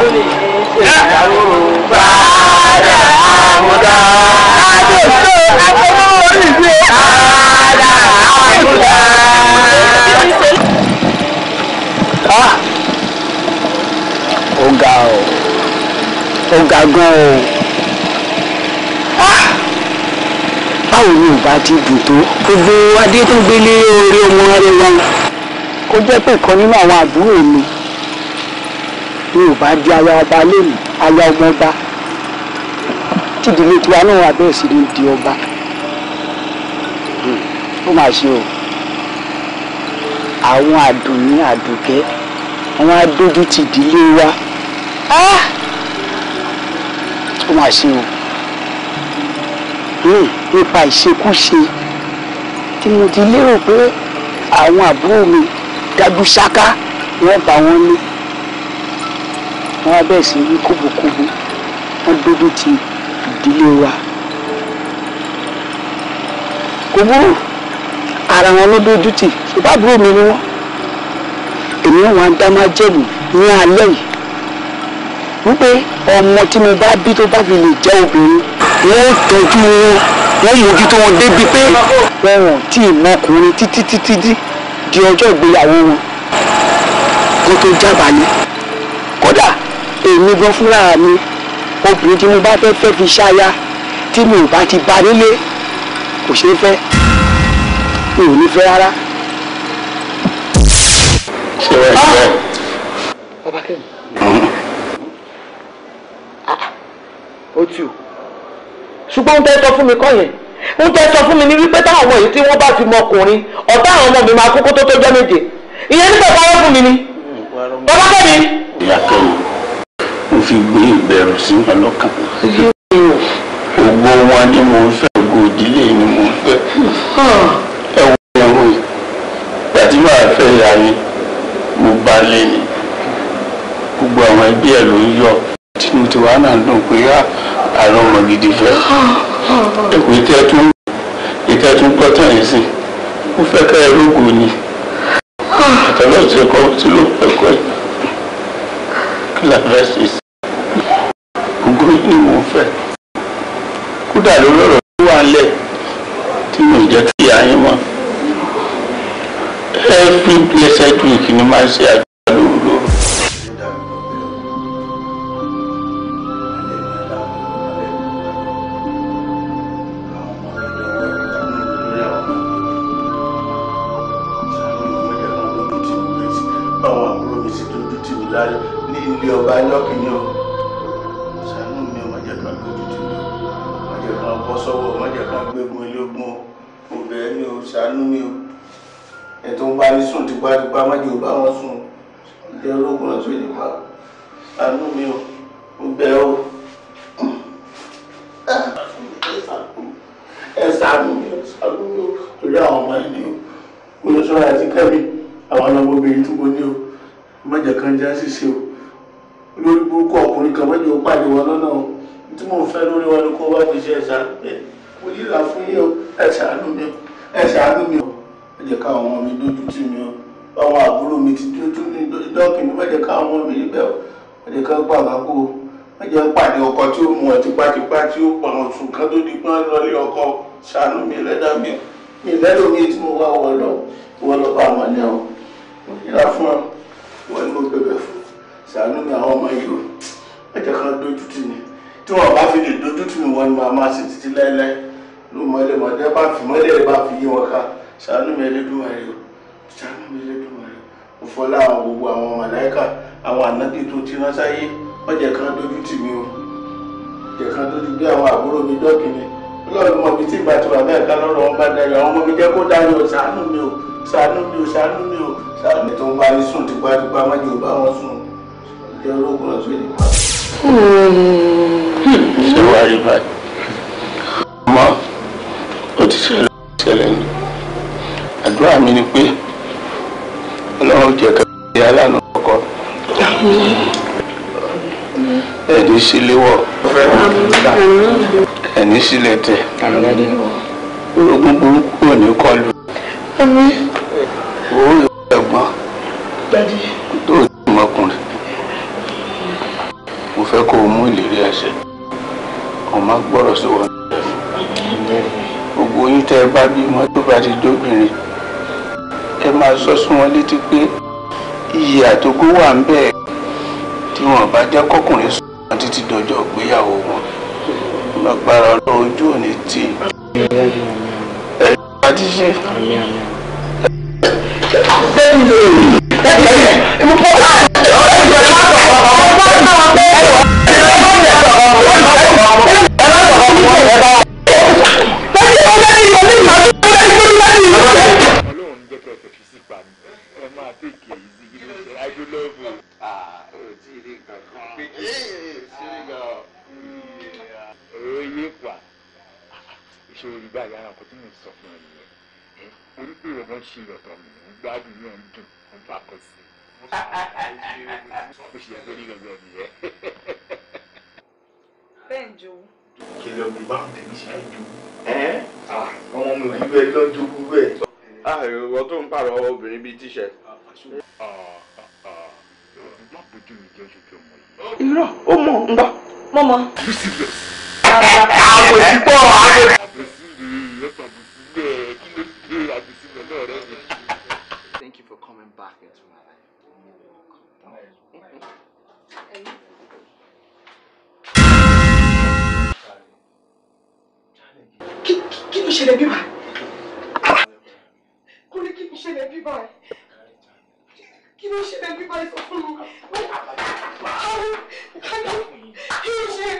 Bàdà gan o. Ah! Báwo ni ò ti dùn tó? Gbogbo adé tó gbélé orí ọmọ rẹ̀ wọn. Ó jẹ́ pé kan nínú àwọn àbúrò mi mi ò bá di aya ọba lónìí aya ọmọ ọba tìdílé tiwa náà wà bẹ́ẹ̀ sì ni di ọba hmm, ó mà ṣe o àwọn àdùnní àdùnkẹ́ àwọn adójú tìdílé wa ah! ó mà ṣe o hmm, nípa ìṣekúṣe tí mo ti lérò pé àwọn àbúrò mi dájú wọ́n bá wọn ní wọ́n á bẹ̀rẹ̀ sí wí kúbukúbu wọ́n dúdú ti ìdílé wa. kò burú ara wọn ló tì ṣùgbọ́n àbúrò mi ni wọ́n èmi ò wá ń dá máa jẹ̀bù ní alẹ́ yìí wípé ọmọ tí mo bá bí tó bá fi lè jẹ́ obìnrin wọ́n tọ́jú wọn wọ́n mójútó wọn débi pé wọ́n tí ì mọ ọkùnrin títí títí di ọjọ́ ìgbéyàwó wọn kó tó jábàálẹ̀ kódà èmi gan fúnra mi obìnrin tí mo bá fẹ́ fẹ́ fi ṣáya tí mi ò bá ti ba nílé kò é fẹ́ mi ò ní fẹ́ rárá. ṣé wàá ṣe bẹ́ẹ̀. bàbá kẹ́mi. o ah, tù ṣùgbọ́n ń tẹ́ sọ fún mi kọ́ yẹn ń tẹ́ sọ fún mi ní wípé táwọn ọmọ yìí tí wọ́n bá ti mọ ọkùnrin ọ̀tá àwọn ọmọ mi máa kú kó tó tó jẹ́ méje ìyẹn nígbà tó wọ́n fún mi ni mm, bàbá kẹ́mi. ìyá kẹ́mi ń fi gbé ìbẹ̀rù sí wọn lọ́kàn. ògo wọn ni mo ń fẹ́ ògo ìdílé ni mo ń fẹ́. ẹ wo ẹ̀rọ yìí ìgbà tí màá fẹ́ ìyá yín mo bá lé ni gbogbo àwọn ẹbí ẹ̀ ló ń yọ tinú tiwa náà ń dùn pé ah, àrùn ọmọ gidi fẹ́. èkó ìtẹ́tún ìtẹ́tún gbọ́tàn yìí sí ó fẹ́ ká ẹrú ògo ni àtàlọ́ọ̀tì ẹ̀kọ́ tí ló fẹ́ kọ́ ẹ̀ kí làbẹ́sì sí. Ògo ni mo fẹ́ kódà lórí ọ̀rọ̀ tó wà nílẹ̀ tí mo jẹ́ kí ìyá yín mọ̀ every blessed week ni máa ṣe àjọyọ̀ lóru lóru. ní ilé ọba lọ́kìnrin o. ṣàánú mi o ẹ̀ tó ń bá mi sùn tipátipá má jẹ́ ò bá wọn sùn ilé ológun náà tó lè ṣàánú mi o mo bẹ̀ ọ́ ẹ ṣàánú mi ẹ ṣàánú mi o torí àwọn ọmọ yìí ni o kò lọ sọ́ra àti kẹ́mi àwọn ọlọ́mọbìnrin tó kọ ní o má jẹ́ kan já ṣìṣe o lórí burúkú ọkùnrin kan má jẹ́ ó pàdé wọn lọ́nà o tí mo fẹ́ lórí wọn ló kó wá fi ṣe ẹ̀ṣà pé mo yíra fún yín o ẹ̀ṣà nù o ẹ ṣàánú mi o ẹ jẹ́ káwọn ọmọ mi dójú tì mí o àwọn àbúrò mi ti dójú ní dọ́ọ̀kì mi ẹ jẹ́ káwọn ọmọ mi níbẹ̀ o ẹ jẹ́ ká pàgàkó o ẹ jẹ́ pàdé ọkọ tí ó mú ọ tipátipá tí ó pọ̀nà ṣùgbọ́n tó di pọ́n lọ́lé ọkọ ṣàánú mi lẹ́dá mi mi lẹ́dọ̀ mi tí mo wá wọ lọ wọ́n lọ bá ní ọ ìlà fún ọ wọ́n ní mo bẹ̀bẹ̀ fún ṣàánú mi àwọn ọmọ yìí o ẹ jẹ́ ká dójú tì mí tí wọ́n bá fi lè dójú tì mí wọ́n ni màá máa ṣe títí láéláé ló mọlẹ mọlẹ bá fi mọlẹ bá fi yí wọn ká ṣàánú mi Elédùmarè o ṣàánú mi Elédùmarè o fọlá àwọn gbogbo àwọn màláìkà àwọn ànábì tó ti rán sáyé wọn jẹ kán dojú tì mí o jẹ kán dojú bí àwọn àbúrò mi dọkìnrin Ọlọ́run mọ mi tí ìgbà tí wà bẹ́ẹ̀ ká lọ́rọ̀ wọn bá dayọ àwọn ọmọ mi jẹ kó dayọ ṣàánú mi o ṣàánú mi o ṣàánú mi o ṣàánú mi tó ń bá ní sùn tipátipá má jò bá wọn sùn jẹ ológun ọ̀sẹ̀ nípa. ṣé wàá rí báyìí ó ti ṣẹlẹ̀ ṣẹlẹ̀ ni àdúrà mi ni pé ọlọ́run jẹ́ ká ṣe aláàánú kọ́kọ́ ẹ̀ẹ́dì síléwọ̀ ẹ̀ẹ́dì sílẹ̀ tẹ̀ orogún burúkú ò ní kọlù owó ẹ̀gbọ́n tó ti mọkùnrin mo fẹ́ kó o mú ìlérí ẹsẹ̀ ọmọ gbọ́rọ̀ sí wọn oyún tẹ́ ẹ bá bímọ tó bá ti dóbìnrin ẹ máa sọ sí wọn létí pé iye àtògó wà ń bẹ́ẹ̀ tí wọn bá jẹ́ kọkùnrin sọ wọn títí dọjọ́ ìgbéyàwó wọn lọ́gbàrá ọlọ́run ojú òní tì ẹ bá ti ṣe. Thank you. gbà yà náà kò tí mo sọ fún ẹ nìyẹn orí pé ìwọ náà ṣe ìrọ̀tọ̀ mi ń gbádùn náà ń dùn ń bá kọ sí i mo sì yẹ lórí gbọgbọ nìyẹn. bẹ́ẹ̀ ń jó. kìlọ̀ mi bá ń tẹ̀lé ṣe é jó. ọmọ mi ò ní bẹ́ẹ̀ lọ́jọ́ gbogbo ẹ̀. àìrò tó ń pààrọ̀ obìnrin bíi tíṣẹ. má bójú mi jẹ́ oṣù tó mọ̀ yìí. irọ́ ó mọ̀ ń gbọ́. mọ́mọ́. àgòsí pọ̀ àgòsí. Thank you for coming back into my life. Kí ló ṣẹlẹ̀ bí báyìí? Kò ní kí ló ṣẹlẹ̀ bí báyìí? Kí ló ṣẹlẹ̀ bí báyìí sọ fún mi? Kí ló ṣe?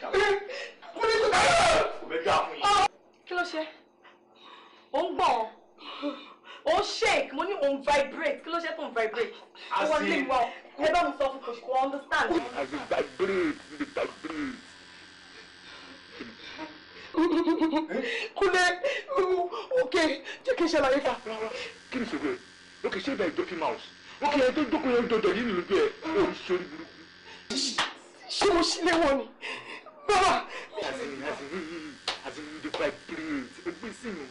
Kò ní kí ló ṣe? kí ló ṣe ó ń gbọ̀n ó ń shake mo ní ó ń vibrate kí ló ṣe tó ń vibrate ó wọ́n lé mi wá ẹ bá mi sọ fún kò ṣùkò understand. a ti vibrate ti vibrate. Kúnlé òkè jẹ́ kí n ṣàlàyé ká. kí ni ṣòro ẹ lókè ṣé ibà ìdọ́tí mouse lókè ẹ tó jókòó yẹn jọjọ yìí nínú bí ẹ ò ń ṣorí burúkú. ṣé mo ṣílẹ̀ wọ ni bàbá as you dey vibrate egbe sí mi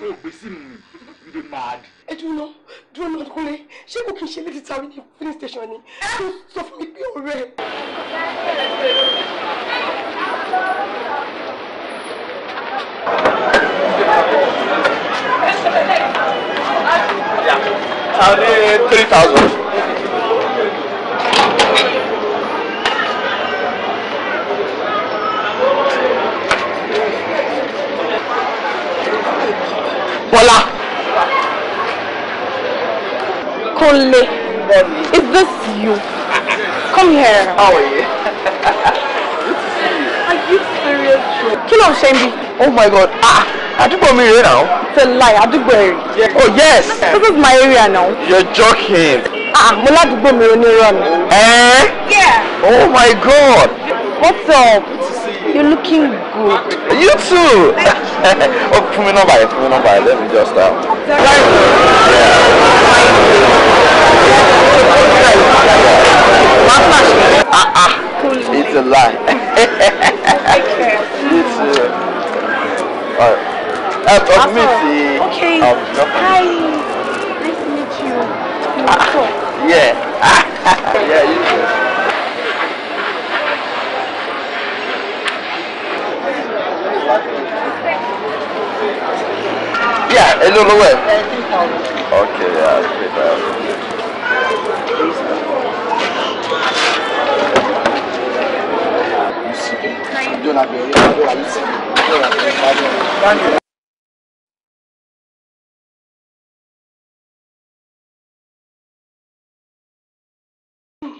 mi o gbe sí mi you dey mad. ẹ dúró dúró náà kúnlẹ̀ ṣé kò kí n ṣe lady tàbí ní filling station ni ẹ sọ fún mi pé ọ̀rẹ́. Yeah. three thousand. Bola. Kunle. Is this you? Come here. How are you? are you serious? Kill on Shendi. Oh my God. Ah, àdúgbò mi rèé now. It's a lie, àdúgbò ẹ̀ rí. Oh yes. This is my area now. You're joking. Ah, mo ládùúgbò mi ò ní Eh? Yeah. Oh my God. What's up? You're looking good. You too. oh, fún mi nọ́mbà yẹn, fún mi nọ́mbà yẹn. Let me just. uh. Very good. Yeah. Ah ah. It's a lie. Take care. You too. Alright. Uh, of me see. Okay. Um, Hi. Nice to meet you. ah, Yeah. yeah. You too. Yeah, Pia, hello, way. Okay, yeah, I'll pay that. Don't have your don't have your don't have your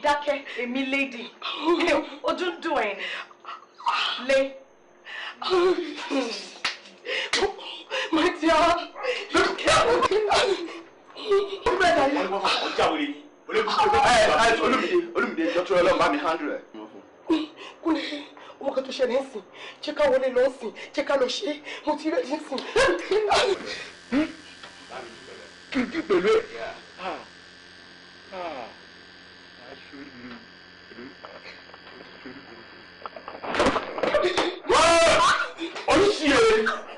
dákẹ́ èmi lady ojú ń dùn ẹ̀ lé. My dear, look careful. You better hear. Ọmọ ọmọ ọjà wòle ni. Olúmìdé Olúmìdé dọ́tún ọlọ́run bá mi handle rẹ̀. Kúnlẹ̀ ọmọ kan tó ṣẹlẹ̀ ń sìn, jẹ́ ká wọlé lọ sìn, jẹ́ ká lọ ṣe, mo ti rẹ̀ ń sìn. Kí n kí pẹ̀lú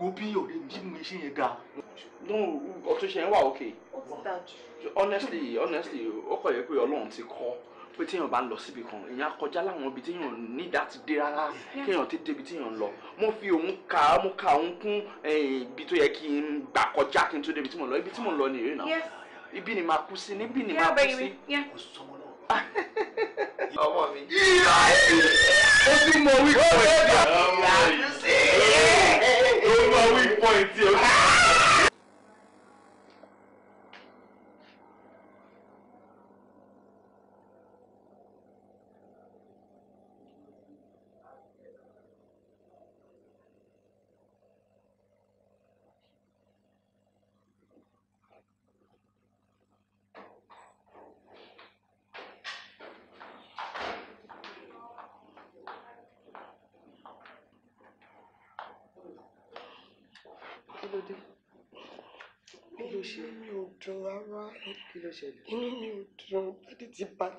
wo bí ọ̀rẹ́ mi ṣé mo yẹn dáa. no ọtún ṣe ń wà òkè. ó ti dáa honestly honestly ó kọ̀ yẹ pé ọlọ́run ti kọ́ pé téèyàn bá ń lọ síbi kan èèyàn akọjá láwọn ibi téèyàn nídà ti dé rárá kéèyàn tètè ibi téèyàn ń lọ mo fi òun ka mo ka òun kún ibi tó yẹ kí n gbà kọjá kí n tó débi tí mo lọ ibi tí mo lọ nìyẹn náà ibi ni màá kú sí níbi ni màá kú sí. Ah. ọmọ mi. ìyá ẹ̀ ó sì mọ wípé ọmọ mi. wá wí pọ́ìntì to.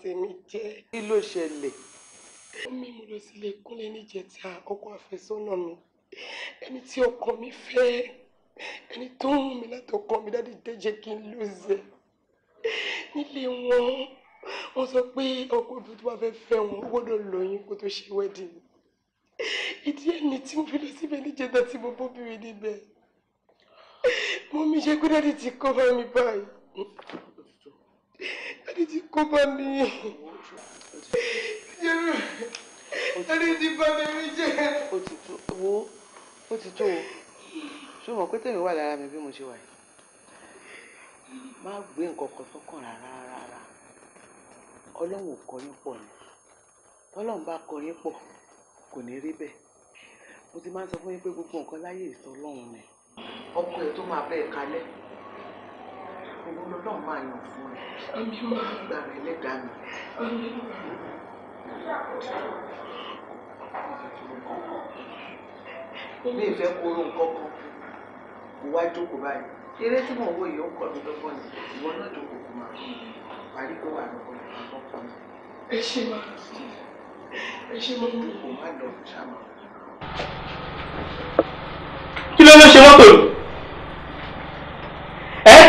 tèmi jẹ́. kí ló ṣẹlẹ̀? omi mo lọ sílé kúnlé níjẹta ọkọ àfẹ́sọ́nà mi ẹni tí ọkọ mi fẹ́ ẹni tó ń mi láti ọkọ mi dáadé déjẹ kí n lóze nílé wọn wọn sọ pé ọkọ òdúdú tó bá fẹ́ fẹ́ wọn ó gbọ́dọ̀ lóyún kó tó ṣe wedding ìdí ẹni tí mo fi lọ síbẹ̀ níjẹta tí mo bóbìnrin níbẹ̀ mo mi ṣe kó dáadé ti kọ́ bá mi báyìí. Dádì ti kó bá mi. Dádì ti bá mi rí jẹ́. Ó ti tó wo o. Ṣé o mọ̀ pé tèmi wà lára mi bí mo ṣe wà yìí? Má gbé nǹkan kan sọ́kàn rárá rárá. Ọlọ́run ò kọrin pọ̀ ni. Tọ́lọ́run bá kọrin pọ̀ kò ní rí bẹ́ẹ̀. Mo ti máa ń sọ fún yín pé gbogbo nǹkan láyé ìsọ Ọlọ́run ni. Ọkọ ẹ̀ tó máa bẹ́ẹ̀ kalẹ̀ òun lọ́lọ́run máa yàn fún ẹ ìgbà rẹ lẹ́dàá mi. mi ì fẹ́ kóró nǹkan kan kó wá jókòó báyìí eré tí mò ń wò yìí ó kọ́ mi lọ́gbọ́n ni ìwọ náà jókòó kó máa kọ́ parí kó wà lọ́gbọ́n ni máa kọ́ kọ́ mi. ẹ ṣe máa ẹ ṣe máa kó má lọ ṣàmà. kí ló ló ṣe mọ́tò ẹ́.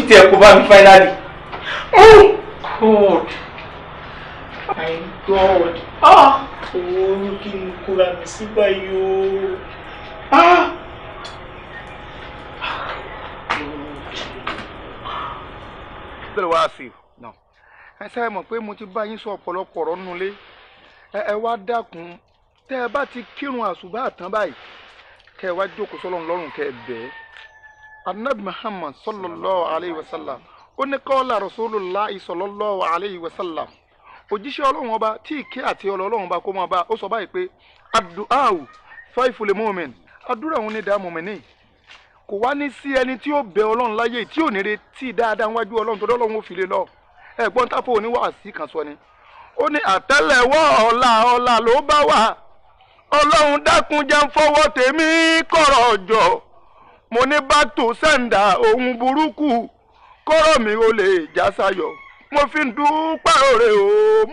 orí tẹ kó bá mi finally. Oh God my God ah! owó ní kí n kóra mi sí báyìí o. Ah! Bẹ́ẹ̀ wá sí i náà. Ẹ ṣe mọ̀ pé mo ti bá yín sọ ọ̀pọ̀lọpọ̀ ọ̀rọ̀ nulẹ̀. Ẹ wá dákun tẹ́ ẹ bá ti kírun àṣùbà tán báyìí kẹ́ ẹ wá jókòó sọ́lọ́run lọ́rùn kẹ́ ẹ bẹ̀ẹ́ anabi muhammad sallallahu alayhi wa sallam ó ní kọ́lá rasulullah sallallahu alayhi wa sallam òjíṣẹ́ ọlọ́run ọba tí ìké àti ọlọ́run ọba kó máa bá ó sọ báyìí pé adu'awu faifule mu'min àdúrà òun ní dààmú mi ní kò wá ní sí ẹni tí ó bẹ ọlọ́run láyé tí ò ní retí dáadáa níwájú ọlọ́run tó dọ́lọ́run ó fi lè e lọ ẹ̀gbọ́n táfó oníwàásí kan sọ ni ó ní àtẹ́lẹwọ́ ọ̀la ọ̀la ló bá wà ọlọ́run dákun ń fọwọ́ tèmi kọ̀rọ̀ ọ̀jọ̀ mo ní bá tó sẹ́ńdà ohun burúkú kọ́rọ̀ mi ò lè já sayọ̀ mo fi ń dúpẹ́ òre o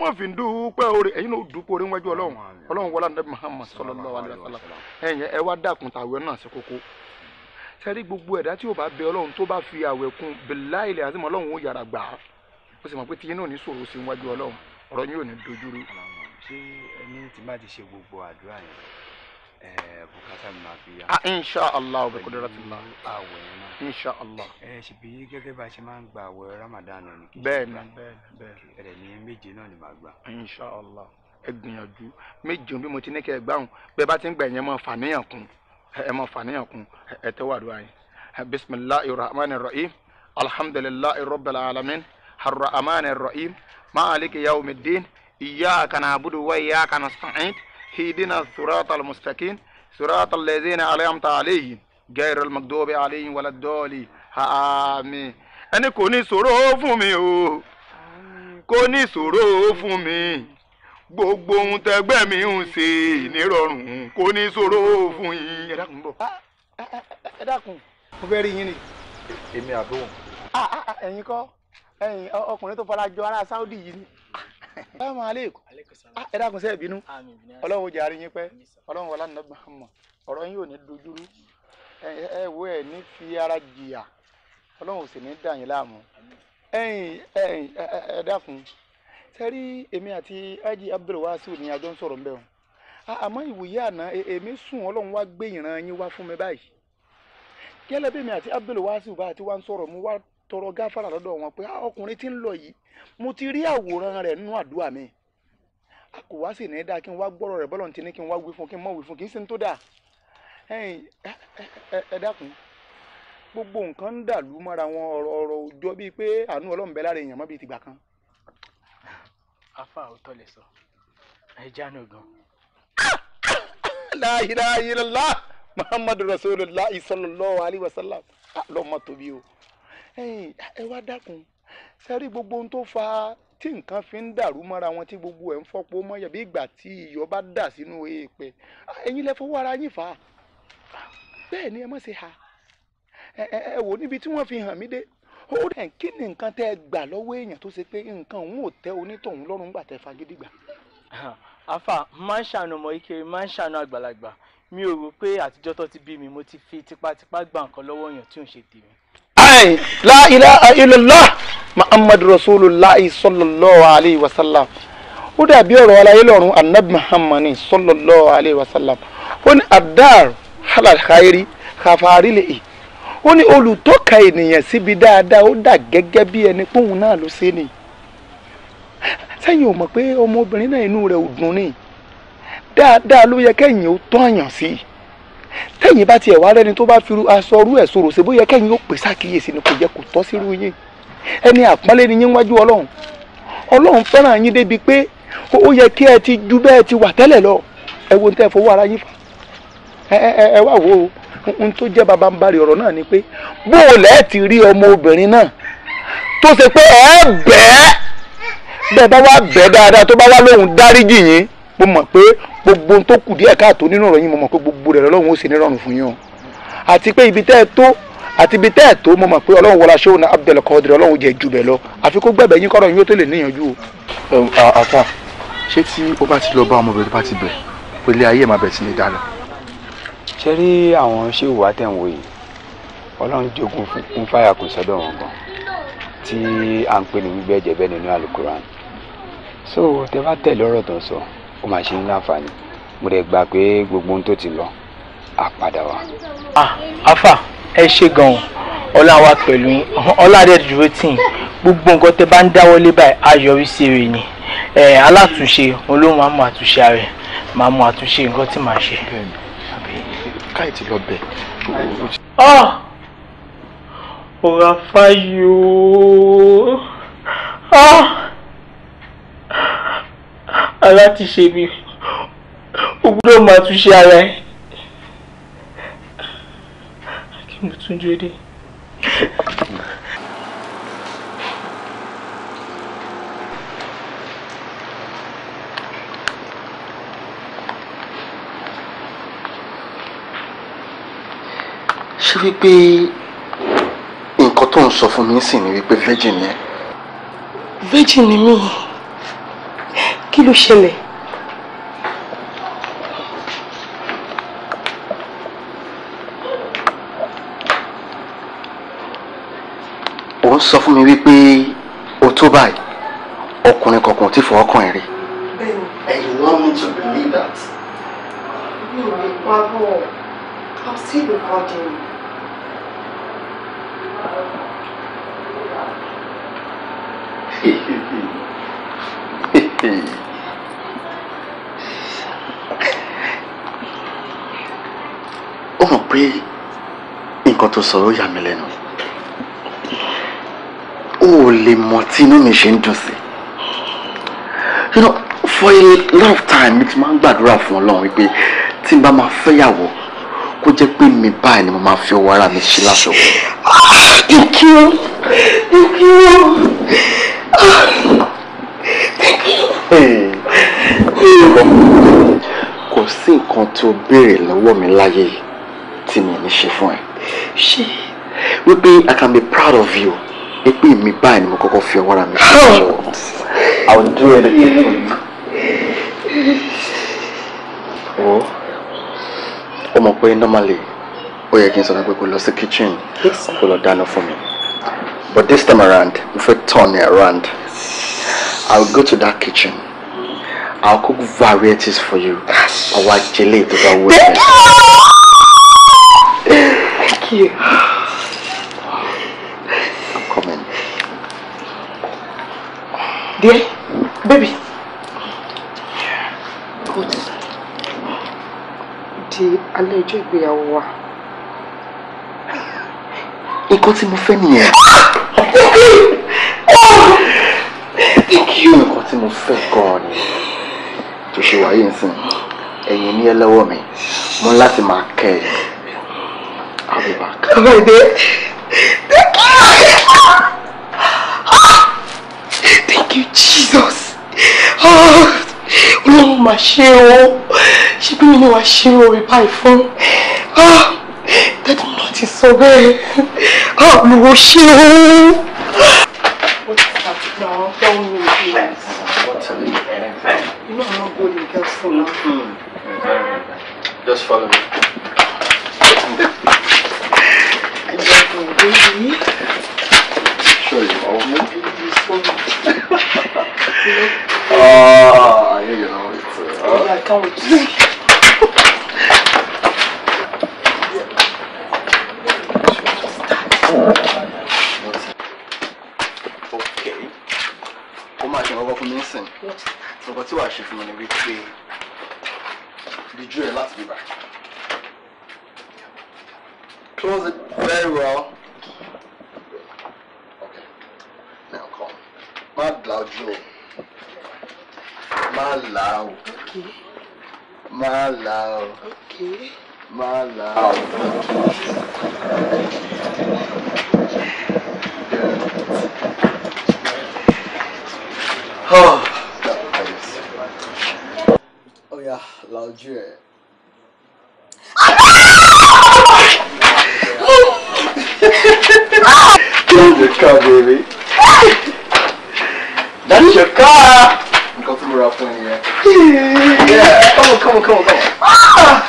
mo fi ń dúpẹ́ òre ẹ̀yin náà dúpẹ́ òre wájú ọlọ́run ọlọ́run wọlé àdébí Muhammad sallallahu alaihi wasallam ẹ̀yin ẹ wá dákun tàwé náà sí kókó sẹ́rí gbogbo ẹ̀dá tí ò bá bẹ ọlọ́run tó bá fi àwẹ̀ kun bẹ̀lá ilẹ̀ àti ọlọ́run ó yára gbà á ó sì mọ̀ pé tiyín náà ní sọ̀rọ̀ sí wájú ọlọ́run ọ̀rọ̀ yín ní dojúrú. ṣé ẹni tí má ti ṣe gbogbo àdúrà yẹn Eh, bùkátà mi máa fi yá. ah inshallah bi kudratillah. àwẹ̀ náà. inshallah. ẹ eh, ṣèbí gẹ́gẹ́ bá a ṣe máa ń gba àwẹ̀ ramadan ní kí. bẹ́ẹ̀ni bẹ́ẹ̀ni. ẹ̀rẹ̀ ní méje náà ni màá gbà. inshallah ẹ gbìyànjú méje bí mo ti ní kẹ́ gbáhùn bẹ́ẹ̀ bá ti ń gbà yẹn mọ́ fàníyàn kún ẹ mọ́ fàníyàn kún ẹ tẹ́wọ́ àdúrà yín. bismillahir rahmanir rahim alhamdulillahi rabbil alamin arrahmanir rahim maliki yawmiddin iyyaka na'budu wa iyyaka nasta'in. هدنا الصراط المستقيم صراط الذين أنعمت عليهم غير المغضوب عليهم ولا الضالين آمين ẹni kò ní ṣòro fún mi o kò ní ṣòro fún mi gbogbo ohun tẹgbẹ́ mi ń ṣe nírọ̀rùn kò ní ṣòro fún yín ẹ dákun bọ̀. Ah, ẹ dákun mo fẹ́ rí yín ni. èmi àbúrò. Ah, ah, ẹ̀yin kọ́ ẹ̀yin ọkùnrin tó fara jọ ará Saudi yìí ni salamu aleykum ah, ẹ dákun sẹ bínú Ọlọ́run jàre yín pẹ́ Ọlọ́run wọlá nínú gbàmọ ọ̀rọ̀ yín ò ní dojúrú ẹ wo ẹ ní fi ara jìyà Ọlọ́run ò sì ní dà yín láàmú ẹ̀yin ẹ̀yin ẹ dákun sẹrí èmi àti ají abdulwasiu ni àjọ ń sọ̀rọ̀ ń bẹ o àmọ́ ìwòye àná e, èmi sùn Ọlọ́run wá gbé ìran yín wá fún mi báyìí gẹ́lẹ́ bí èmi àti abdulwasiu bá ti wá ń sọ̀rọ̀ mo wá tọrọ gáfárà lọ́dọ̀ wọn pé ah, ọkùnrin tí ń lọ yìí mo ti rí àwòrán rẹ̀ nínú àdúrà mi a kò wá sí ní dáa kí n wá gbọ́rọ̀ rẹ̀ bọ́lọ̀ ti ní kí n wá wí fún kí n mọ̀ wí fún kì í ṣe ń tó dáa ẹ dákun gbogbo nǹkan ń dàlú mọ́ra wọn ọ̀rọ̀ ọ̀rọ̀ òjọ bíi pé àánú ọlọ́run bẹ lára èèyàn mọ́ bíi tìgbà kan. afa òótọ́ lè sọ ẹ jánu gan. la ilaha illallah muhammadu rasulullah sallallahu alaihi wasallam ah, lọ́mọ tóbi o ẹ wá dákun sẹ́rí gbogbo ohun tó fa tí nǹkan fi ń dàrú mọ́ra wọn tí gbogbo ẹ̀ ń fọ́pọ̀ mọ́yà bí ìgbà tí iyọ̀ bá dà sínú èèpẹ̀ ẹ̀yin lẹ fọwọ́ ara yín fà á bẹ́ẹ̀ ni ẹ mọ̀ sí ha ẹ wò níbi tí wọ́n fi hàn mí dé ó dẹ̀ kí ni nǹkan tẹ́ ẹ gbà lọ́wọ́ èèyàn tó ṣe pé nǹkan òun ò tẹ́ onítọ̀hún lọ́rùn gbà tẹ́ fagídí gbà. afa máa ń ṣàánú ọmọ ìkéré máa ń ṣàánú àgbàlagbà mi ò rò pé àtijọ́ tó ti bí mi mo ti fi tipátipá gba nǹkan lọ́wọ́ èèyàn tí ò ń ṣe tèmi ayi la ilaha illallah muhammadu rasulillah sallallahu alayhi wa sallam ó dàbí ọ̀rọ̀ alayé lọ́run anabi muhammadu sallallahu alayhi wa sallam ó ní adar halal khairi kafari le ó ní olùtọ́ka ènìyàn síbi dáadáa ó dà gẹ́gẹ́ bí ẹni póun náà ló ṣe ni sẹ́yìn ò mọ̀ pé ọmọbìnrin náà inú rẹ̀ ò dùn ni dáadáa ló yẹ kẹ́yìn ó tọ́ àyàn sí i tẹ́yìn bá tiẹ̀ wá rẹ́ni tó bá fi aṣọrú ẹ̀ sọ̀rọ̀ ṣe bóyá kẹ́yìn yóò pè sákìyèsí ni kò jẹ́ kò tọ́ sírú yín ẹni àpọ́nlé ni yín wájú ọlọ́run ọlọ́run fẹ́ràn yín débi pé ó yẹ kí ẹ ti ju bẹ́ẹ̀ ti wà tẹ́lẹ̀ lọ ẹ wo tẹ́ ẹ fowó ara yín fà ẹ wá wo ohun tó jẹ́ bàbá ń bari ọ̀rọ̀ náà ni pé bó o lẹ́ẹ̀ ti rí ọmọ obìnrin náà tó ṣe pé ẹ bẹ́ẹ̀ bẹ́ẹ̀ bá wá bẹ́ẹ̀ dáadáa tó bá wá lóhùn dáríjì yín mo mọ̀ pé gbogbo ohun tó kù díẹ̀ káàtó nínú ọ̀rọ̀ yín mo mọ̀ pé gbogbo rẹ̀ lọ́wọ́ ó sì nírọ̀rùn fún yín o àti pé ibi tẹ́ ẹ tó àti ibi tẹ́ ẹ tó mo mọ̀ pé ọlọ́run wọlá ṣéwọ́n náà Abdul Qadir ọlọ́run jẹ jù bẹ́ẹ̀ lọ àfi kó gbẹ̀bẹ̀ yín kọ́rọ̀ yín ó tó lè níyànjú o. àfà ṣé tí ó bá ti lọ bá ọmọbìnrin bá ti bẹ̀ pé ilé ayé máa bẹ̀ sí ni dára. ṣé rí àwọn ṣéwù wá tẹ̀ ń wò yìí ọlọ́run jogun fún fáyà kò sọ́dọ̀ wọn gan tí à ń pè ní gbígbẹ́ ẹ̀jẹ̀ bẹ́ẹ̀ nínú alukuran so ó máa ṣe ní láǹfààní mo rẹ̀ gbà pé gbogbo ohun tó ti lọ á padà wá. àfà ẹ ṣe gan-an ọlá wa pẹ̀lú ọlá rẹ̀ gbogbo nǹkan tẹ bá ń dáwọ́lé báyìí á yọrí ni alátúnṣe olóhùn á mú àtúnṣe rẹ màá mú àtúnṣe nǹkan tí màá ṣe. káì ti lọ bẹ. ọ̀rọ̀ àfáyò ara ti ṣe mí o gbọ́dọ̀ máa túnṣe ara ẹ̀ kí mo tún jó dé. ṣé wípé nǹkan tó ń sọ fún mi sì ni wípé virgin ni ẹ́. virgin ni mí kí ló ṣẹlẹ̀. ó ń sọ fún mi wípé o tó báyìí ọkùnrin kankan ò fọwọ́ kàn ẹ́ rí. you want me to believe that. mi ò lè pa bọ̀ i'm hey. ó mọ̀ pé nǹkan tó sọ̀rọ̀ yà mí lẹ́nu o ò lè mọ̀ tí inú mi ṣe ń dùn sí you know for a lifetime mi ti máa ń gbàdúrà fún ọlọ́run wípé tí n bá máa fẹ́yàwó kó jẹ́ pé mi báyìí ni mo máa fi ọwọ́ ara mi ṣe láṣọ. thank you thank you thank you. kò sí nǹkan tó béèrè lọ́wọ́ mi láyé yìí tí mi ní ṣe fún ẹ. ṣe. wípé I can be proud of you wípé mi báyìí ni mo kọ́kọ́ fi ọwọ́ ra mi ṣe ṣe ọ. I will do anything for you. o o mọ̀ pé normally ó yẹ kí n sọ pé kó lọ sí kitchen kó lọ dáná fún mi but this time around mo fẹ́ turn it around I will go to that kitchen. I will cook varieties for you. I will jelly to that way. Thank you. I'm coming. Dear, baby. Good. Di alẹ́ ọjọ́ ìgbéyàwó wa. Nǹkan tí mo fẹ́ nìyẹn. Thank you. Nǹkan tí mo fẹ́ gan-an ni. Tòṣèwáyé ń sìn, ẹ̀yìn ní ẹ lọ́wọ́ mi, mo ń láti máa I'll be back. Oh my dear. Thank you. Thank you, Jesus. Ọlọ́run mà ṣe o. Ṣé bí mi ni wàá ṣe orí báyìí fún? Dẹ́dí mi náà ti sọ bẹ́ẹ̀. Olùwọ́ ṣe o. Wọ́n ti ṣàtúgbà wọn You know ní ìdílé. Inú to ọgbọ́n ni gẹ́gẹ́ sọ̀rọ̀. Just follow me. your baby. Show you how Ah, you know it's. Uh, oh, I can't wait to see. Okay. Come on, you're welcome, Mason. What? So, what you are, Chief Money, we pay. Did you last be back? Close it very well. Okay. Now come. Madlajo. Malao. Okay. Malao. Okay. Malao. Oh, that place. Oh yeah, Laojiu. There's your car, baby. That's your car. Go through the rough one here. Yeah. Come on, come on, come on, come on. Ah,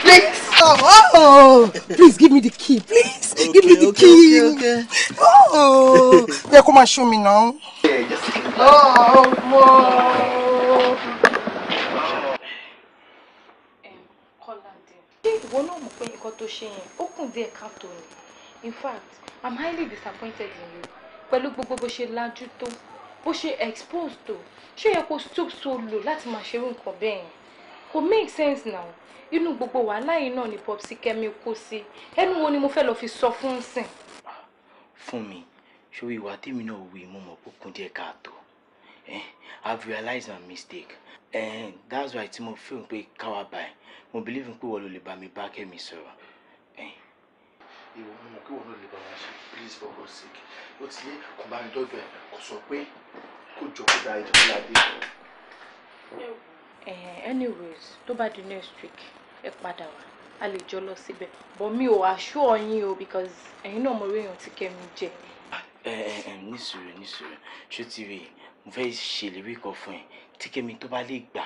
please. Oh, oh, please give me the key, please. Okay, give me the okay, key. Okay, okay. Oh, yeah, come and show me now. Yeah, just. Oh, whoa. ṣé ìwọ náà mọ̀ pé nǹkan tó ṣe yẹn ó kùn díẹ̀ káàtó ni in fact i'm highly disappointed in you pẹ̀lú gbogbo bó ṣe lajú tó bó ṣe expose tó ṣé yẹ kó stoop so low láti máa ṣerú nǹkan bẹ́ẹ̀ yẹn kò make sense now inú gbogbo wàhálà yìí náà ni popsi kẹ́mi kó sí ẹnu wo ni mo fẹ́ lọ fi sọ fún sìn. Ah, fún mi ṣòwò ìwà tèmi náà wí mo mọ̀ pé kùn díẹ̀ káàtó eh, I've realized my mistake eh, that's why tí mo feel pé káwa báyìí mo believe pé wọ́n ló lè bá mi bá kẹ́mi sọ̀rọ̀. Eh. ìwọ mo mọ̀ pé wọ́n ló lè bá wọn ṣe please for God's sake ó ti yé kò bá mi dọ́dọ̀ ẹ̀ kò sọ pé kò jọ kó da ìjọba ládé. Eh, anyways tó bá di next week ẹ padà wá a lè jọ lọ síbẹ̀ but mi ò assure yín o because ẹ̀yin náà mo rí èèyàn tí kẹ́mi jẹ. ẹ ẹ ní sùúrù ní sùúrù ṣó ti rí i mo fẹ́ ṣèlérí kan fún ẹ tí kẹ́mi tó bá lè gbà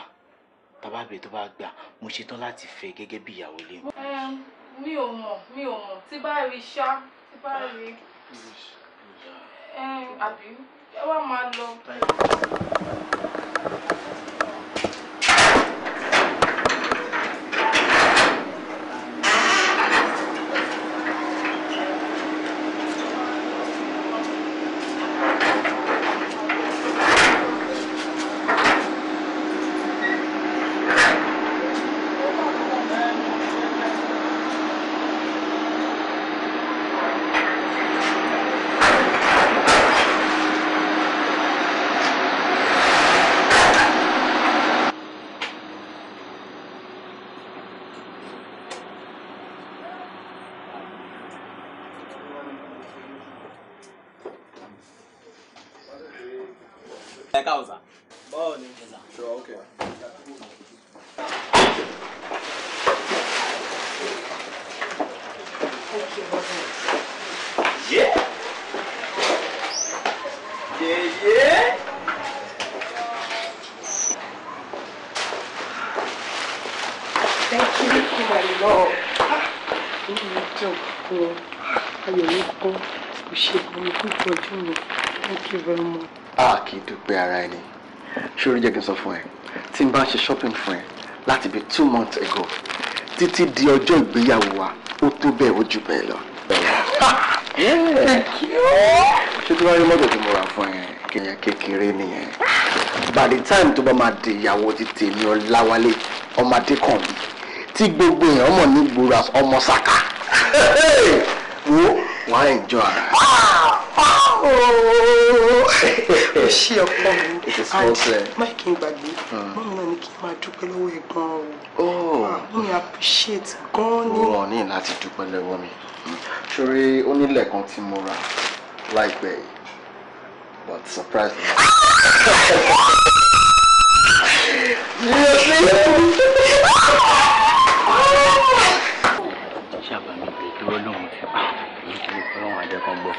tábàbẹ̀ tó bá gbà mo ṣetán láti fẹ́ gẹ́gẹ́ bí ìyàwó lé mi. mi ò mọ̀ mi ò mọ̀ tí bá rí ṣá tí bá ah, rí àbí ẹ wá máa lọ. that guy was ṣorí jẹ́ kí n sọ fún ẹ tí n bá ń ṣe shopping fún ẹ láti bíi two months ago títí di ọjọ́ ìgbéyàwó wa ó tó bẹ́ẹ̀ ó jù bẹ́ẹ̀ lọ. ṣé tí wọ́n rí mọ́tò tí mo rà fún ẹ kìnyẹn kékeré nìyẹn by the time tó bá máa di ìyàwó ti tèmi ọláwálé ọmọ adékànbí tí gbogbo èèyàn ọmọ nígboro ọmọ sàkà wo wàá enjoy ara o ṣe ọkọ mi and má kí n gbàgbé hmm. mọ́ mi náà ni kí n máa dúpẹ́ lọ́wọ́ ẹ̀ gan o oh. ah, mọ́ mi appreciate gan ni. wọn ní láti dúpẹ́ lọ́wọ́ mi ṣorí onílẹ̀ kan tí mo ra láìpẹ́ yìí but surprise me. ṣàbàmì pé dúró lòun ti pa èyí tí ó fẹ́ràn àjẹkàn gbọ́.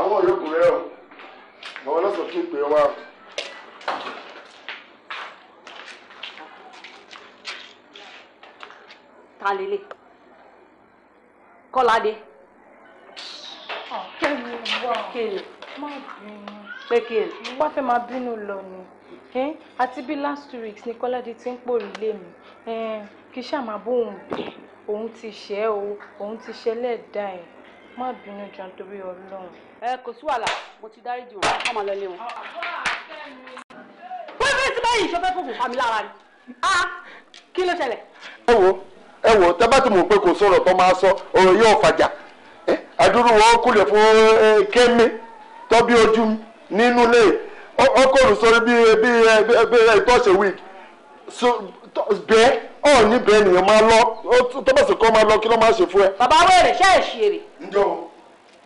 àwọn yòókù rẹ o àwọn ọlọ́sọ̀ tún pè wá. ta lele kọ́ládé. kẹ́mi wá kẹ́mi má bínú. pé kẹ́mi. wọ́n fẹ́ máa bínú lọ ni àti bí last two weeks ni kọ́ládé ti ń pòrí lé mi kì í ṣàmà bóun òun ti ṣẹ́ o òun ti ṣẹlẹ̀ dá ẹ̀ má bínú jọ̀ọ́ torí ọlọ́run ẹ kò sí wàhálà mo ti dárí jù wọn ọmọ lọlé wọn. wọ́n fẹ́ sí báyìí ìṣọ́fẹ́ fòfò fami lára ni kí ló ṣẹlẹ̀. ẹ wo ẹ wo tẹ bá ti mọ̀ pé kò sọ̀rọ̀ tó máa sọ ọ̀rọ̀ yóò fàjà àdúrú wọn kúlẹ̀ fún kẹ́mi tọ́bí ojú nínú ilé ọkọ̀ olùsọ̀rọ̀ bí ìtọ́sẹ̀ wíìk bẹ́ẹ̀ ọ̀ ní bẹ́ẹ̀ nìyẹn máa lọ tọ́bọ̀sẹ̀ kọ́ máa lọ kí ló máa ṣe fún ẹ. bàbá wẹ̀rẹ̀ ṣe é ṣe èrè. ǹjọ́ o.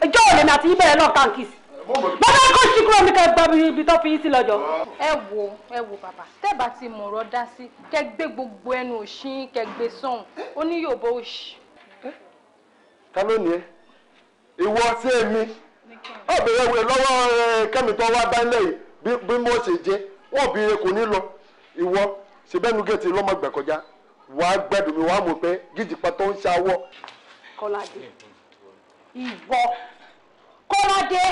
ẹjọ́ òní ni àti yín bẹ̀rẹ̀ náà kàǹkì sí bàbá kò sí kúrò ní ká gba ibi tó fi yín sí lọ́jọ́. ẹ wo ẹ wo bàbá tẹ́ẹ̀bà ti mọ̀rọ̀ dá sí kẹ́ gbé gbogbo ẹnu òṣìn kẹ́ gbé sọ̀hún ó ní yóò bó òṣì. ká ló ní ẹ ìwọ sí èmi ó bèrè wẹ lọ́wọ́ kẹ́mi tó wá báńlẹ̀ yìí bí mo ṣe jẹ wọn bí kò ní lọ ìwọ ṣèbẹ́nu gẹ̀ẹ́tì lọ́mọ gbẹ̀ kọjá wàá gbẹ́dùn mi wàá mọ̀ pé gíjìpá tó ń ṣàwọ̀. kọ́ládé ìwọ kọ́ládé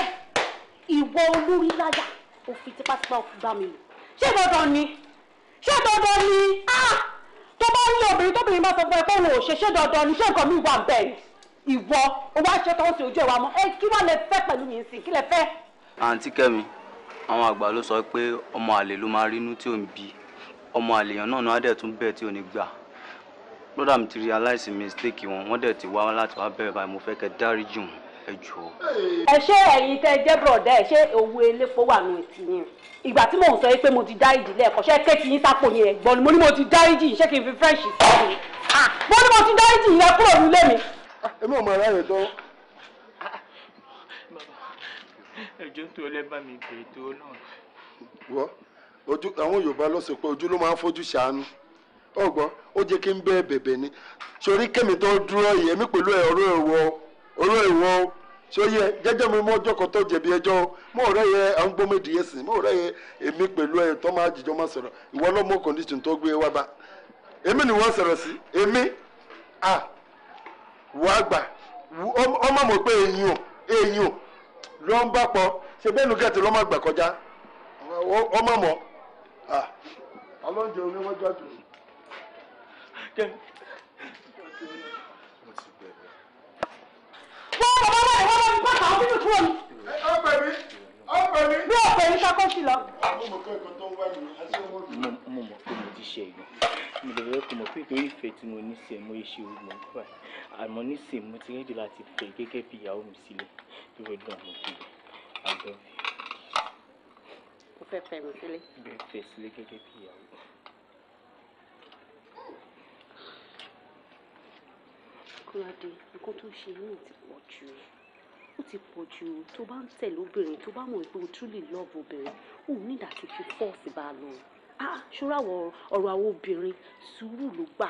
ìwọ olórí láyà ó fi tipátipá gbà mí ṣé dandan ni ṣé dandan ni ah! tó bá ń lé obìnrin tóbìnrin bá sọ fún ẹ pé òun ò ṣe ṣé dandan ni ṣé nǹkan mi wà bẹ́ẹ̀ ìwọ o wá ṣe tọ́wọ́ sí ojú ìwà mọ́ ẹ kí wàá lè fẹ́ pẹ̀lú mi sí kí lè fẹ́. àǹtí kẹ́mi àwọn àgbà ló sọ pé ọmọ àlè ló máa rínú tí ò ń bí ọmọ àlèyàn náà náà dẹ̀ tún bẹ́ẹ̀ tí ò ní gbà lọ́dà mi ti realize mistake wọn wọ́n dẹ̀ ti wá láti wá bẹ̀rẹ̀ báyìí mo fẹ́ kẹ́ dáríjì wọn ẹ jọ̀ọ́. ẹ ṣé ẹ̀yin tẹ́ jẹ́ bọ̀dá ẹ ṣé owó elépo wà nù etí yẹn ìgbà tí mò ń sọ yìí pé mo ti dá ìdílé ẹ̀kọ́ ṣé kéèkì yín sápò yẹn ẹ̀gbọ́n ni mo ní mo ti dá ìjì ṣé kí n fi french sọ mi ah, mo ní mo ti dá ìjì yẹn kúrò nílé mi. Ah, èmi ò mọ ara rẹ tán. ẹjọ́ tó lẹ bá mi gbé tó náà. wọ́ ojú àwọn Yorùbá ló sọ pé ojú ló máa ń fojú ṣàánú ọgbọ́n ó jẹ́ kí n bẹ́ẹ̀ bẹ̀bẹ̀ ni sórí kẹ́mi tó dúró yẹ̀mí pẹ̀lú ọ̀rọ̀ ẹ̀wọ̀ ọ̀rọ̀ ẹ̀wọ̀ ṣó yẹ gẹ́gẹ́ mi mọ́ ọjọ́ kan tó jẹ̀bi ẹjọ́ mọ́ ọ̀rẹ́ yẹ ń yẹ sí mọ́ ọ̀rẹ́ yẹ èmi pẹ̀lú ẹ̀ tó máa jìjọ́ máa sọ̀rọ̀ ìwọ e bá èmi ni wọ́n sọ̀rọ̀ sí èmi à wọ́n àgbà ọmọ mọ̀ pé ló ń bá pọ̀ ṣe bẹ́ẹ̀ lọ́mọ àgbà kọjá ọmọ mọ̀ à sínú kúrò ní. ọ pè mí ọ pè mí. bí ọ̀pẹ ní sákòsì lọ. Ah, mo mọ̀ pé nǹkan tó ń wá mi ẹsẹ̀ wọn. mo mọ̀ pé mo ti ṣe ìgbọ̀n mo lè rẹ́ kó mọ̀ pé torí ìfẹ́ tí mo ní sí ẹ mo yẹ ṣe oògùn nípa ẹ̀ àmọ́ nísìnyí mo ti rẹ́dí láti fẹ́ gẹ́gẹ́ bí ìyàwó mi sílẹ̀ tó rẹ́ dùn àwọn òbí rẹ̀ àgbẹ̀ mi. mo fẹ́ fẹ́ mi sílẹ̀. bẹ́ẹ̀ fẹ́ sílẹ̀ gẹ́gẹ́ bí ìyàwó. kúládé nǹkan tó ń ṣe yín ti pọ̀ jù ó ti pọ̀ jù tó bá ń tẹ̀lé obìnrin tó bá mọ̀ pé o truly love obìnrin ò ní ìdàtí fi fọ́ọ̀sì bá a lọ ah ṣọ́ra ọ̀rọ̀ àwọn obìnrin sùúrù ló gbà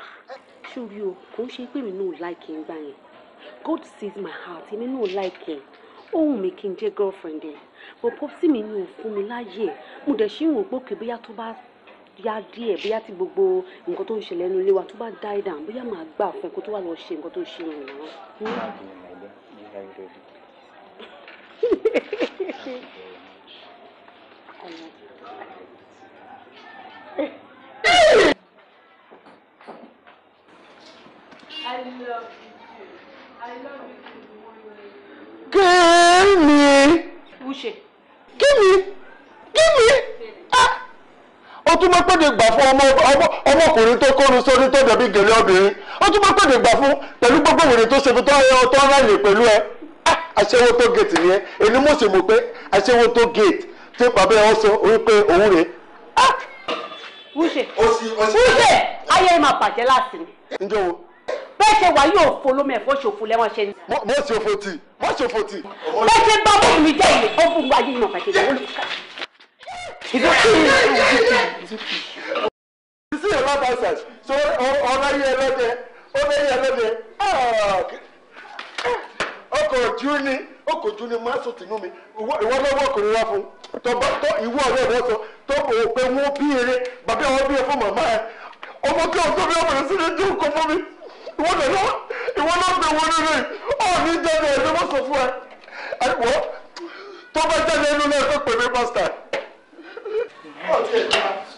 sórí o kò ń ṣe pé mi náà láìkì ń gbà yẹn God sees my heart èmi náà láìkì ohun mi kì í jẹ́ girlfriend ẹ̀ but popsi mi ni ò fún mi láyè mo dẹ̀ ṣì ń rò pé òkè bóyá tó bá yá díẹ̀ bóyá tí gbogbo nǹkan tó ń ṣẹlẹ̀ nínú ilé wa tó bá die down bóyá màá gbà fún ẹ kó tó wà lọ ṣe nǹkan tó ṣe yẹn I love you I love you too. Ah. Gẹ́mi. Wúṣe. Gẹ́mi. Gẹ́mi. Ó tún máa pèdè gbà fún ọmọkùnrin tó kóru sórí tó dàbí gèlè obìnrin. Ó tún máa pèdè gbà fún pẹ̀lú gbogbo wèrè tó ṣe fi tọ́ ẹ ọtọ́ ráyè pẹ̀lú ẹ aṣẹ́wó tó gate nìyẹn èmi mo sì mọ̀ pé aṣẹ́wó tó gate tí bàbá ẹ̀ sọ wípé òun rè é. wúṣe wúṣe ayé máa bàjẹ́ láti ni. ǹjẹ́ o. bẹ́ẹ̀ ṣe wà yóò fo lómi ẹ̀fọ́ ṣòfò lẹ́wọ̀n ṣe ni. mo ṣe fo tì mo ṣe fo tì. bẹ́ẹ̀ ṣe bá bóun mi jẹ́ ìlú ó fún wa yìí náà pàṣẹ ìdánwò lùkà. ìsì ìlú ọba ṣe so ọ̀rọ̀ yìí ẹlẹ́dẹ̀ ọ̀rọ̀ yìí ẹlẹ́dẹ̀ ah! ọkọ̀ ojú ni ọkọ̀ ojú ni má sùn tìǹbù mi ìwọ lọ́wọ́ ọkùnrin fún tọba ìwọ ọ̀rẹ́ rẹ sọ o pé bí eré bàbá wọn bí ẹ fún màmá ẹ ọmọ kí ọjọ́ bí ọmọ rẹ sí ní ju nǹkan fún mi ìwọ lọ́wọ́ ìwọ gbé wọn